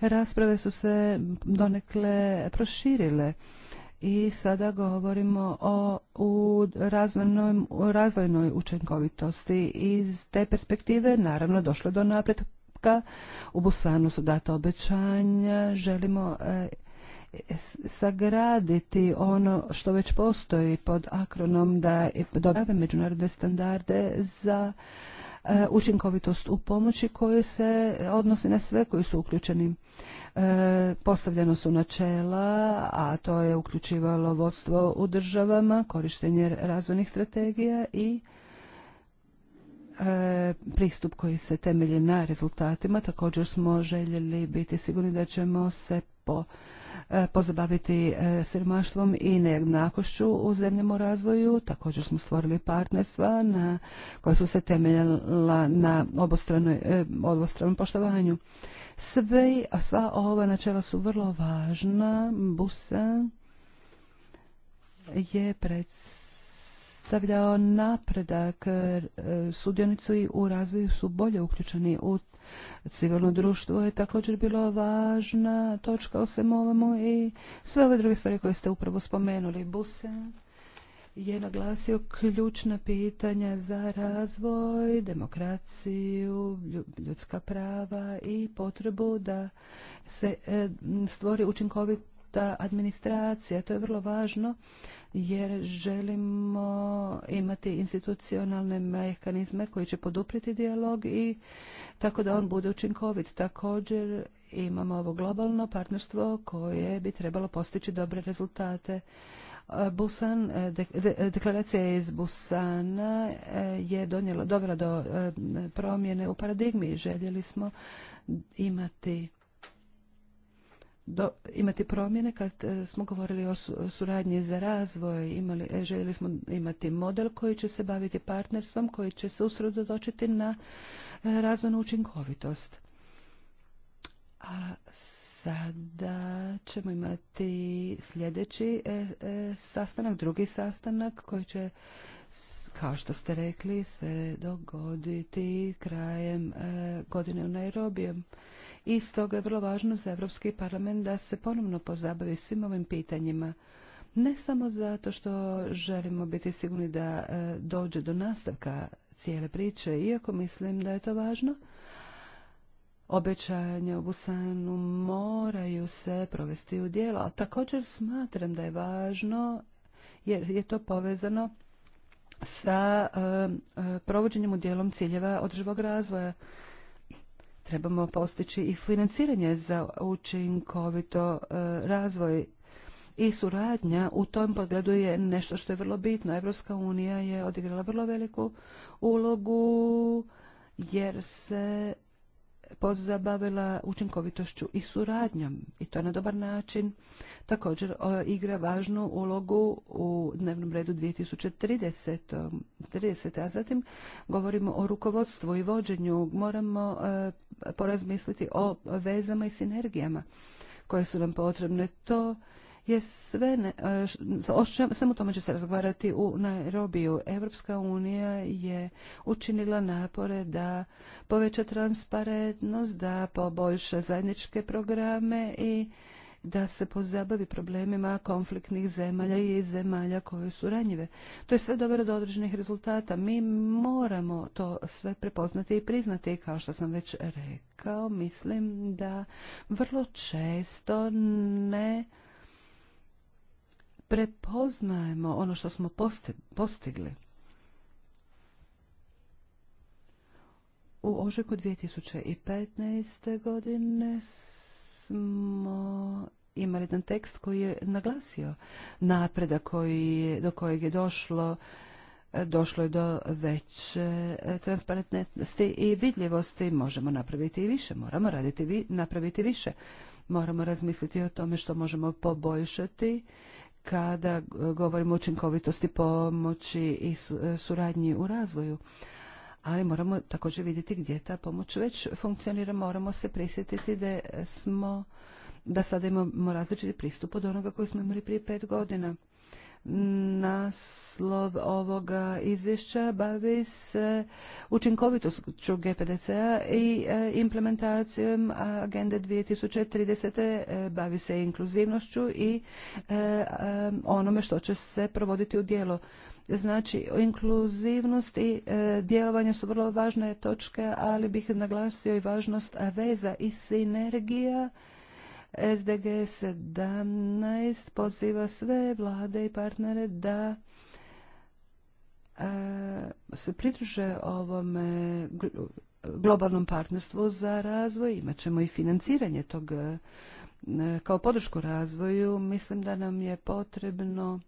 rasprave su se donekle proširile i sada govorimo o u razvojnoj, razvojnoj učinkovitosti. Iz te perspektive naravno došlo do napretka. U Busanu su data obećanja, želimo e, sagraditi ono što već postoji pod akronom da dobave međunarodne standarde za E, učinkovitost u pomoći koje se odnosi na sve koji su uključeni. E, Postavljeno su načela, a to je uključivalo vodstvo u državama, korištenje razvojnih strategija i e, pristup koji se temelji na rezultatima. Također smo željeli biti sigurni da ćemo se po E, pozabaviti e, siromaštvom i nejednakošću u zemljama u razvoju. Također smo stvorili partnerstva na, koja su se temeljala na e, obostranom poštovanju. Sve, sva ova načela su vrlo važna. Busa je predstavljena predstavljao napredak. E, Sudionici u razvoju su bolje uključeni u civilno društvo je također bilo važna točka o svemu i sve ove druge stvari koje ste upravo spomenuli. Buse je naglasio ključna pitanja za razvoj, demokraciju, ljudska prava i potrebu da se e, stvori učinkovit ta administracija. To je vrlo važno jer želimo imati institucionalne mehanizme koji će poduprijeti dijalog i tako da on bude učinkovit. Također imamo ovo globalno partnerstvo koje bi trebalo postići dobre rezultate. Busan, e, deklaracija iz Busana e, je donijela, dovela do e, promjene u paradigmi. Željeli smo imati do, imati promjene kad e, smo govorili o suradnji za razvoj, imali, e, željeli smo imati model koji će se baviti partnerstvom, koji će se usredotočiti na e, razvojnu učinkovitost. A sada ćemo imati sljedeći sastanak, drugi sastanak koji će kao što ste rekli, se dogoditi krajem godine u Nairobiju i stoga je vrlo važno za Europski parlament da se ponovno pozabavi svim ovim pitanjima. Ne samo zato što želimo biti sigurni da e, dođe do nastavka cijele priče, iako mislim da je to važno, Obećanja u Busanu moraju se provesti u djelo, ali također smatram da je važno jer je to povezano sa e, e, provođenjem u dijelom ciljeva održivog razvoja trebamo postići i financiranje za učinkovito e, razvoj i suradnja u tom pogledu je nešto što je vrlo bitno. Evropska unija je odigrala vrlo veliku ulogu jer se pozabavila učinkovitošću i suradnjom i to na dobar način. Također igra važnu ulogu u dnevnom redu 2030. 30. A zatim govorimo o rukovodstvu i vođenju. Moramo e, porazmisliti o vezama i sinergijama koje su nam potrebne. To je sve, ne, e, o tome će se razgovarati u Nairobiju. Evropska unija je učinila napore da poveća transparentnost, da poboljša zajedničke programe i da se pozabavi problemima konfliktnih zemalja i zemalja koje su ranjive. To je sve dobro do određenih rezultata. Mi moramo to sve prepoznati i priznati. Kao što sam već rekao, mislim da vrlo često ne prepoznajemo ono što smo postigli. U ožujku 2015. godine smo imali jedan tekst koji je naglasio napreda koji, do kojeg je došlo došlo je do veće transparentnosti i vidljivosti. Možemo napraviti i više, moramo raditi vi, napraviti više. Moramo razmisliti o tome što možemo poboljšati kada govorimo o učinkovitosti pomoći i e, suradnji u razvoju. Ali moramo također vidjeti gdje ta pomoć već funkcionira. Moramo se prisjetiti da smo da sada imamo različiti pristup od onoga koji smo imali prije pet godina. Naslov ovoga izvješća bavi se učinkovitošću GPDC-a i e, implementacijom agende 2030. E, bavi se inkluzivnošću i e, onome što će se provoditi u djelo. Znači, inkluzivnost i djelovanje su vrlo važne točke, ali bih naglasio i važnost veza i sinergija SDG 17 poziva sve vlade i partnere da e, se pridruže ovom globalnom partnerstvu za razvoj. Imaćemo i financiranje tog e, kao podršku razvoju. Mislim da nam je potrebno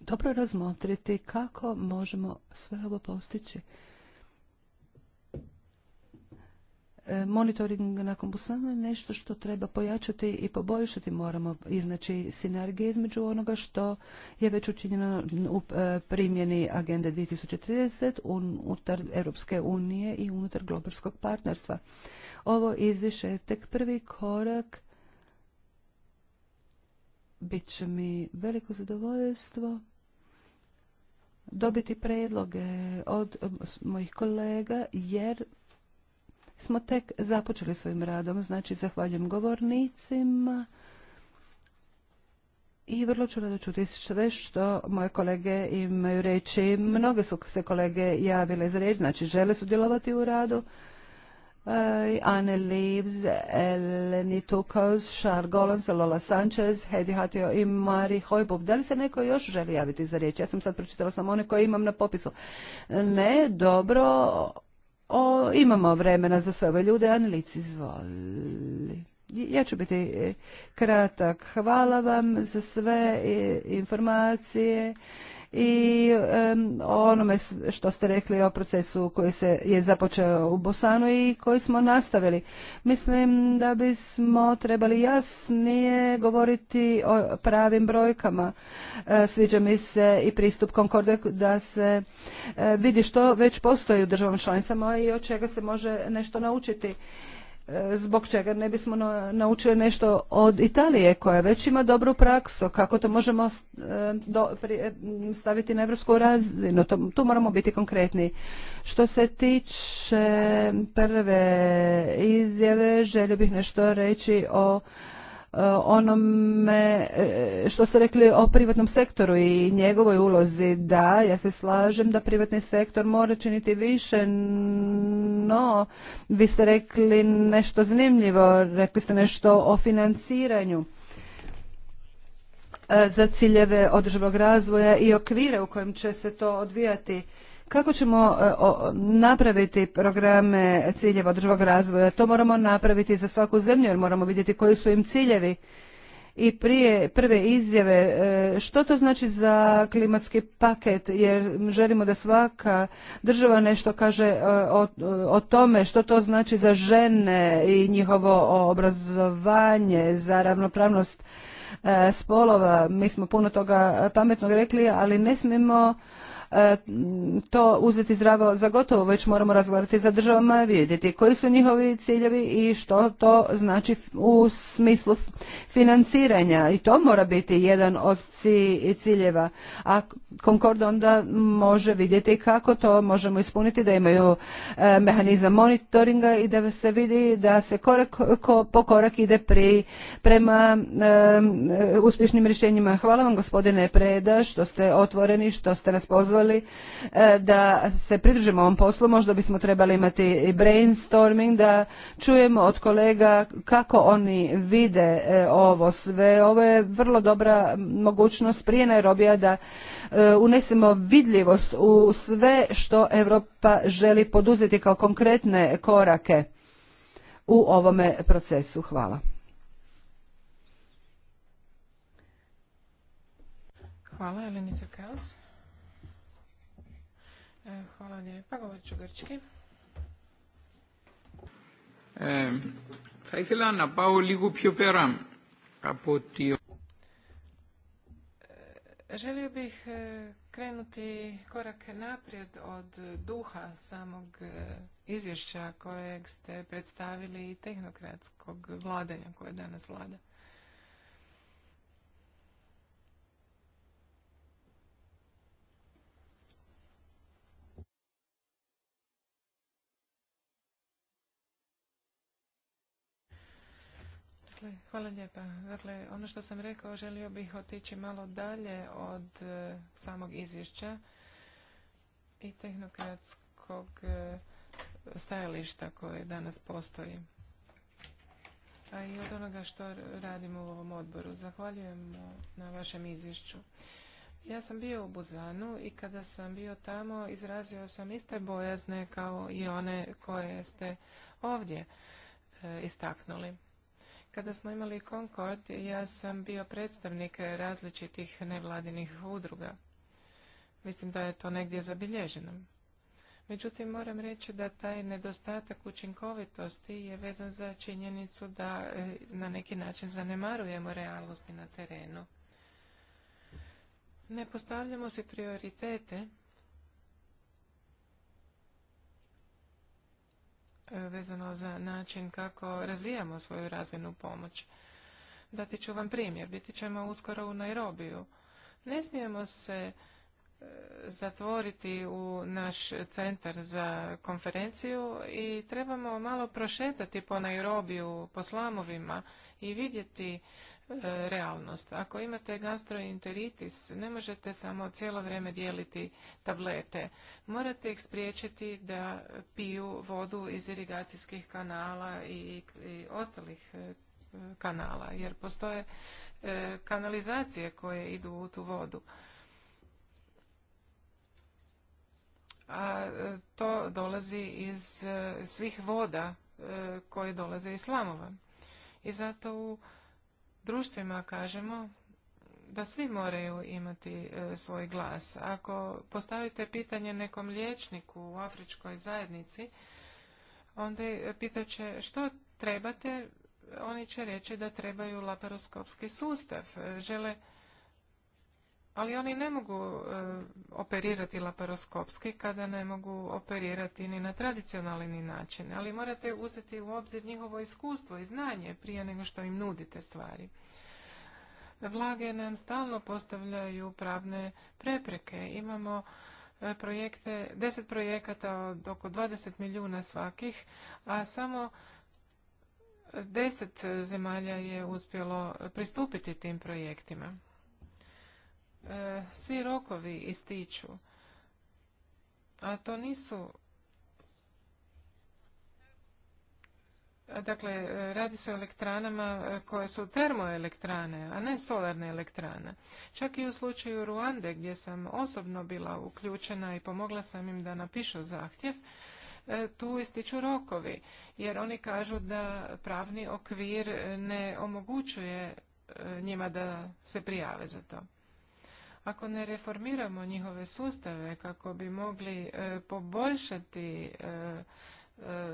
dobro razmotriti kako možemo sve ovo postići. E, monitoring nakon Busana je nešto što treba pojačati i poboljšati. Moramo iznaći sinergije između onoga što je već učinjeno u e, primjeni Agende 2030 unutar Europske unije i unutar globalskog partnerstva. Ovo izviše je tek prvi korak. će mi veliko zadovoljstvo dobiti predloge od mojih kolega jer smo tek započeli svojim radom. Znači, zahvaljujem govornicima i vrlo ću rado čuti sve što moje kolege imaju reći. Mnoge su se kolege javile za riječ, znači žele sudjelovati u radu. E, Anne Leaves, Eleni Tukos, Šar Golans, Lola Sanchez, Hedi Hatio i Mari Hojbov. Da li se neko još želi javiti za riječ? Ja sam sad pročitala samo one koje imam na popisu. Ne, dobro, o, imamo vremena za sve ove ljude. Anelici, izvoli. Ja ću biti e, kratak. Hvala vam za sve e, informacije i o onome što ste rekli o procesu koji se je započeo u Bosanu i koji smo nastavili. Mislim da bismo trebali jasnije govoriti o pravim brojkama. E, sviđa mi se i pristup Konkorde da se e, vidi što već postoji u državama članicama i od čega se može nešto naučiti. E, zbog čega ne bismo naučili nešto od Italije koja već ima dobru praksu, kako to možemo e, e, staviti na evropsku razinu, tu moramo biti konkretni. Što se tiče prve izjave, želio bih nešto reći o E, onome e, što ste rekli o privatnom sektoru i njegovoj ulozi. Da, ja se slažem da privatni sektor mora činiti više, no vi ste rekli nešto zanimljivo, rekli ste nešto o financiranju e, za ciljeve održivog razvoja i okvire u kojem će se to odvijati. Kako ćemo e, napraviti programe ciljeva održivog razvoja? To moramo napraviti za svaku zemlju jer moramo vidjeti koji su im ciljevi. I prije prve izjave, e, što to znači za klimatski paket, jer želimo da svaka država nešto kaže e, o, o tome što to znači za žene i njihovo obrazovanje, za ravnopravnost spolova. Mi smo puno toga pametnog rekli, ali ne smijemo E, to uzeti zdravo za gotovo, već moramo razgovarati za državama, vidjeti koji su njihovi ciljevi i što to znači u smislu financiranja i to mora biti jedan od ciljeva. A Concord onda može vidjeti kako to možemo ispuniti, da imaju e, mehanizam monitoringa i da se vidi da se korak po korak ide pri, prema e, uspješnim rješenjima. Hvala vam gospodine Preda što ste otvoreni, što ste nas pozvali e, da se pridružimo ovom poslu. Možda bismo trebali imati i brainstorming da čujemo od kolega kako oni vide e, ovo sve. Ovo je vrlo dobra mogućnost prije Nairobija da e, unesemo vidljivost u sve što Europa želi poduzeti kao konkretne korake u ovome procesu. Hvala. Hvala, Elenica Kaos. E, hvala lijepa, govorit ću grčki. Hvala. E, θα ήθελα να πάω λίγο πιο πέρα E, želio bih e, krenuti korak naprijed od duha samog e, izvješća kojeg ste predstavili i tehnokratskog vladanja koje danas vlada. Dakle, hvala lijepa. Dakle, ono što sam rekao, želio bih otići malo dalje od e, samog izvješća i tehnokratskog e, stajališta koje danas postoji. A i od onoga što radimo u ovom odboru. Zahvaljujem na vašem izvješću. Ja sam bio u Buzanu i kada sam bio tamo izrazio sam iste bojazne kao i one koje ste ovdje e, istaknuli. Kada smo imali Concord, ja sam bio predstavnik različitih nevladinih udruga. Mislim da je to negdje zabilježeno. Međutim, moram reći da taj nedostatak učinkovitosti je vezan za činjenicu da e, na neki način zanemarujemo realnosti na terenu. Ne postavljamo si prioritete vezano za način kako razvijamo svoju razvojnu pomoć. Dati ću vam primjer, biti ćemo uskoro u Nairobiju. Ne smijemo se zatvoriti u naš centar za konferenciju i trebamo malo prošetati po Nairobiju, po slamovima i vidjeti e, realnost. Ako imate gastroenteritis, ne možete samo cijelo vrijeme dijeliti tablete. Morate ih spriječiti da piju vodu iz irigacijskih kanala i, ostalih e, kanala, jer postoje e, kanalizacije koje idu u tu vodu. a e, to dolazi iz e, svih voda e, koje dolaze iz slamova. I zato u društvima kažemo da svi moraju imati svoj glas. Ako postavite pitanje nekom liječniku u afričkoj zajednici, onda pitaće što trebate, oni će reći da trebaju laparoskopski sustav. Žele ali oni ne mogu e, operirati laparoskopski kada ne mogu operirati ni na tradicionalni način, ali morate uzeti u obzir njihovo iskustvo i znanje prije nego što im nudite stvari. Vlage nam stalno postavljaju pravne prepreke. Imamo e, projekte, deset projekata od oko 20 milijuna svakih, a samo deset zemalja je uspjelo pristupiti tim projektima. E, svi rokovi ističu, a to nisu Dakle, radi se o elektranama koje su termoelektrane, a ne solarne elektrane. Čak i u slučaju Ruande, gdje sam osobno bila uključena i pomogla sam im da napišu zahtjev, e, tu ističu rokovi, jer oni kažu da pravni okvir ne omogućuje e, njima da se prijave za to. Ako ne reformiramo njihove sustave kako bi mogli e, poboljšati e, e,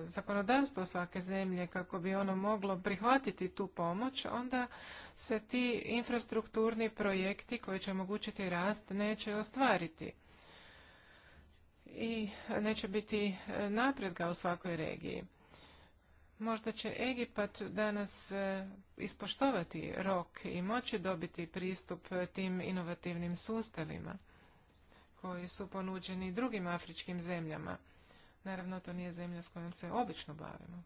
zakonodavstvo svake zemlje kako bi ono moglo prihvatiti tu pomoć, onda se ti infrastrukturni projekti koji će omogućiti rast neće ostvariti i neće biti napredga u svakoj regiji. Možda će Egipat danas e, ispoštovati rok i moći dobiti pristup e, tim inovativnim sustavima koji su ponuđeni drugim afričkim zemljama. Naravno, to nije zemlja s kojom se obično bavimo.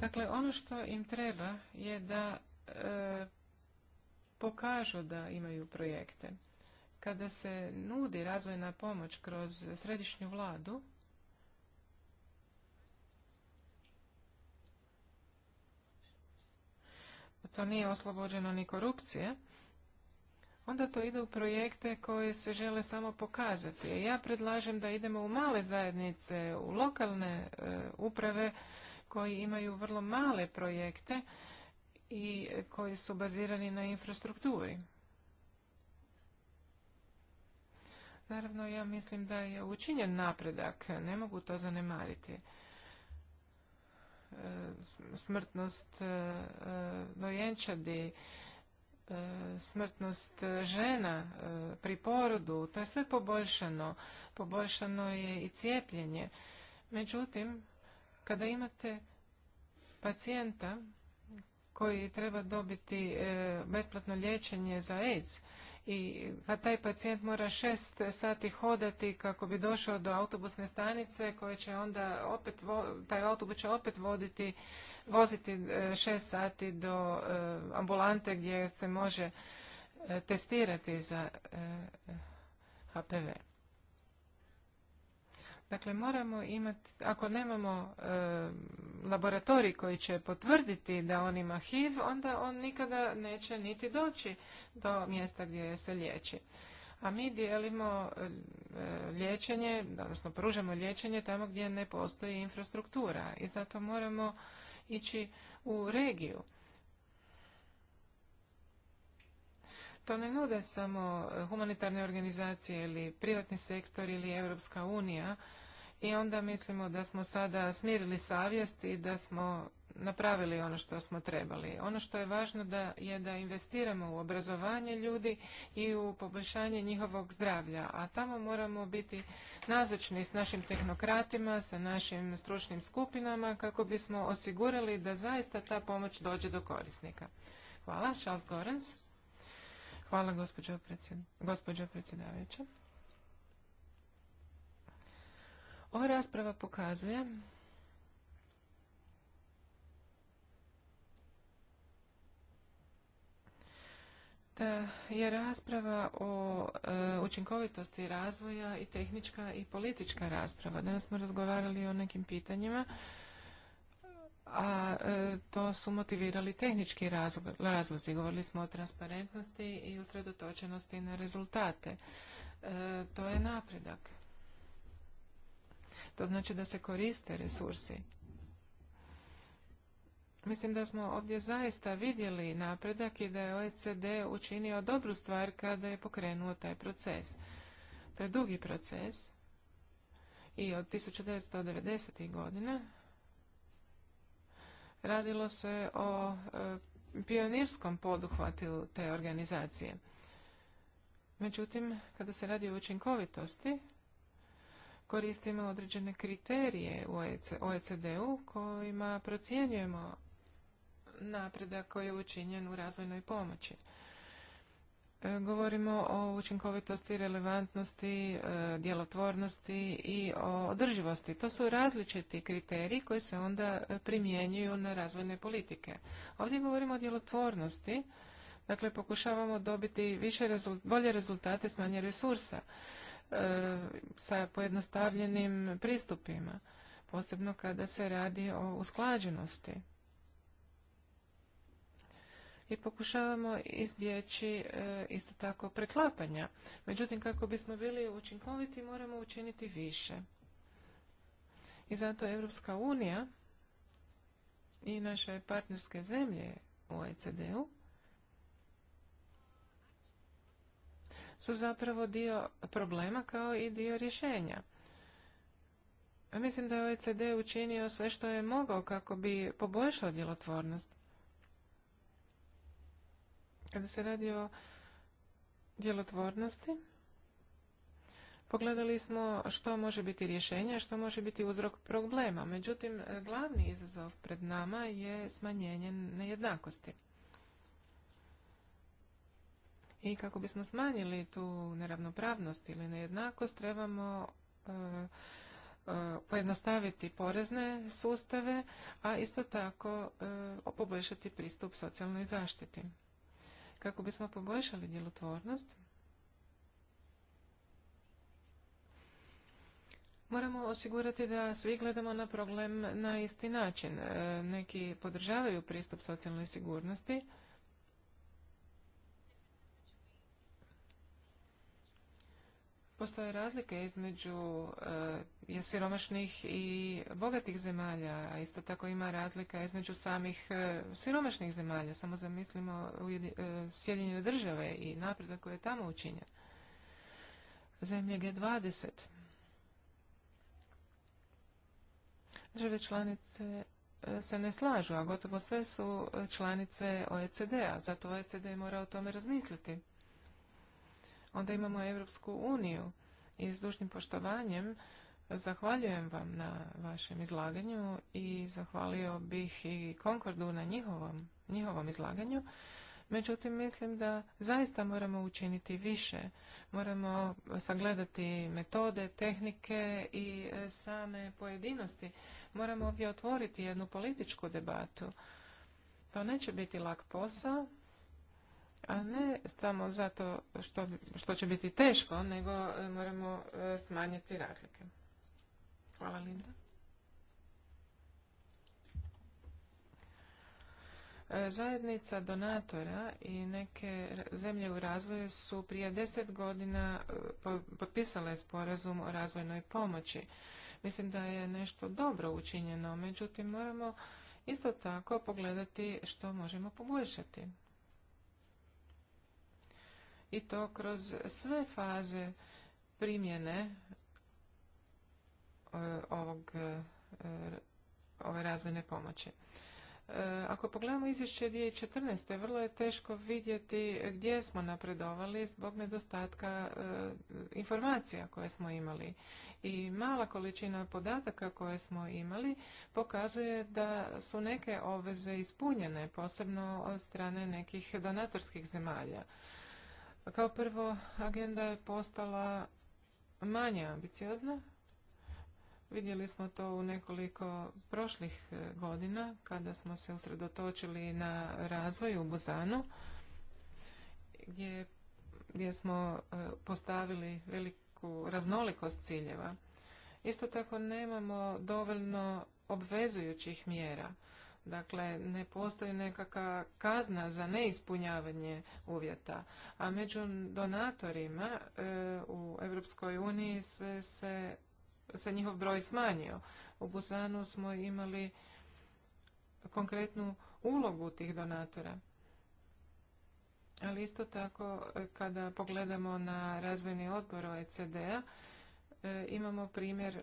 Dakle, ono što im treba je da e, pokažu da imaju projekte. Kada se nudi razvojna pomoć kroz središnju vladu, to nije oslobođeno ni korupcije, onda to ide u projekte koje se žele samo pokazati. Ja predlažem da idemo u male zajednice, u lokalne e, uprave koji imaju vrlo male projekte i koji su bazirani na infrastrukturi. Naravno, ja mislim da je učinjen napredak, ne mogu to zanemariti. E, smrtnost e, e, dojenčadi, smrtnost žena pri porodu, to je sve poboljšano. Poboljšano je i cijepljenje. Međutim, kada imate pacijenta koji treba dobiti besplatno liječenje za AIDS i pa taj pacijent mora šest sati hodati kako bi došao do autobusne stanice koje će onda opet, taj autobus će opet voditi, voziti e, šest sati do e, ambulante gdje se može e, testirati za HPV. Dakle, moramo imati, ako nemamo e, laboratorij koji će potvrditi da on ima HIV, onda on nikada neće niti doći do mjesta gdje se liječi. A mi dijelimo e, liječenje, odnosno pružamo liječenje tamo gdje ne postoji infrastruktura i zato moramo ići u regiju. To ne nude samo e, humanitarne organizacije ili privatni sektor ili Europska unija i onda mislimo da smo sada smirili savjest i da smo napravili ono što smo trebali. Ono što je važno da je da investiramo u obrazovanje ljudi i u poboljšanje njihovog zdravlja, a tamo moramo biti nazočni s našim tehnokratima, sa našim stručnim skupinama kako bismo osigurali da zaista ta pomoć dođe do korisnika. Hvala, Charles Gorens. Hvala gospođo, predsjedavajuća. Ova rasprava pokazuje da je rasprava o e, učinkovitosti razvoja i tehnička i politička rasprava. Danas smo razgovarali o nekim pitanjima a e, to su motivirali tehnički razlozi. Govorili smo o transparentnosti i usredotočenosti na rezultate. E, to je napredak. To znači da se koriste resursi. Mislim da smo ovdje zaista vidjeli napredak i da je OECD učinio dobru stvar kada je pokrenuo taj proces. To je dugi proces i od 1990. godina Radilo se o e, pionirskom poduhvatu te organizacije. Međutim, kada se radi o učinkovitosti, koristimo određene kriterije u e OECD-u kojima procjenjujemo napredak koji je učinjen u razvojnoj pomoći. E, govorimo o učinkovitosti, relevantnosti, e, djelotvornosti i o održivosti. To su različiti kriteriji koji se onda e, primjenjuju na razvojne politike. Ovdje govorimo o djelotvornosti, dakle pokušavamo dobiti više bolje rezultate s manje resursa sa pojednostavljenim pristupima, posebno kada se radi o usklađenosti i pokušavamo izbjeći e, isto tako preklapanja. Međutim, kako bismo bili učinkoviti moramo učiniti više. I zato Europska unija i naše partnerske zemlje u OECD-u su zapravo dio problema kao i dio rješenja. Mislim da je OECD učinio sve što je mogao kako bi poboljšao djelotvornost kada se radi o djelotvornosti, pogledali smo što može biti rješenje, što može biti uzrok problema. Međutim, glavni izazov pred nama je smanjenje nejednakosti. I kako bismo smanjili tu neravnopravnost ili nejednakost, trebamo e, e, pojednostaviti porezne sustave, a isto tako e, poboljšati pristup socijalnoj zaštiti kako bismo poboljšali djelotvornost, Moramo osigurati da svi gledamo na problem na isti način. E, neki podržavaju pristup socijalnoj sigurnosti, postoje razlike između e, siromašnih i bogatih zemalja, a isto tako ima razlika između samih e, siromašnih zemalja. Samo zamislimo u e, države i napredak koji je tamo učinjen. Zemlje G20. Države članice se ne slažu, a gotovo sve su članice OECD-a, zato OECD mora o tome razmisliti onda imamo Europsku uniju i s dužnim poštovanjem zahvaljujem vam na vašem izlaganju i zahvalio bih i Konkordu na njihovom, njihovom izlaganju. Međutim, mislim da zaista moramo učiniti više. Moramo sagledati metode, tehnike i e, same pojedinosti. Moramo ovdje otvoriti jednu političku debatu. To neće biti lak posao, a ne samo zato što, što će biti teško, nego e, moramo e, smanjiti razlike. Hvala Linda. E, zajednica donatora i neke zemlje u razvoju su prije deset godina potpisale sporazum o razvojnoj pomoći. Mislim da je nešto dobro učinjeno, međutim moramo isto tako pogledati što možemo poboljšati i to kroz sve faze primjene e, ovog, e, ove razvojne pomoći. E, ako pogledamo izvješće 2014. vrlo je teško vidjeti gdje smo napredovali zbog nedostatka informacija koje smo imali. I mala količina podataka koje smo imali pokazuje da su neke obveze ispunjene, posebno od strane nekih donatorskih zemalja. Kao prvo, agenda je postala manje ambiciozna. Vidjeli smo to u nekoliko prošlih e, godina kada smo se usredotočili na razvoj u Buzanu gdje, gdje smo e, postavili veliku raznolikost ciljeva. Isto tako nemamo dovoljno obvezujućih mjera. Dakle, ne postoji nekakva kazna za neispunjavanje uvjeta. A među donatorima e, u Europskoj uniji se, se, se njihov broj smanjio. U Busanu smo imali konkretnu ulogu tih donatora. Ali isto tako, e, kada pogledamo na razvojni odbor OECD-a, e, imamo primjer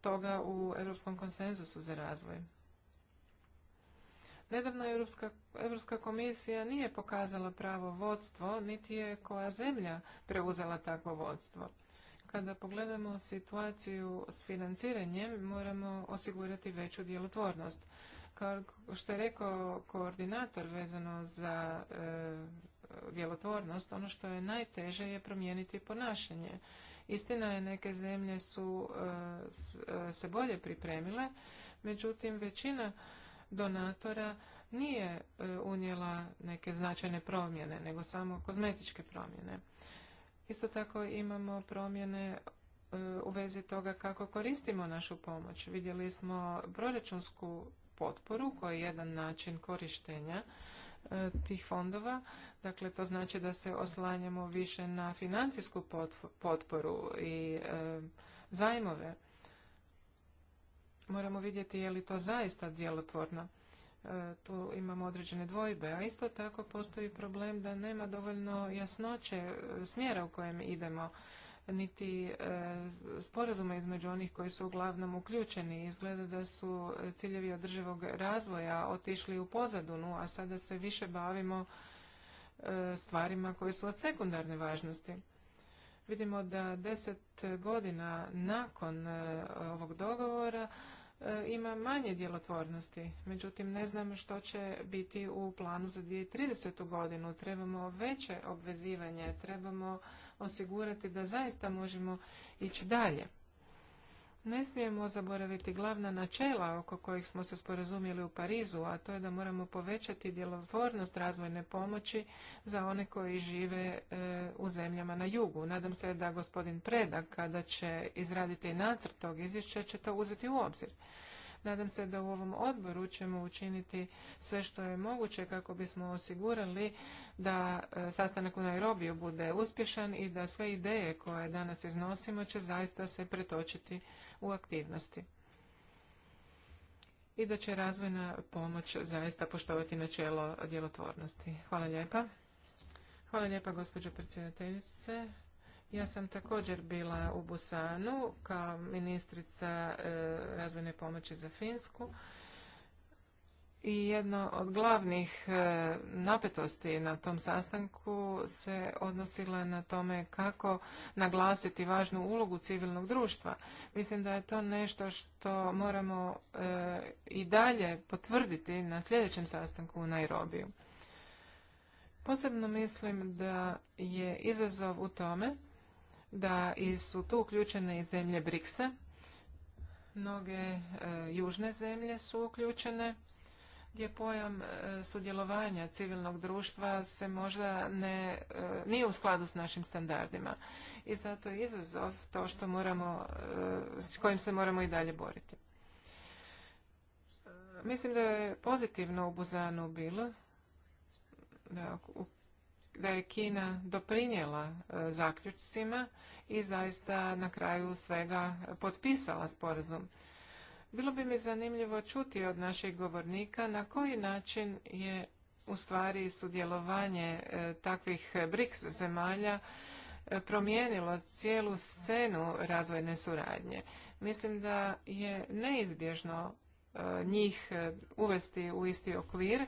toga u Europskom konsenzusu za razvoj. Nedavno Europska komisija nije pokazala pravo vodstvo, niti je koja zemlja preuzela takvo vodstvo. Kada pogledamo situaciju s financiranjem, moramo osigurati veću djelotvornost. Kao što je rekao koordinator vezano za e, djelotvornost, ono što je najteže je promijeniti ponašanje. Istina je, neke zemlje su e, e, se bolje pripremile, međutim većina donatora nije e, unijela neke značajne promjene, nego samo kozmetičke promjene. Isto tako imamo promjene e, u vezi toga kako koristimo našu pomoć. Vidjeli smo proračunsku potporu koja je jedan način korištenja e, tih fondova. Dakle, to znači da se oslanjamo više na financijsku potporu i zajmove moramo vidjeti je li to zaista djelotvorno. E, tu imamo određene dvojbe, a isto tako postoji problem da nema dovoljno jasnoće e, smjera u kojem idemo niti e, sporazuma između onih koji su uglavnom uključeni. Izgleda da su ciljevi održivog razvoja otišli u pozadunu, a sada se više bavimo stvarima koje su od sekundarne važnosti. Vidimo da deset godina nakon ovog dogovora E, ima manje djelotvornosti. Međutim, ne znam što će biti u planu za 2030. godinu. Trebamo veće obvezivanje, trebamo osigurati da zaista možemo ići dalje. Ne smijemo zaboraviti glavna načela oko kojih smo se sporazumjeli u Parizu, a to je da moramo povećati djelotvornost razvojne pomoći za one koji žive e, u zemljama na jugu. Nadam se da gospodin Predak, kada će izraditi nacrt tog izvješća, će to uzeti u obzir. Nadam se da u ovom odboru ćemo učiniti sve što je moguće kako bismo osigurali da e, sastanak u Nairobiju bude uspješan i da sve ideje koje danas iznosimo će zaista se pretočiti u aktivnosti i da će razvojna pomoć zaista poštovati načelo djelotvornosti. Hvala lijepa. Hvala lijepa gospođo predsjedateljice. Ja sam također bila u Busanu kao ministrica e, razvojne pomoći za Finsku i jedno od glavnih e, napetosti na tom sastanku se odnosila na tome kako naglasiti važnu ulogu civilnog društva. Mislim da je to nešto što moramo e, i dalje potvrditi na sljedećem sastanku u Nairobiju. Posebno mislim da je izazov u tome da su tu uključene i zemlje BRICS-a. Mnoge e, južne zemlje su uključene gdje pojam e, sudjelovanja civilnog društva se možda ne, e, nije u skladu s našim standardima. I zato je izazov to što moramo, s kojim se moramo i dalje boriti. Mislim da je pozitivno u Buzanu bilo da da je Kina doprinijela e, zaključcima i zaista na kraju svega potpisala sporazum. Bilo bi mi zanimljivo čuti od naših govornika na koji način je u stvari sudjelovanje e, takvih BRICS zemalja e, promijenilo cijelu scenu razvojne suradnje. Mislim da je neizbježno njih uvesti u isti okvir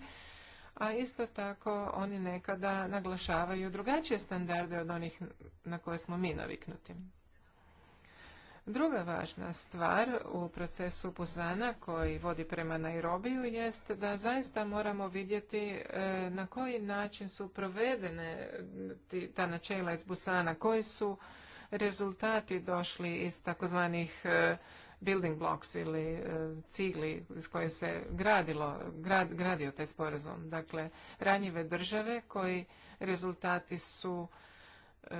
a isto tako oni nekada naglašavaju drugačije standarde od onih na koje smo mi naviknuti. Druga važna stvar u procesu Buzana koji vodi prema Nairobiju jest da zaista moramo vidjeti e, na koji način su provedene ta načela iz Busana, koji su rezultati došli iz takozvanih e, building blocks ili e, cigli iz koje se gradilo, grad, gradio taj sporazum. Dakle, ranjive države koji rezultati su e,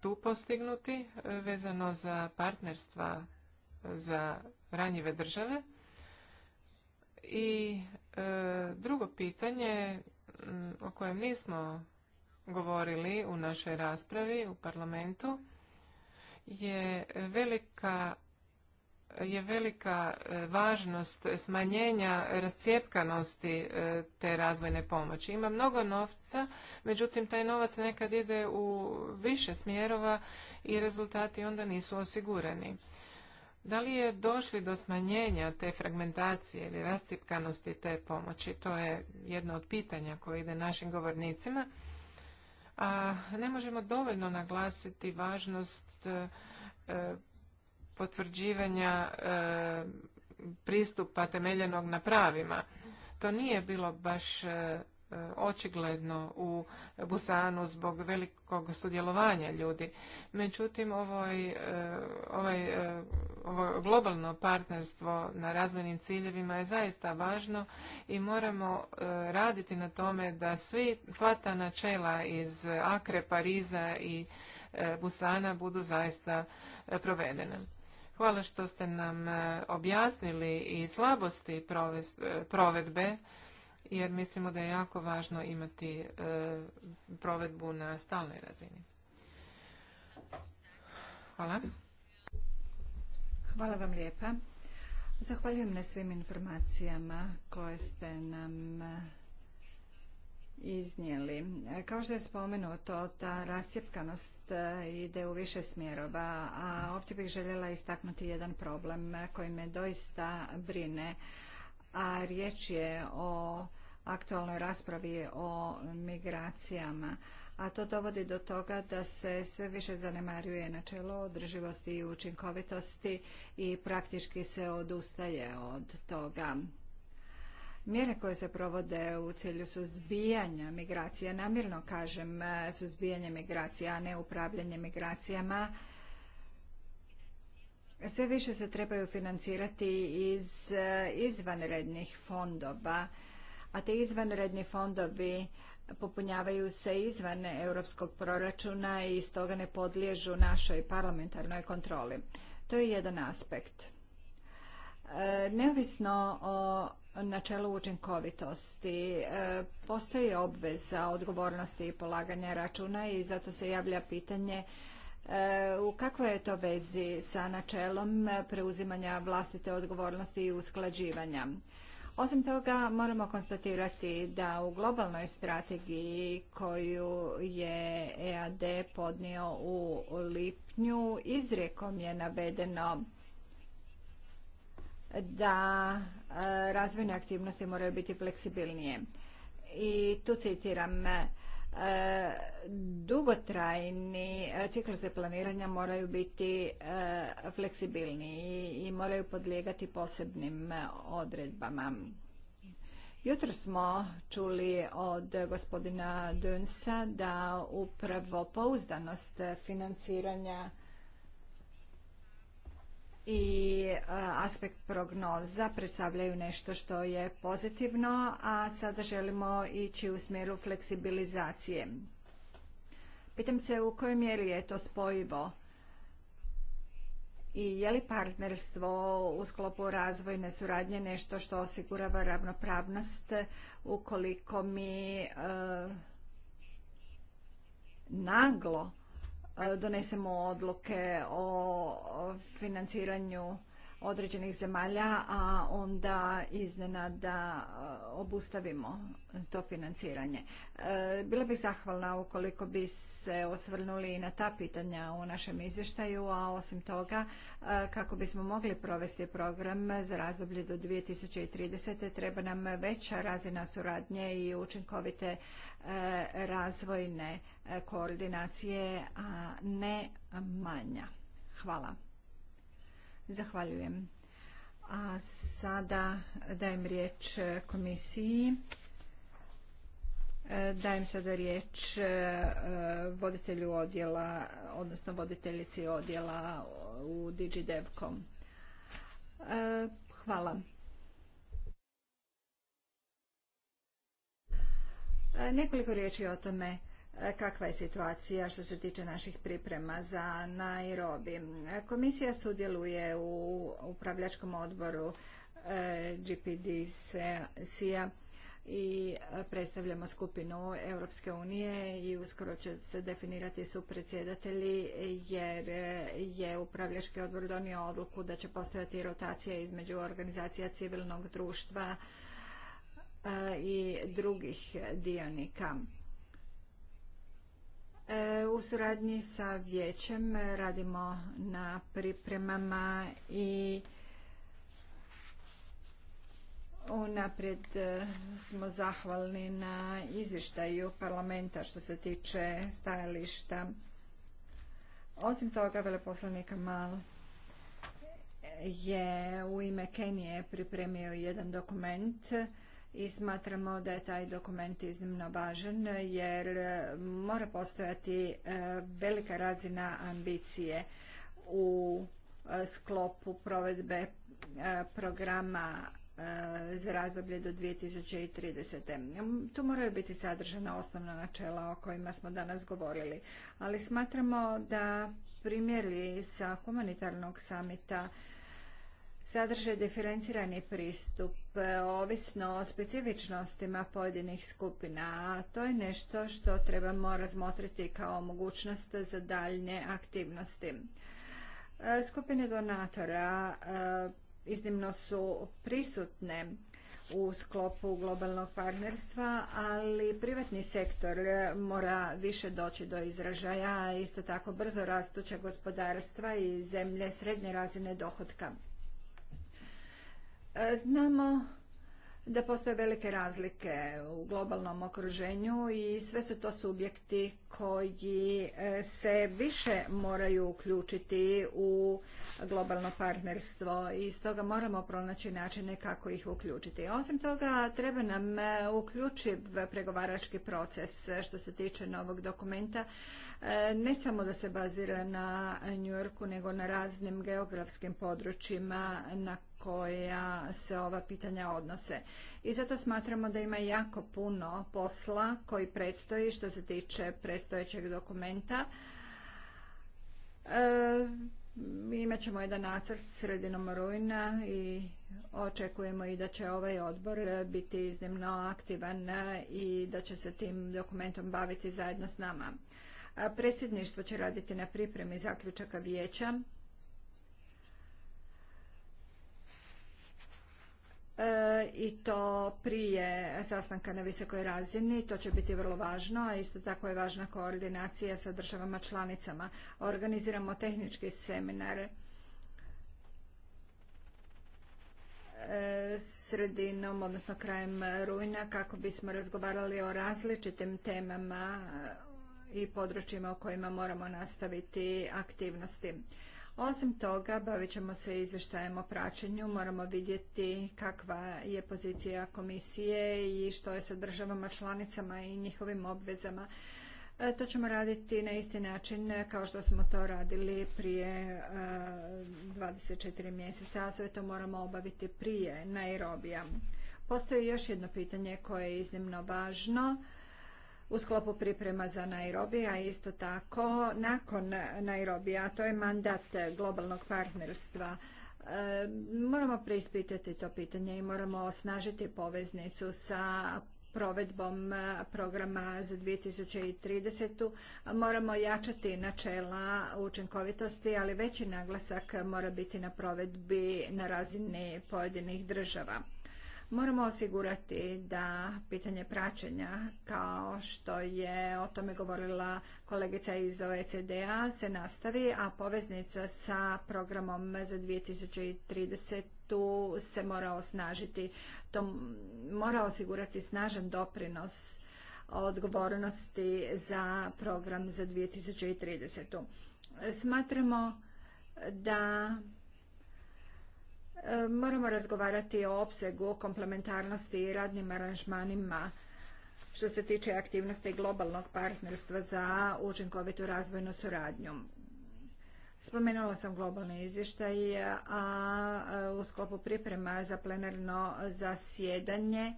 tu postignuti e, vezano za partnerstva za ranjive države. I drugo pitanje mm, o kojem nismo govorili u našoj raspravi u parlamentu je velika je velika e, važnost smanjenja rascijepkanosti e, te razvojne pomoći. Ima mnogo novca, međutim taj novac nekad ide u više smjerova i rezultati onda nisu osigurani. Da li je došli do smanjenja te fragmentacije ili rascijepkanosti te pomoći? To je jedno od pitanja koje ide našim govornicima. A ne možemo dovoljno naglasiti važnost e, potvrđivanja e, pristupa temeljenog na pravima. To nije bilo baš e, očigledno u Busanu zbog velikog sudjelovanja ljudi. Međutim, e, ovaj, ovaj, ovo globalno partnerstvo na razvojnim ciljevima je zaista važno i moramo raditi na tome da svi, sva ta načela iz Akre, Pariza i Busana budu zaista provedene. Hvala što ste nam e, objasnili i slabosti e, provedbe, jer mislimo da je jako važno imati e, provedbu na stalnoj razini. Hvala. Hvala vam lijepa. Zahvaljujem na svim informacijama koje ste nam iznijeli. E, kao što je spomenuto, ta rasjepkanost e, ide u više smjerova, a ovdje bih željela istaknuti jedan problem koji me doista brine, a riječ je o aktualnoj raspravi o migracijama a to dovodi do toga da se sve više zanemaruje načelo održivosti i učinkovitosti i praktički se odustaje od toga. Mjere koje se provode u cilju suzbijanja migracija, namjerno kažem e, suzbijanja migracija, a ne upravljanje migracijama, sve više se trebaju financirati iz e, izvanrednih fondova, a te izvanredni fondovi popunjavaju se izvan europskog proračuna i stoga ne podliježu našoj parlamentarnoj kontroli. To je jedan aspekt. E, neovisno o načelu učinkovitosti. E, postoji obveza odgovornosti i polaganja računa i zato se javlja pitanje e, u kakvoj je to vezi sa načelom preuzimanja vlastite odgovornosti i usklađivanja. Osim toga, moramo konstatirati da u globalnoj strategiji koju je EAD podnio u lipnju izrijekom je navedeno da e, razvojne aktivnosti moraju biti fleksibilnije. I tu citiram, e, dugotrajni e, cikluse planiranja moraju biti fleksibilniji i moraju podlijegati posebnim odredbama. Jutro smo čuli od gospodina Dunsa da upravo pouzdanost financiranja i e, aspekt prognoza predstavljaju nešto što je pozitivno, a sada želimo ići u smjeru fleksibilizacije. Pitam se u kojoj mjeri je to spojivo i je li partnerstvo u sklopu razvojne suradnje nešto što osigurava ravnopravnost ukoliko mi e, naglo donesemo odluke o financiranju određenih zemalja, a onda iznenada e, obustavimo to financiranje. E, bila bih zahvalna ukoliko bi se osvrnuli i na ta pitanja u našem izvještaju, a osim toga e, kako bismo mogli provesti program za razdoblje do 2030. treba nam veća razina suradnje i učinkovite razvojne koordinacije, a ne manja. Hvala. Zahvaljujem. A sada dajem riječ komisiji. E, dajem sada riječ e, voditelju odjela, odnosno voditeljici odjela u DigiDevcom. E, hvala. Nekoliko riječi o tome E, kakva je situacija što se tiče naših priprema za Nairobi. E, komisija sudjeluje u upravljačkom odboru e, gpd i predstavljamo skupinu Europske unije i uskoro će se definirati su predsjedatelji jer je upravljački odbor donio odluku da će postojati rotacija između organizacija civilnog društva i drugih dionika. E, u suradnji sa vijećem radimo na pripremama i unaprijed e, smo zahvalni na izvještaju parlamenta što se tiče stajališta. Osim toga, veleposlanik Mal je u ime Kenije pripremio jedan dokument i smatramo da je taj dokument iznimno važan jer e, mora postojati e, velika razina ambicije u e, sklopu provedbe programa za razdoblje do 2030. Mm, tu moraju biti sadržana osnovna načela o kojima smo danas govorili. Ali smatramo da primjeri sa humanitarnog samita sadrže diferencirani pristup e, ovisno o specifičnostima pojedinih skupina, a to je nešto što trebamo razmotriti kao mogućnost za daljne aktivnosti. E, skupine donatora e, iznimno su prisutne u sklopu globalnog partnerstva, ali privatni sektor mora više doći do izražaja, isto tako brzo rastuća gospodarstva i zemlje srednje razine dohotka. Znamo da postoje velike razlike u globalnom okruženju i sve su to subjekti koji e, se više moraju uključiti u globalno partnerstvo i stoga moramo pronaći načine kako ih uključiti. Osim toga, treba nam e, uključiv pregovarački proces što se tiče novog dokumenta, e, ne samo da se bazira na New Yorku, nego na raznim geografskim područjima na koja se ova pitanja odnose. I zato smatramo da ima jako puno posla koji predstoji što se tiče predstojećeg dokumenta. E, imat ćemo jedan nacrt sredinom rujna i očekujemo i da će ovaj odbor biti iznimno aktivan i da će se tim dokumentom baviti zajedno s nama. Predsjedništvo će raditi na pripremi zaključaka vijeća E, i to prije sastanka na visokoj razini. To će biti vrlo važno, a isto tako je važna koordinacija sa državama članicama. Organiziramo tehnički seminar e, sredinom, odnosno krajem rujna, kako bismo razgovarali o različitim temama i područjima u kojima moramo nastaviti aktivnosti. Osim toga, bavit ćemo se izvještajem o praćenju, moramo vidjeti kakva je pozicija komisije i što je sa državama članicama i njihovim obvezama. E, to ćemo raditi na isti način kao što smo to radili prije 24 e, mjeseca, a sve to moramo obaviti prije Nairobija. Postoji još jedno pitanje koje je iznimno važno u sklopu priprema za Nairobi, a isto tako nakon Nairobi, a to je mandat globalnog partnerstva. E, moramo preispitati to pitanje i moramo osnažiti poveznicu sa provedbom programa za 2030. Moramo jačati načela učinkovitosti, ali veći naglasak mora biti na provedbi na razini pojedinih država. Moramo osigurati da pitanje praćenja, kao što je o tome govorila kolegica iz OECD-a, se nastavi, a poveznica sa programom za 2030 se mora osnažiti. To mora osigurati snažan doprinos odgovornosti za program za 2030. Smatramo da Moramo razgovarati o opsegu, komplementarnosti i radnim aranžmanima što se tiče aktivnosti globalnog partnerstva za učinkovitu razvojnu suradnju. Spomenula sam globalni izvještaj, a u sklopu priprema za plenarno zasjedanje e,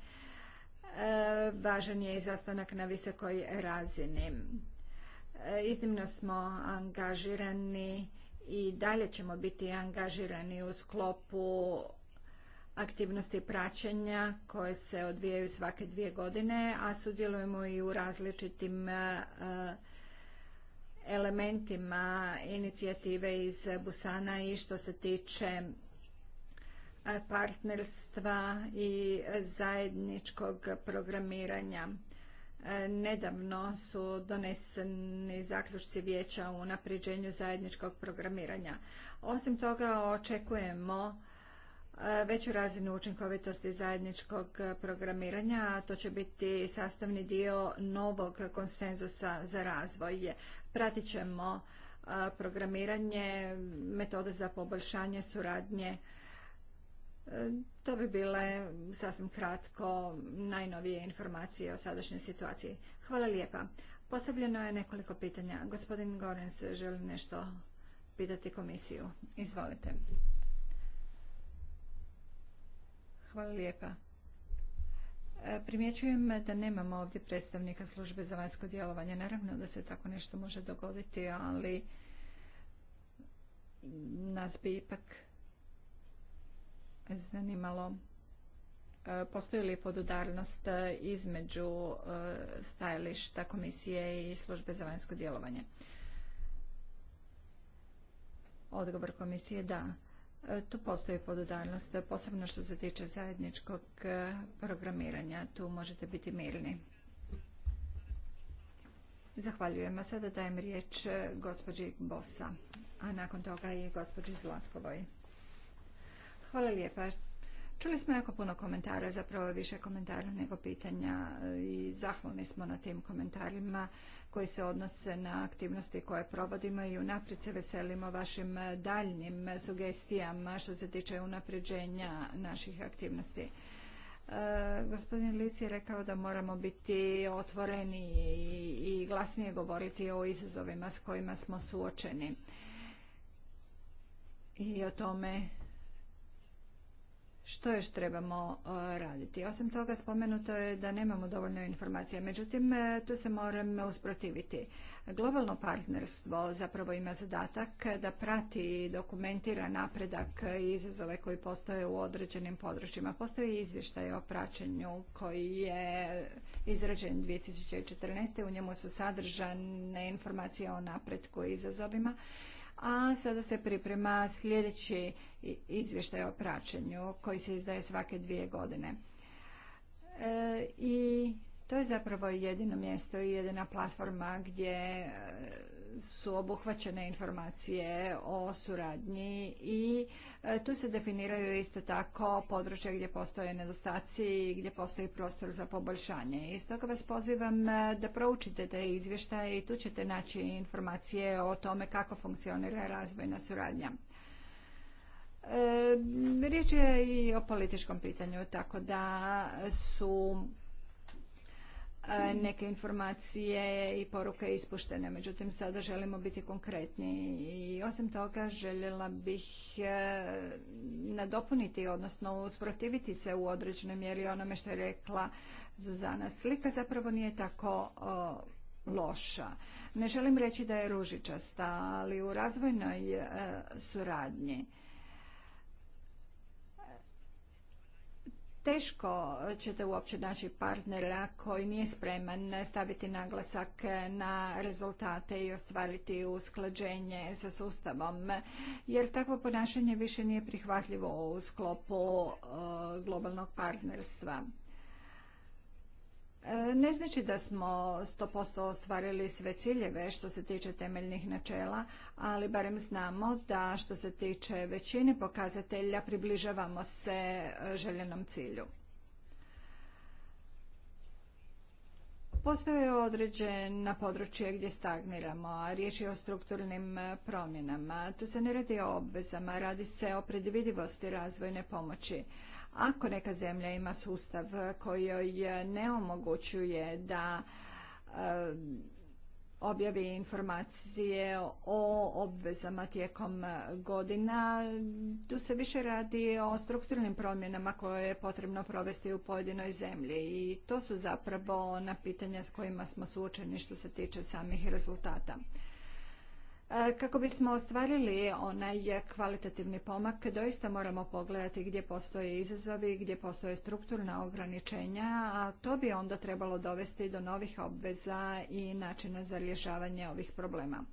važan je i zastanak na visokoj razini. E, iznimno smo angažirani i dalje ćemo biti angažirani u sklopu aktivnosti praćenja koje se odvijaju svake dvije godine, a sudjelujemo i u različitim e, elementima inicijative iz Busana i što se tiče e, partnerstva i zajedničkog programiranja. E, nedavno su doneseni zaključci vijeća u napređenju zajedničkog programiranja. Osim toga očekujemo e, veću razinu učinkovitosti zajedničkog programiranja, to će biti sastavni dio novog konsenzusa za razvoj. Pratit ćemo e, programiranje, metode za poboljšanje suradnje to bi bile sasvim kratko najnovije informacije o sadašnjoj situaciji. Hvala lijepa. Postavljeno je nekoliko pitanja. Gospodin Gorens želi nešto pitati komisiju. Izvolite. Hvala lijepa. E, primjećujem da nemamo ovdje predstavnika službe za vanjsko djelovanje. Naravno da se tako nešto može dogoditi, ali nas bi ipak zanimalo e, postoji li podudarnost e, između e, stajališta komisije i službe za vanjsko djelovanje. Odgovor komisije da. Tu postoji podudarnost, posebno što se tiče zajedničkog programiranja. Tu možete biti mirni. Zahvaljujem. A sada dajem riječ gospođi Bosa, a nakon toga i gospođi Zlatkovoj. Hvala lijepa. Čuli smo jako puno komentara, zapravo više komentara nego pitanja i zahvalni smo na tim komentarima koji se odnose na aktivnosti koje provodimo i unaprijed se veselimo vašim daljnim sugestijama što se tiče unapređenja naših aktivnosti. E, gospodin Lici je rekao da moramo biti otvoreni i glasnije govoriti o izazovima s kojima smo suočeni i o tome što još trebamo e, raditi. Osim toga spomenuto je da nemamo dovoljno informacija, međutim e, tu se moram usprotiviti. Globalno partnerstvo zapravo ima zadatak da prati i dokumentira napredak i izazove koji postoje u određenim područjima. Postoji izvještaj o praćenju koji je izrađen 2014. U njemu su sadržane informacije o napretku i izazovima a sada se priprema sljedeći izvještaj o praćenju koji se izdaje svake dvije godine. E, I to je zapravo jedino mjesto i jedina platforma gdje e, su obuhvaćene informacije o suradnji i e, tu se definiraju isto tako područje gdje postoje nedostaci i gdje postoji prostor za poboljšanje. I stoga vas pozivam e, da proučite te izvještaje i tu ćete naći informacije o tome kako funkcionira razvojna suradnja. E, riječ je i o političkom pitanju, tako da su neke informacije i poruke ispuštene. Međutim, sada želimo biti konkretni i osim toga željela bih e, nadopuniti, odnosno usprotiviti se u određenoj mjeri onome što je rekla Zuzana. Slika zapravo nije tako loša. Ne želim reći da je ružičasta, ali u razvojnoj e, suradnji teško ćete uopće naći partnera koji nije spreman staviti naglasak na rezultate i ostvariti usklađenje sa sustavom, jer takvo ponašanje više nije prihvatljivo u sklopu e, globalnog partnerstva. E, ne znači da smo 100% ostvarili sve ciljeve što se tiče temeljnih načela, ali barem znamo da što se tiče većine pokazatelja približavamo se e, željenom cilju. Postoje određena područja gdje stagniramo, a riječ je o strukturnim e, promjenama. Tu se ne radi o obvezama, radi se o predvidivosti razvojne pomoći. Ako neka zemlja ima sustav koji joj ne omogućuje da objavi informacije o obvezama tijekom godina. Tu se više radi o strukturnim promjenama koje je potrebno provesti u pojedinoj zemlji i to su zapravo ona pitanja s kojima smo suočeni što se tiče samih rezultata. E, kako bismo ostvarili onaj kvalitativni pomak, doista moramo pogledati gdje postoje izazovi, gdje postoje strukturna ograničenja, a to bi onda trebalo dovesti do novih obveza i načina za rješavanje ovih problema.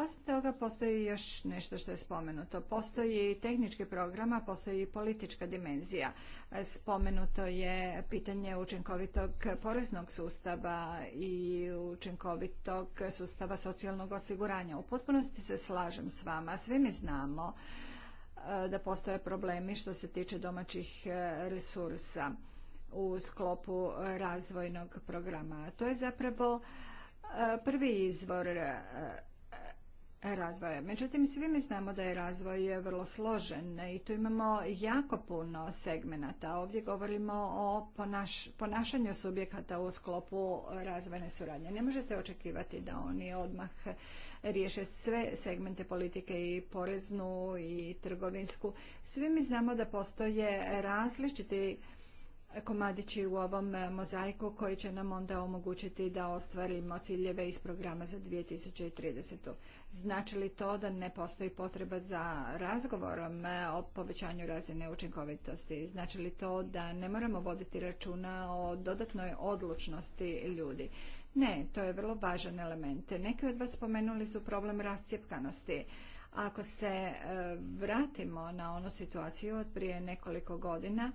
Osim toga postoji još nešto što je spomenuto. Postoji tehnički program, a postoji politička dimenzija. Spomenuto je pitanje učinkovitog poreznog sustava i učinkovitog sustava socijalnog osiguranja. U potpunosti se slažem s vama. Svi mi znamo e, da postoje problemi što se tiče domaćih e, resursa u sklopu razvojnog programa. To je zapravo e, prvi izvor razvoja. Međutim, svi mi znamo da je razvoj vrlo složen i tu imamo jako puno segmenata. Ovdje govorimo o ponašanju subjekata u sklopu razvojne suradnje. Ne možete očekivati da oni odmah riješe sve segmente politike i poreznu i trgovinsku. Svi mi znamo da postoje različiti komadići u ovom e, mozaiku koji će nam onda omogućiti da ostvarimo ciljeve iz programa za 2030. Znači li to da ne postoji potreba za razgovorom e, o povećanju razine učinkovitosti? Znači li to da ne moramo voditi računa o dodatnoj odlučnosti ljudi? Ne, to je vrlo važan element. Neki od vas spomenuli su problem rascijepkanosti. Ako se e, vratimo na onu situaciju od prije nekoliko godina,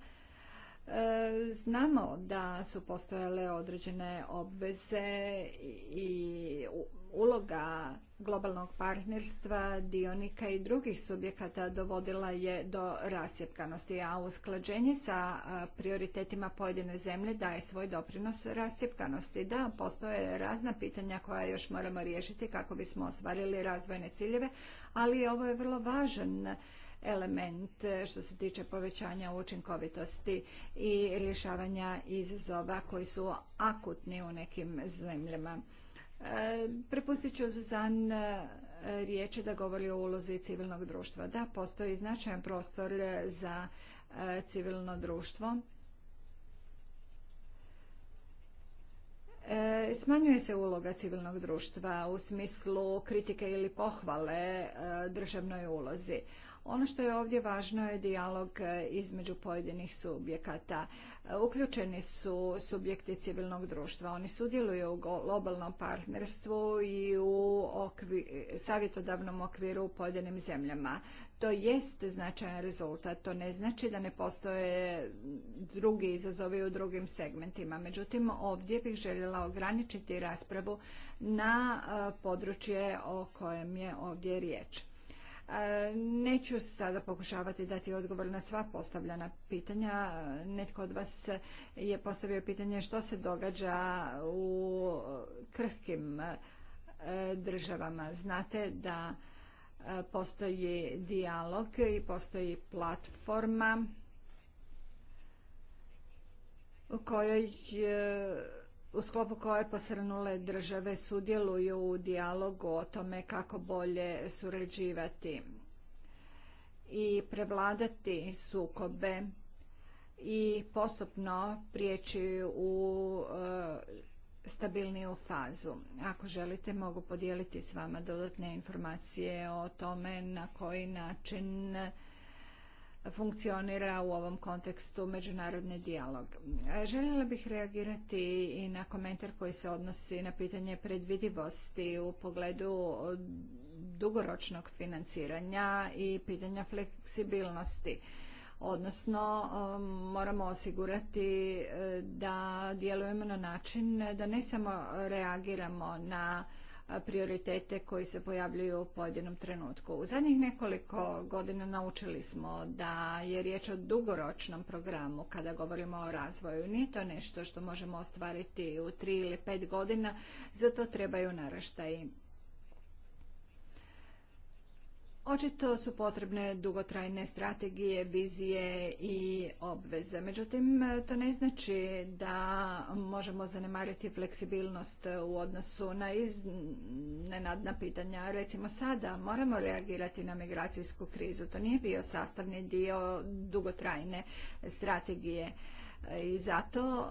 E, znamo da su postojale određene obveze i uloga globalnog partnerstva, dionika i drugih subjekata dovodila je do rasjepkanosti, a usklađenje sa prioritetima pojedine zemlje daje svoj doprinos rasjepkanosti. Da, postoje razna pitanja koja još moramo riješiti kako bismo ostvarili razvojne ciljeve, ali ovo je vrlo važan element e, što se tiče povećanja učinkovitosti i rješavanja izazova koji su akutni u nekim zemljama. E, prepustit ću Zuzan e, riječi da govori o ulozi civilnog društva. Da, postoji značajan prostor za civilno društvo. Smanjuje se uloga civilnog društva u smislu kritike ili pohvale državnoj ulozi. Ono što je ovdje važno je dijalog e, između pojedinih subjekata. E, uključeni su subjekti civilnog društva. Oni sudjeluju u globalnom partnerstvu i u savjetodavnom okviru u pojedinim zemljama. To jest značajan rezultat. To ne znači da ne postoje drugi izazovi u drugim segmentima. Međutim, ovdje bih željela ograničiti raspravu na e, područje o kojem je ovdje riječ. Neću sada pokušavati dati odgovor na sva postavljena pitanja. Netko od vas je postavio pitanje što se događa u krhkim e, državama. Znate da e, postoji dijalog i postoji platforma u kojoj e, u sklopu koje posrnule države sudjeluju u dijalogu o tome kako bolje surađivati i prevladati sukobe i postupno prijeći u e, stabilniju fazu. Ako želite mogu podijeliti s vama dodatne informacije o tome na koji način funkcionira u ovom kontekstu međunarodni dijalog. Željela bih reagirati i na komentar koji se odnosi na pitanje predvidivosti u pogledu dugoročnog financiranja i pitanja fleksibilnosti. Odnosno, um, moramo osigurati uh, da djelujemo na način da ne samo reagiramo na prioritete koji se pojavljuju u pojedinom trenutku. U zadnjih nekoliko godina naučili smo da je riječ o dugoročnom programu kada govorimo o razvoju. Nije to nešto što možemo ostvariti u tri ili pet godina, za to trebaju naraštaji. Očito su potrebne dugotrajne strategije, vizije i obveze. Međutim, to ne znači da možemo zanemariti fleksibilnost u odnosu na iznenadna pitanja. Recimo sada moramo reagirati na migracijsku krizu. To nije bio sastavni dio dugotrajne strategije i zato e,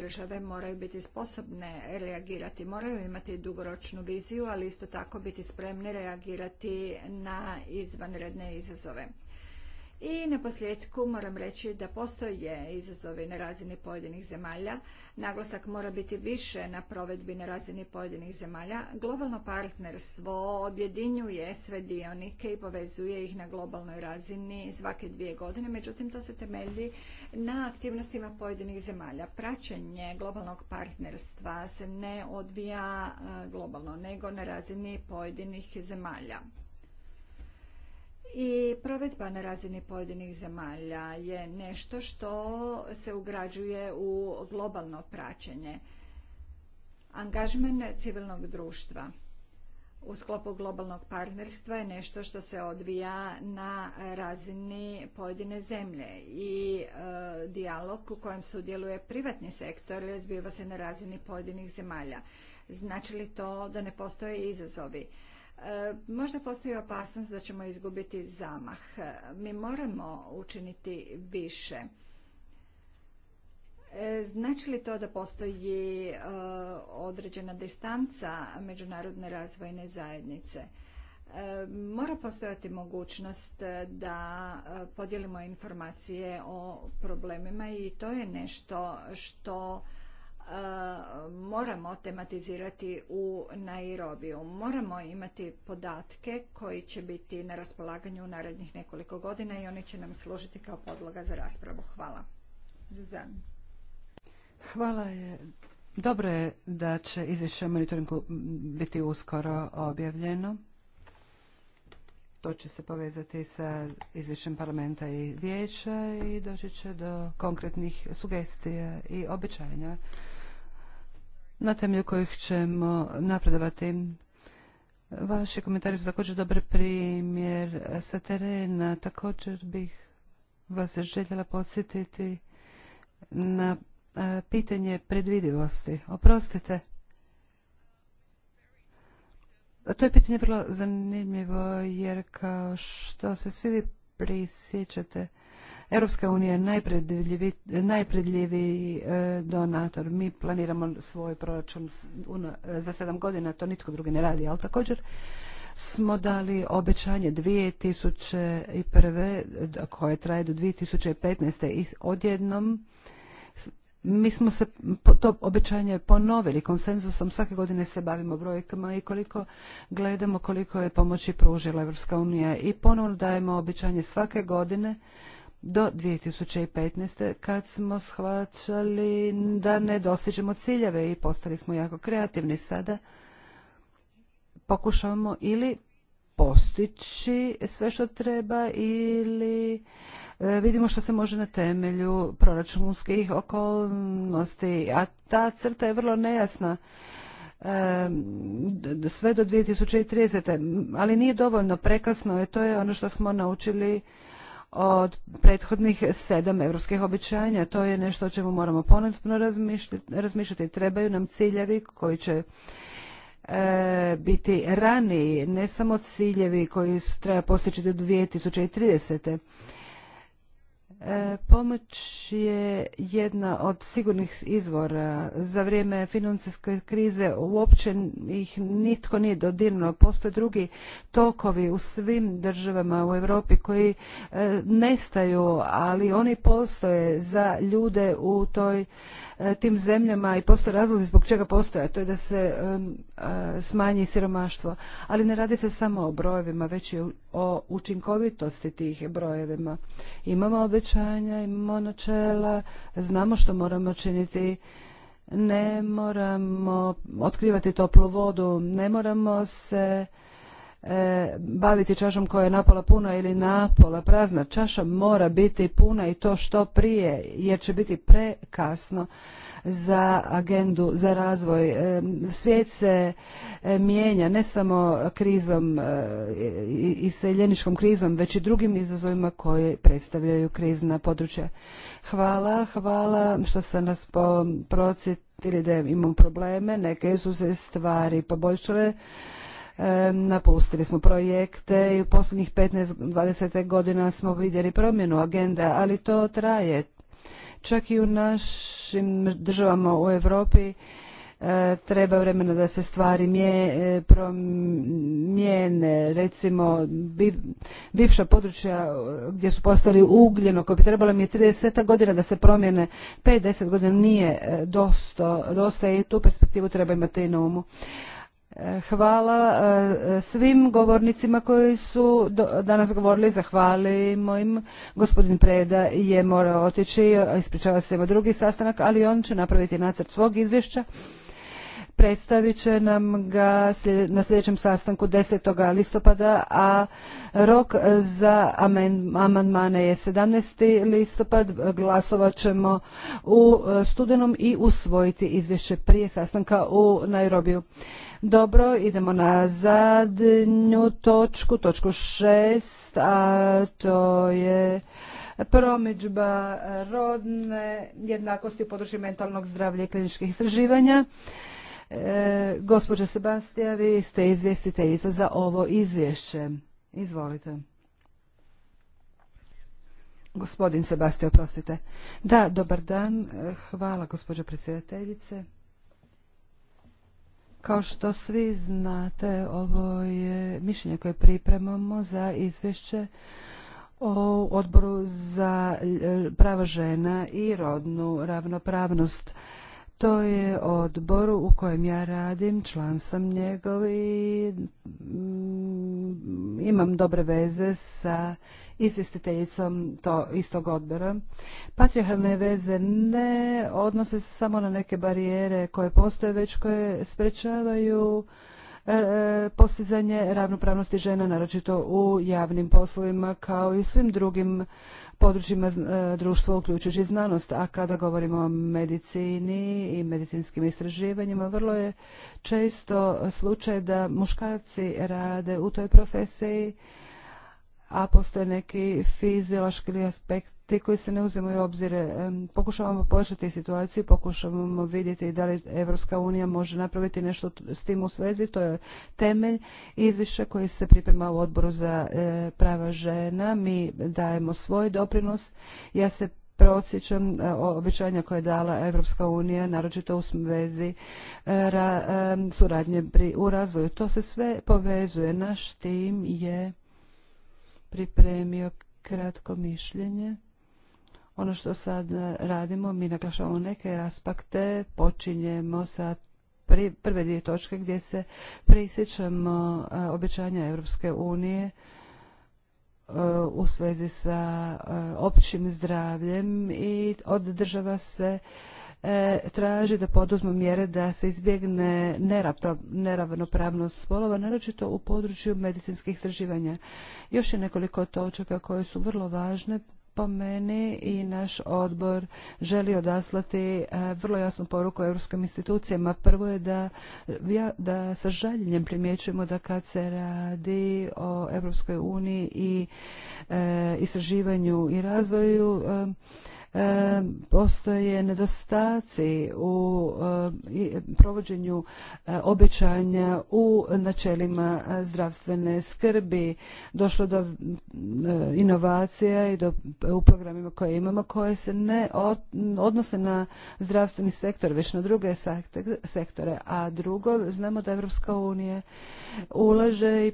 države moraju biti sposobne reagirati, moraju imati dugoročnu viziju, ali isto tako biti spremne reagirati na izvanredne izazove. I na posljedku moram reći da postoje izazovi na razini pojedinih zemalja. Naglasak mora biti više na provedbi na razini pojedinih zemalja. Globalno partnerstvo objedinjuje sve dionike i povezuje ih na globalnoj razini svake dvije godine, međutim to se temelji na aktivnostima pojedinih zemalja. Praćenje globalnog partnerstva se ne odvija e, globalno, nego na razini pojedinih zemalja i provedba na razini pojedinih zemalja je nešto što se ugrađuje u globalno praćenje. Angažmen civilnog društva u sklopu globalnog partnerstva je nešto što se odvija na razini pojedine zemlje i e, dijalog u kojem sudjeluje privatni sektor zbiva se na razini pojedinih zemalja. Znači li to da ne postoje izazovi? E, možda postoji opasnost da ćemo izgubiti zamah. E, mi moramo učiniti više. E, znači li to da postoji određena distanca međunarodne razvojne zajednice? Mora postojati mogućnost da podijelimo informacije o problemima i to je nešto što E, moramo tematizirati u Nairobiju. Moramo imati podatke koji će biti na raspolaganju u narednih nekoliko godina i oni će nam služiti kao podloga za raspravu. Hvala. Zuzan. Hvala je. Dobro je da će izvješće o monitoringu biti uskoro objavljeno. To će se povezati sa izvješćem parlamenta i vijeća i doći će do konkretnih sugestija i obećanja na temelju kojih ćemo napredovati. Vaši komentari su također dobar primjer sa terena. Također bih vas željela podsjetiti na e, pitanje predvidivosti. Oprostite. To je pitanje vrlo zanimljivo jer kao što se svi vi prisjećate, Europska unija je najpredljiviji e, donator. Mi planiramo svoj proračun za sedam godina, to nitko drugi ne radi, ali također smo dali obećanje 2001. koje traje do 2015. i odjednom mi smo se to obećanje ponovili konsenzusom svake godine se bavimo brojkama i koliko gledamo koliko je pomoći pružila Europska unija i ponovno dajemo obećanje svake godine do 2015. kad smo shvaćali da ne dostižemo ciljeve i postali smo jako kreativni sada. Pokušavamo ili postići sve što treba ili e, vidimo što se može na temelju proračunskih okolnosti, a ta crta je vrlo nejasna e, sve do 2030. Ali nije dovoljno, prekasno je, to je ono što smo naučili od prethodnih sedam europskih običajanja. To je nešto o čemu moramo ponovno razmišljati. Trebaju nam ciljevi koji će e, biti raniji, ne samo ciljevi koji treba postići do 2030. E, pomoć je jedna od sigurnih izvora. Za vrijeme financijske krize uopće ih nitko nije dodirnuo. Postoje drugi tokovi u svim državama u Europi koji e, nestaju, ali oni postoje za ljude u toj e, tim zemljama i postoje razlozi zbog čega postoje, a to je da se smanji siromaštvo. Ali ne radi se samo o brojevima, već i o učinkovitosti tih brojevima. Imamo već povećanja i monočela, znamo što moramo činiti. Ne moramo otkrivati toplu vodu, ne moramo se e, baviti čašom koja je napola puna ili napola prazna. Čaša mora biti puna i to što prije jer će biti prekasno za agendu za razvoj. E, svijet se e, mijenja ne samo krizom e, i seljeničkom krizom, već i drugim izazovima koje predstavljaju krizna područja. Hvala, hvala što ste nas po procitili da imamo probleme, neke su se stvari poboljšale napustili smo projekte i u posljednjih 15-20 godina smo vidjeli promjenu agenda, ali to traje čak i u našim državama u Europi e, treba vremena da se stvari e, promijene. Recimo, bivša područja e, gdje su postali ugljeno, koje bi trebalo mi je 30 godina da se promijene, 5-10 godina nije dosta, dosta i tu perspektivu treba imati i na umu. Hvala eh, svim govornicima koji su danas govorili, zahvalimo im. Gospodin Preda je morao otići, ispričava se ima drugi sastanak, ali on će napraviti nacrt svog izvješća predstavit će nam ga na sljedećem sastanku 10. listopada, a rok za amandmane je 17. listopad. Glasovat ćemo u e, studenom i usvojiti izvješće prije sastanka u Nairobiju. Dobro, idemo na zadnju točku, točku šest, a to je promidžba rodne jednakosti u području mentalnog zdravlja i kliničkih istraživanja. E, Sebastija, vi ste izvjestiteljica za ovo izvješće. Izvolite. Gospodin Sebastija, oprostite. Da, dobar dan. Hvala, gospođo predsjedateljice. Kao što svi znate, ovo je mišljenje koje pripremamo za izvješće o odboru za e, prava žena i rodnu ravnopravnost. To je odbor u kojem ja radim, član sam njegov i mm, imam dobre veze sa izvjestiteljicom to istog odbora. Patriarhalne veze ne odnose se samo na neke barijere koje postoje, već koje sprečavaju e, postizanje ravnopravnosti žena, naročito u javnim poslovima kao i svim drugim područjima e, društva uključujući znanost. A kada govorimo o medicini i medicinskim istraživanjima, vrlo je često slučaj da muškarci rade u toj profesiji a postoje neki fiziološki aspekti koji se ne uzimaju u obzir. Pokušavamo poboljšati situaciju, pokušavamo vidjeti da li Evropska unija može napraviti nešto s tim u svezi. To je temelj izviše koji se priprema u odboru za e, prava žena. Mi dajemo svoj doprinos. Ja se procjećam e, obećanja koje je dala Evropska unija, naročito u vezi e, suradnje u razvoju. To se sve povezuje. Naš tim je pripremio kratko mišljenje. Ono što sad radimo, mi naglašavamo neke aspekte, počinjemo sa prve dvije točke gdje se prisjećamo obećanja Europske unije u svezi sa općim zdravljem i od država se E, traži da poduzmu mjere da se izbjegne neravnopravnost spolova, naročito u području medicinskih istraživanja. Još je nekoliko točaka koje su vrlo važne po meni i naš odbor želi odaslati e, vrlo jasnu poruku europskim institucijama. Prvo je da, da sa žaljenjem primjećujemo da kad se radi o Europskoj uniji i e, istraživanju i razvoju E, postoje nedostaci u e, provođenju e, običanja u načelima zdravstvene skrbi, došlo do inovacija i do, u programima koje imamo koje se ne odnose na zdravstveni sektor, već na druge sektore. A drugo, znamo da Evropska unija ulaže i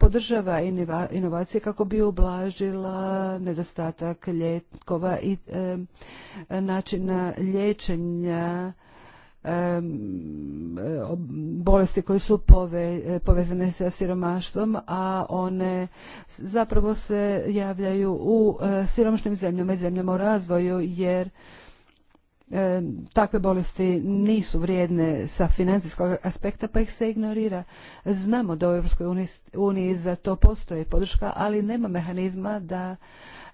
podržava inovacije kako bi ublažila nedostatak ljetkova i e, načina liječenja e, bolesti koje su povezane sa siromaštvom, a one zapravo se javljaju u e, siromašnim zemljama i zemljama u razvoju, jer E, takve bolesti nisu vrijedne sa financijskog aspekta pa ih se ignorira. Znamo da u EU za to postoji podrška, ali nema mehanizma da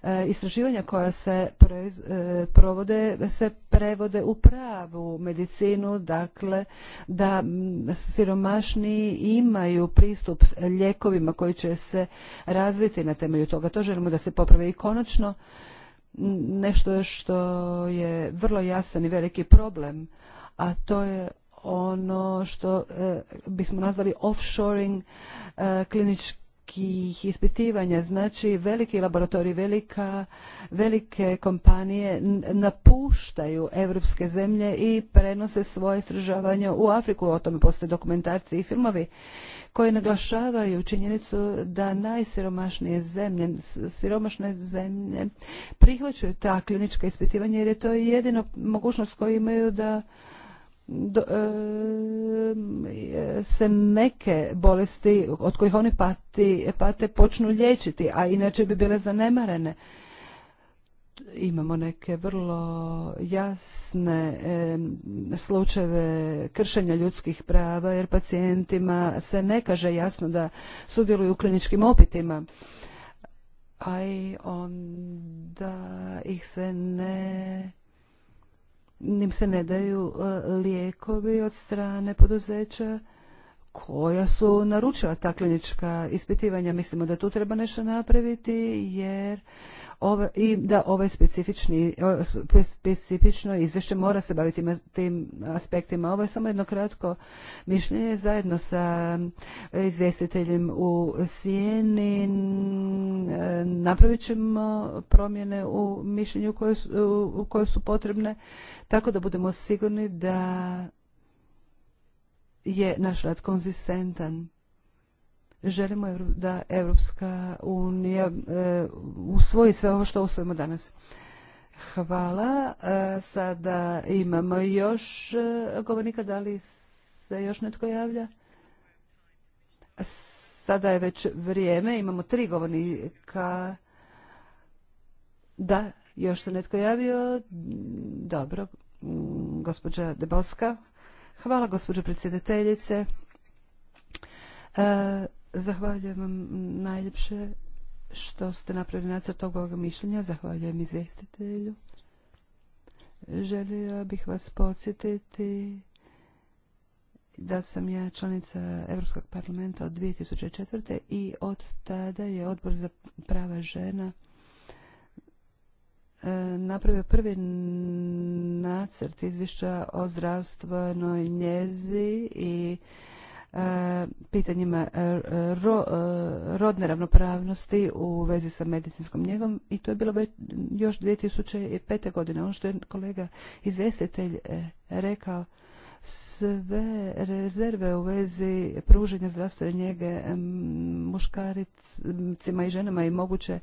e, istraživanja koja se e, provode se prevode u pravu medicinu, dakle da siromašni imaju pristup ljekovima koji će se razviti na temelju toga. To želimo da se popravi i konačno nešto što je vrlo jasan i veliki problem, a to je ono što eh, bismo nazvali offshoring eh, kliničkih velikih ispitivanja, znači veliki laboratori, velika, velike kompanije napuštaju evropske zemlje i prenose svoje istražavanja u Afriku. O tome postoje dokumentarci i filmovi koji naglašavaju činjenicu da najsiromašnije zemlje, siromašne zemlje prihvaćaju ta klinička ispitivanja jer je to jedina mogućnost koju imaju da do, e, se neke bolesti od kojih oni pate počnu liječiti, a inače bi bile zanemarene. Imamo neke vrlo jasne e, slučajeve kršenja ljudskih prava jer pacijentima se ne kaže jasno da sudjeluju u kliničkim opitima a i onda ih se ne Nim se ne daju e, lijekovi od strane poduzeća koja su naručila ta klinička ispitivanja. Mislimo da tu treba nešto napraviti jer ove, i da ovaj specifični, specifično izvješće mora se baviti tim aspektima. Ovo je samo jedno kratko mišljenje zajedno sa e, izvjestiteljem u Sijeni. E, napravit ćemo promjene u mišljenju koje koje su potrebne tako da budemo sigurni da je naš rad konzistentan. Želimo da Evropska unija e, usvoji sve ovo što usvojimo danas. Hvala. E, sada imamo još e, govornika. Da li se još netko javlja? Sada je već vrijeme. Imamo tri govornika. Da, još se netko javio. Dobro, gospođa Deboska. Hvala gospođo predsjedateljice. E, zahvaljujem vam najljepše što ste napravili nacrt ovog mišljenja. Zahvaljujem izvjestitelju. Želio bih vas podsjetiti da sam ja članica Europskog parlamenta od 2004. i od tada je odbor za prava žena E, napravio prvi nacrt izvješća o zdravstvenoj njezi i e, pitanjima e, rodne ravnopravnosti u vezi sa medicinskom njegom i to je bilo već još 2005. godine. Ono što je kolega izvjestitelj rekao sve rezerve u vezi pruženja zdravstvene njege muškaricima i ženama i moguće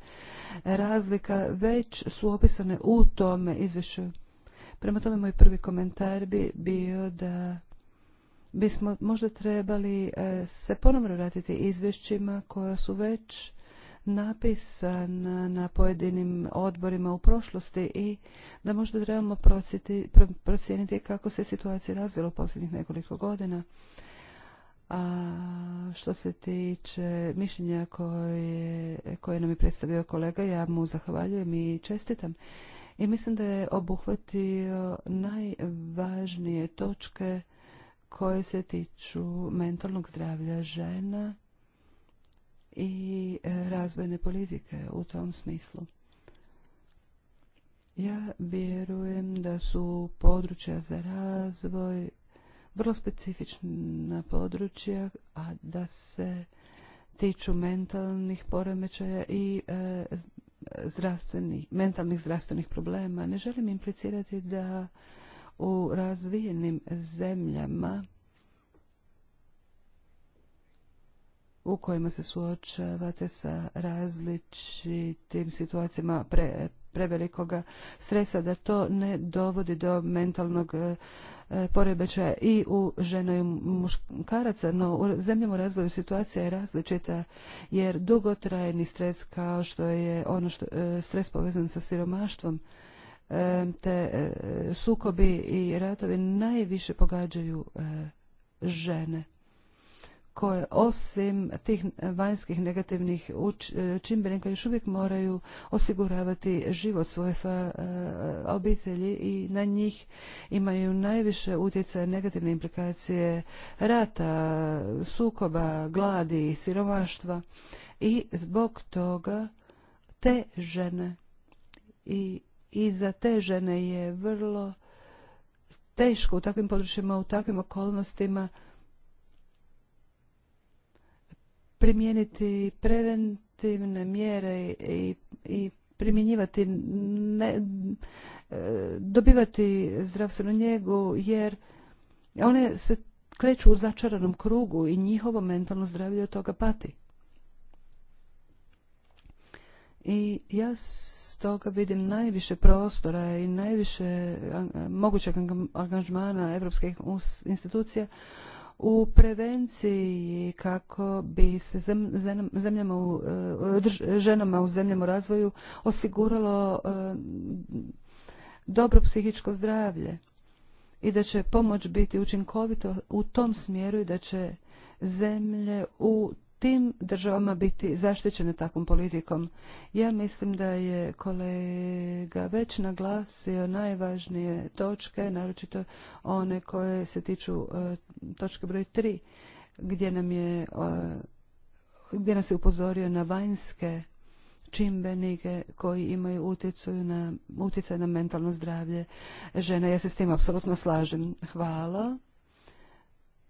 razlika već su opisane u tome izvješću. Prema tome moj prvi komentar bi bio da bismo možda trebali eh, se ponovno vratiti izvješćima koja su već napisan na pojedinim odborima u prošlosti i da možda trebamo procijeniti kako se situacija razvila u posljednjih nekoliko godina. A što se tiče mišljenja koje, koje nam je predstavio kolega, ja mu zahvaljujem i čestitam. I mislim da je obuhvatio najvažnije točke koje se tiču mentalnog zdravlja žena i e, razvojne politike u tom smislu. Ja vjerujem da su područja za razvoj vrlo specifična područja, a da se tiču mentalnih poremećaja i e, mentalnih zdravstvenih problema. Ne želim implicirati da u razvijenim zemljama u kojima se suočavate sa različitim situacijama pre, prevelikoga stresa, da to ne dovodi do mentalnog e, i u ženoj i muškaraca, no u zemljama u razvoju situacija je različita jer dugotrajni stres kao što je ono što e, stres povezan sa siromaštvom e, te e, sukobi i ratovi najviše pogađaju žene koje osim tih vanjskih negativnih čimbenika još uvijek moraju osiguravati život svoje eh, obitelji i na njih imaju najviše utjecaja negativne implikacije rata, sukoba, gladi i siromaštva i zbog toga te žene i, i za te žene je vrlo teško u takvim područjima, u takvim okolnostima primijeniti preventivne mjere i, i primjenjivati, ne, e, dobivati zdravstvenu njegu jer one se kreću u začaranom krugu i njihovo mentalno zdravlje od toga pati. I ja toga vidim najviše prostora i najviše mogućeg angažmana evropskih institucija u prevenciji kako bi se zemljama e, ženama u zemljama u razvoju osiguralo e, dobro psihičko zdravlje i da će pomoć biti učinkovito u tom smjeru i da će zemlje u tim državama biti zaštićene takvom politikom. Ja mislim da je kolega već naglasio najvažnije točke, naročito one koje se tiču e, točke broj tri, gdje nam je e, gdje nas je upozorio na vanjske čimbenike koji imaju utjecaj na, utjecaj na mentalno zdravlje žena. Ja se s tim apsolutno slažem. Hvala.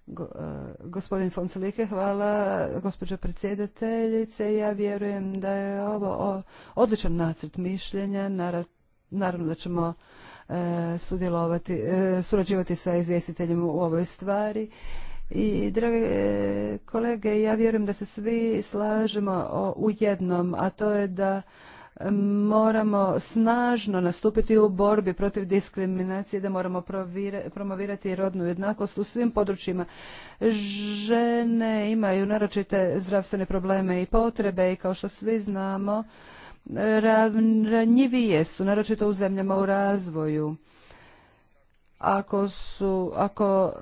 E, gospodin Fonsalike, hvala gospođo predsjedateljice. Ja vjerujem da je ovo odličan nacrt mišljenja. naravno da ćemo e, sudjelovati, e, surađivati sa izvjestiteljem u ovoj stvari. I, drage kolege, ja vjerujem da se svi slažemo u jednom, a to je da moramo snažno nastupiti u borbi protiv diskriminacije, da moramo promovirati rodnu jednakost u svim područjima. Žene imaju naročite zdravstvene probleme i potrebe i kao što svi znamo, ranjivije su, naročito u zemljama u razvoju. Ako su, ako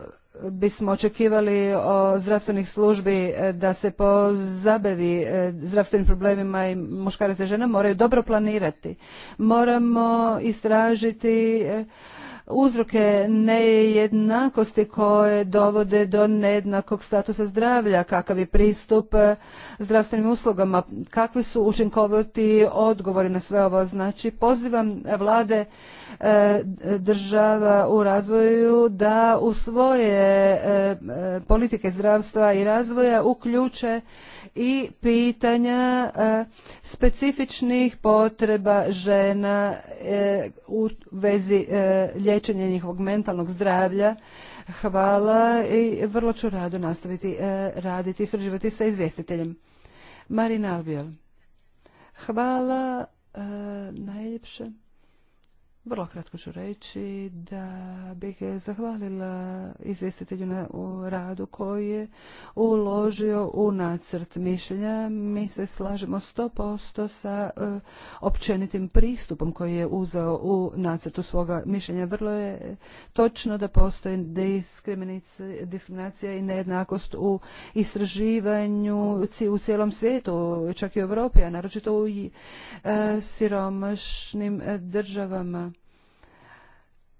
bismo očekivali o zdravstvenih službi e, da se pozabavi e, zdravstvenim problemima i muškaraca i žena moraju dobro planirati. Moramo istražiti e, uzroke nejednakosti koje dovode do nejednakog statusa zdravlja, kakav je pristup eh, zdravstvenim uslugama, kakvi su učinkoviti odgovori na sve ovo. Znači, pozivam vlade eh, država u razvoju da u svoje eh, politike zdravstva i razvoja uključe i pitanja specifičnih potreba žena u vezi lječenja liječenje njihovog mentalnog zdravlja. Hvala i vrlo ću rado nastaviti e, raditi i srađivati sa izvjestiteljem. Marina Albijel. Hvala e, najljepše. Vrlo kratko ću reći da bih zahvalila izvjestitelju na radu koji je uložio u nacrt mišljenja. Mi se slažemo 100% sa e, općenitim pristupom koji je uzeo u nacrtu svoga mišljenja. Vrlo je točno da postoji diskriminacija i nejednakost u istraživanju u cijelom svijetu, čak i u Europi, a naročito u e, siromašnim e, državama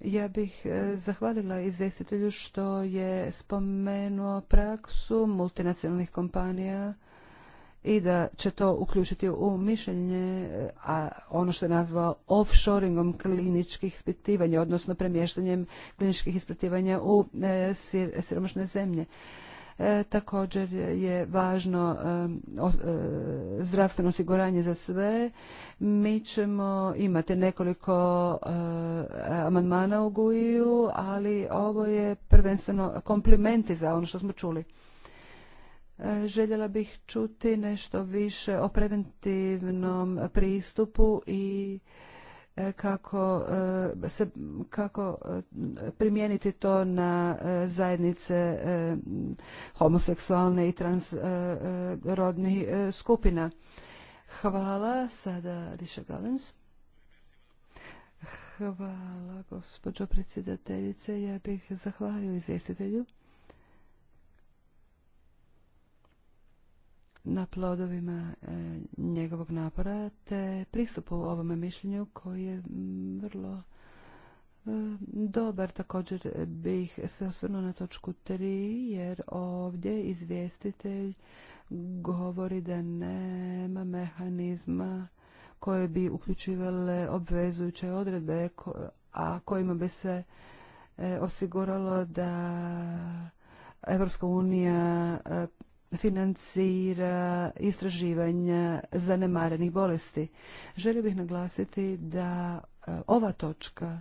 ja bih e, zahvalila izvjestitelju što je spomenuo praksu multinacionalnih kompanija i da će to uključiti u mišljenje, a ono što je nazvao offshoringom kliničkih ispitivanja, odnosno premještanjem kliničkih ispitivanja u e, siromašne zemlje. E, također je važno e, e, zdravstveno osiguranje za sve. Mi ćemo imati nekoliko amandmana u Guiju, ali ovo je prvenstveno komplimenti za ono što smo čuli. Željela bih čuti nešto više o preventivnom pristupu i E, kako, e, se, kako e, primijeniti to na zajednice homoseksualne i transrodnih skupina. Hvala, sada Liša Galens. Hvala, gospođo predsjedateljice. Ja bih zahvalio izvjestitelju na plodovima e, njegovog napora te pristupu ovome mišljenju koji je vrlo e, dobar. Također bih se osvrnuo na točku 3 jer ovdje izvjestitelj govori da nema mehanizma koje bi uključivale obvezujuće odredbe a kojima bi se e, osiguralo da Evropska unija financira istraživanja zanemarenih bolesti. Želio bih naglasiti da e, ova točka,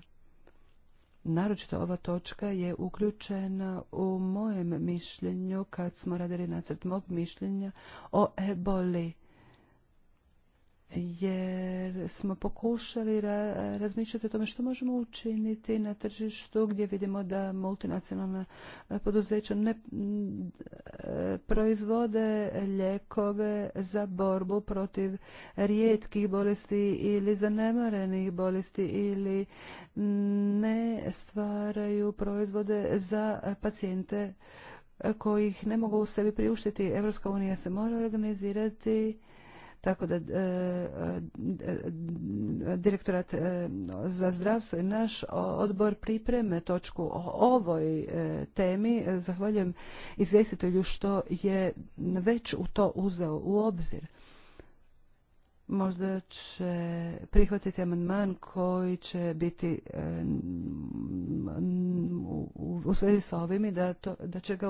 naročito ova točka je uključena u mojem mišljenju kad smo radili nacrt mog mišljenja o eboli jer smo pokušali ra razmišljati o tome što možemo učiniti na tržištu gdje vidimo da multinacionalna poduzeća ne mm, proizvode ljekove za borbu protiv rijetkih bolesti ili zanemarenih bolesti ili ne stvaraju proizvode za pacijente kojih ne mogu u sebi priuštiti. Evropska unija se mora organizirati tako da e, e, direktorat e, za zdravstvo i naš odbor pripreme točku o ovoj temi. Zahvaljujem izvjestitelju što je već u to uzeo u obzir možda će prihvatiti amandman koji će biti u svezi sa ovim i da, će ga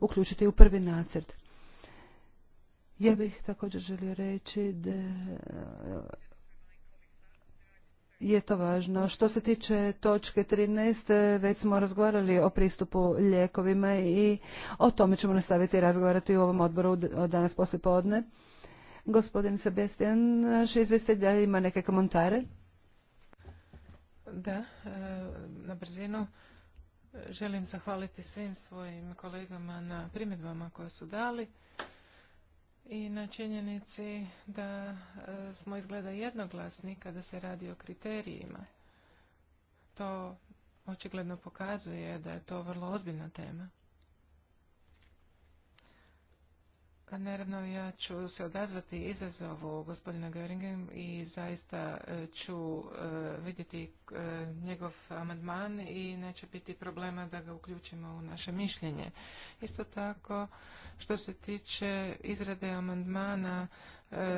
uključiti u prvi nacrt. Ja bih također želio reći da e, je to važno. Što se tiče točke 13, već smo razgovarali o pristupu lijekovima i o tome ćemo nastaviti razgovarati u ovom odboru danas poslije podne. Gospodin Sebastian, naš izvjestitelj ima neke komentare. Da, e, na brzinu e, želim zahvaliti svim svojim kolegama na primjedbama koje su dali i na činjenici da e, smo izgleda jednoglasni kada se radi o kriterijima. To očigledno pokazuje da je to vrlo ozbiljna tema. Naravno, ja ću se odazvati izazovu gospodina Göringa i zaista e, ću e, vidjeti e, njegov amandman i neće biti problema da ga uključimo u naše mišljenje. Isto tako, što se tiče izrade amandmana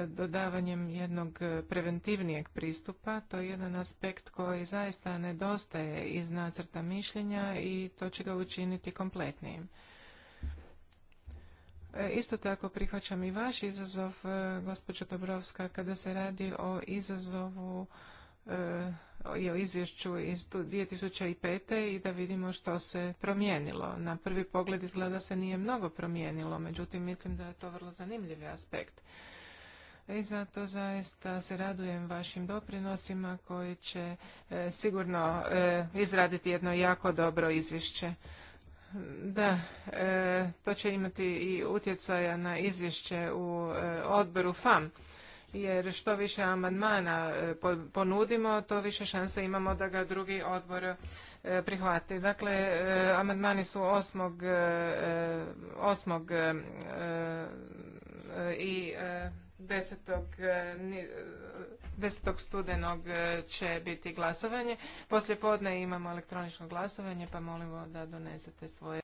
dodavanjem jednog preventivnijeg pristupa, to je jedan aspekt koji zaista nedostaje iz nacrta mišljenja i to će ga učiniti kompletnijim. E, isto tako prihvaćam i vaš izazov, e, gospođo Dobrovska, kada se radi o izazovu e, i o izvješću iz 2005. i da vidimo što se promijenilo. Na prvi pogled izgleda se nije mnogo promijenilo, međutim mislim da je to vrlo zanimljivi aspekt. I zato zaista se radujem vašim doprinosima koji će sigurno izraditi jedno jako dobro izvješće. Da, e, to će imati i utjecaja na izvješće u e, odboru FAM, jer što više amandmana e, ponudimo, to više šanse imamo da ga drugi odbor prihvati. Dakle, amandmani su 8. i E, e, desetog studenog e, će biti glasovanje. Poslije podne imamo elektronično glasovanje, pa molimo da donesete svoje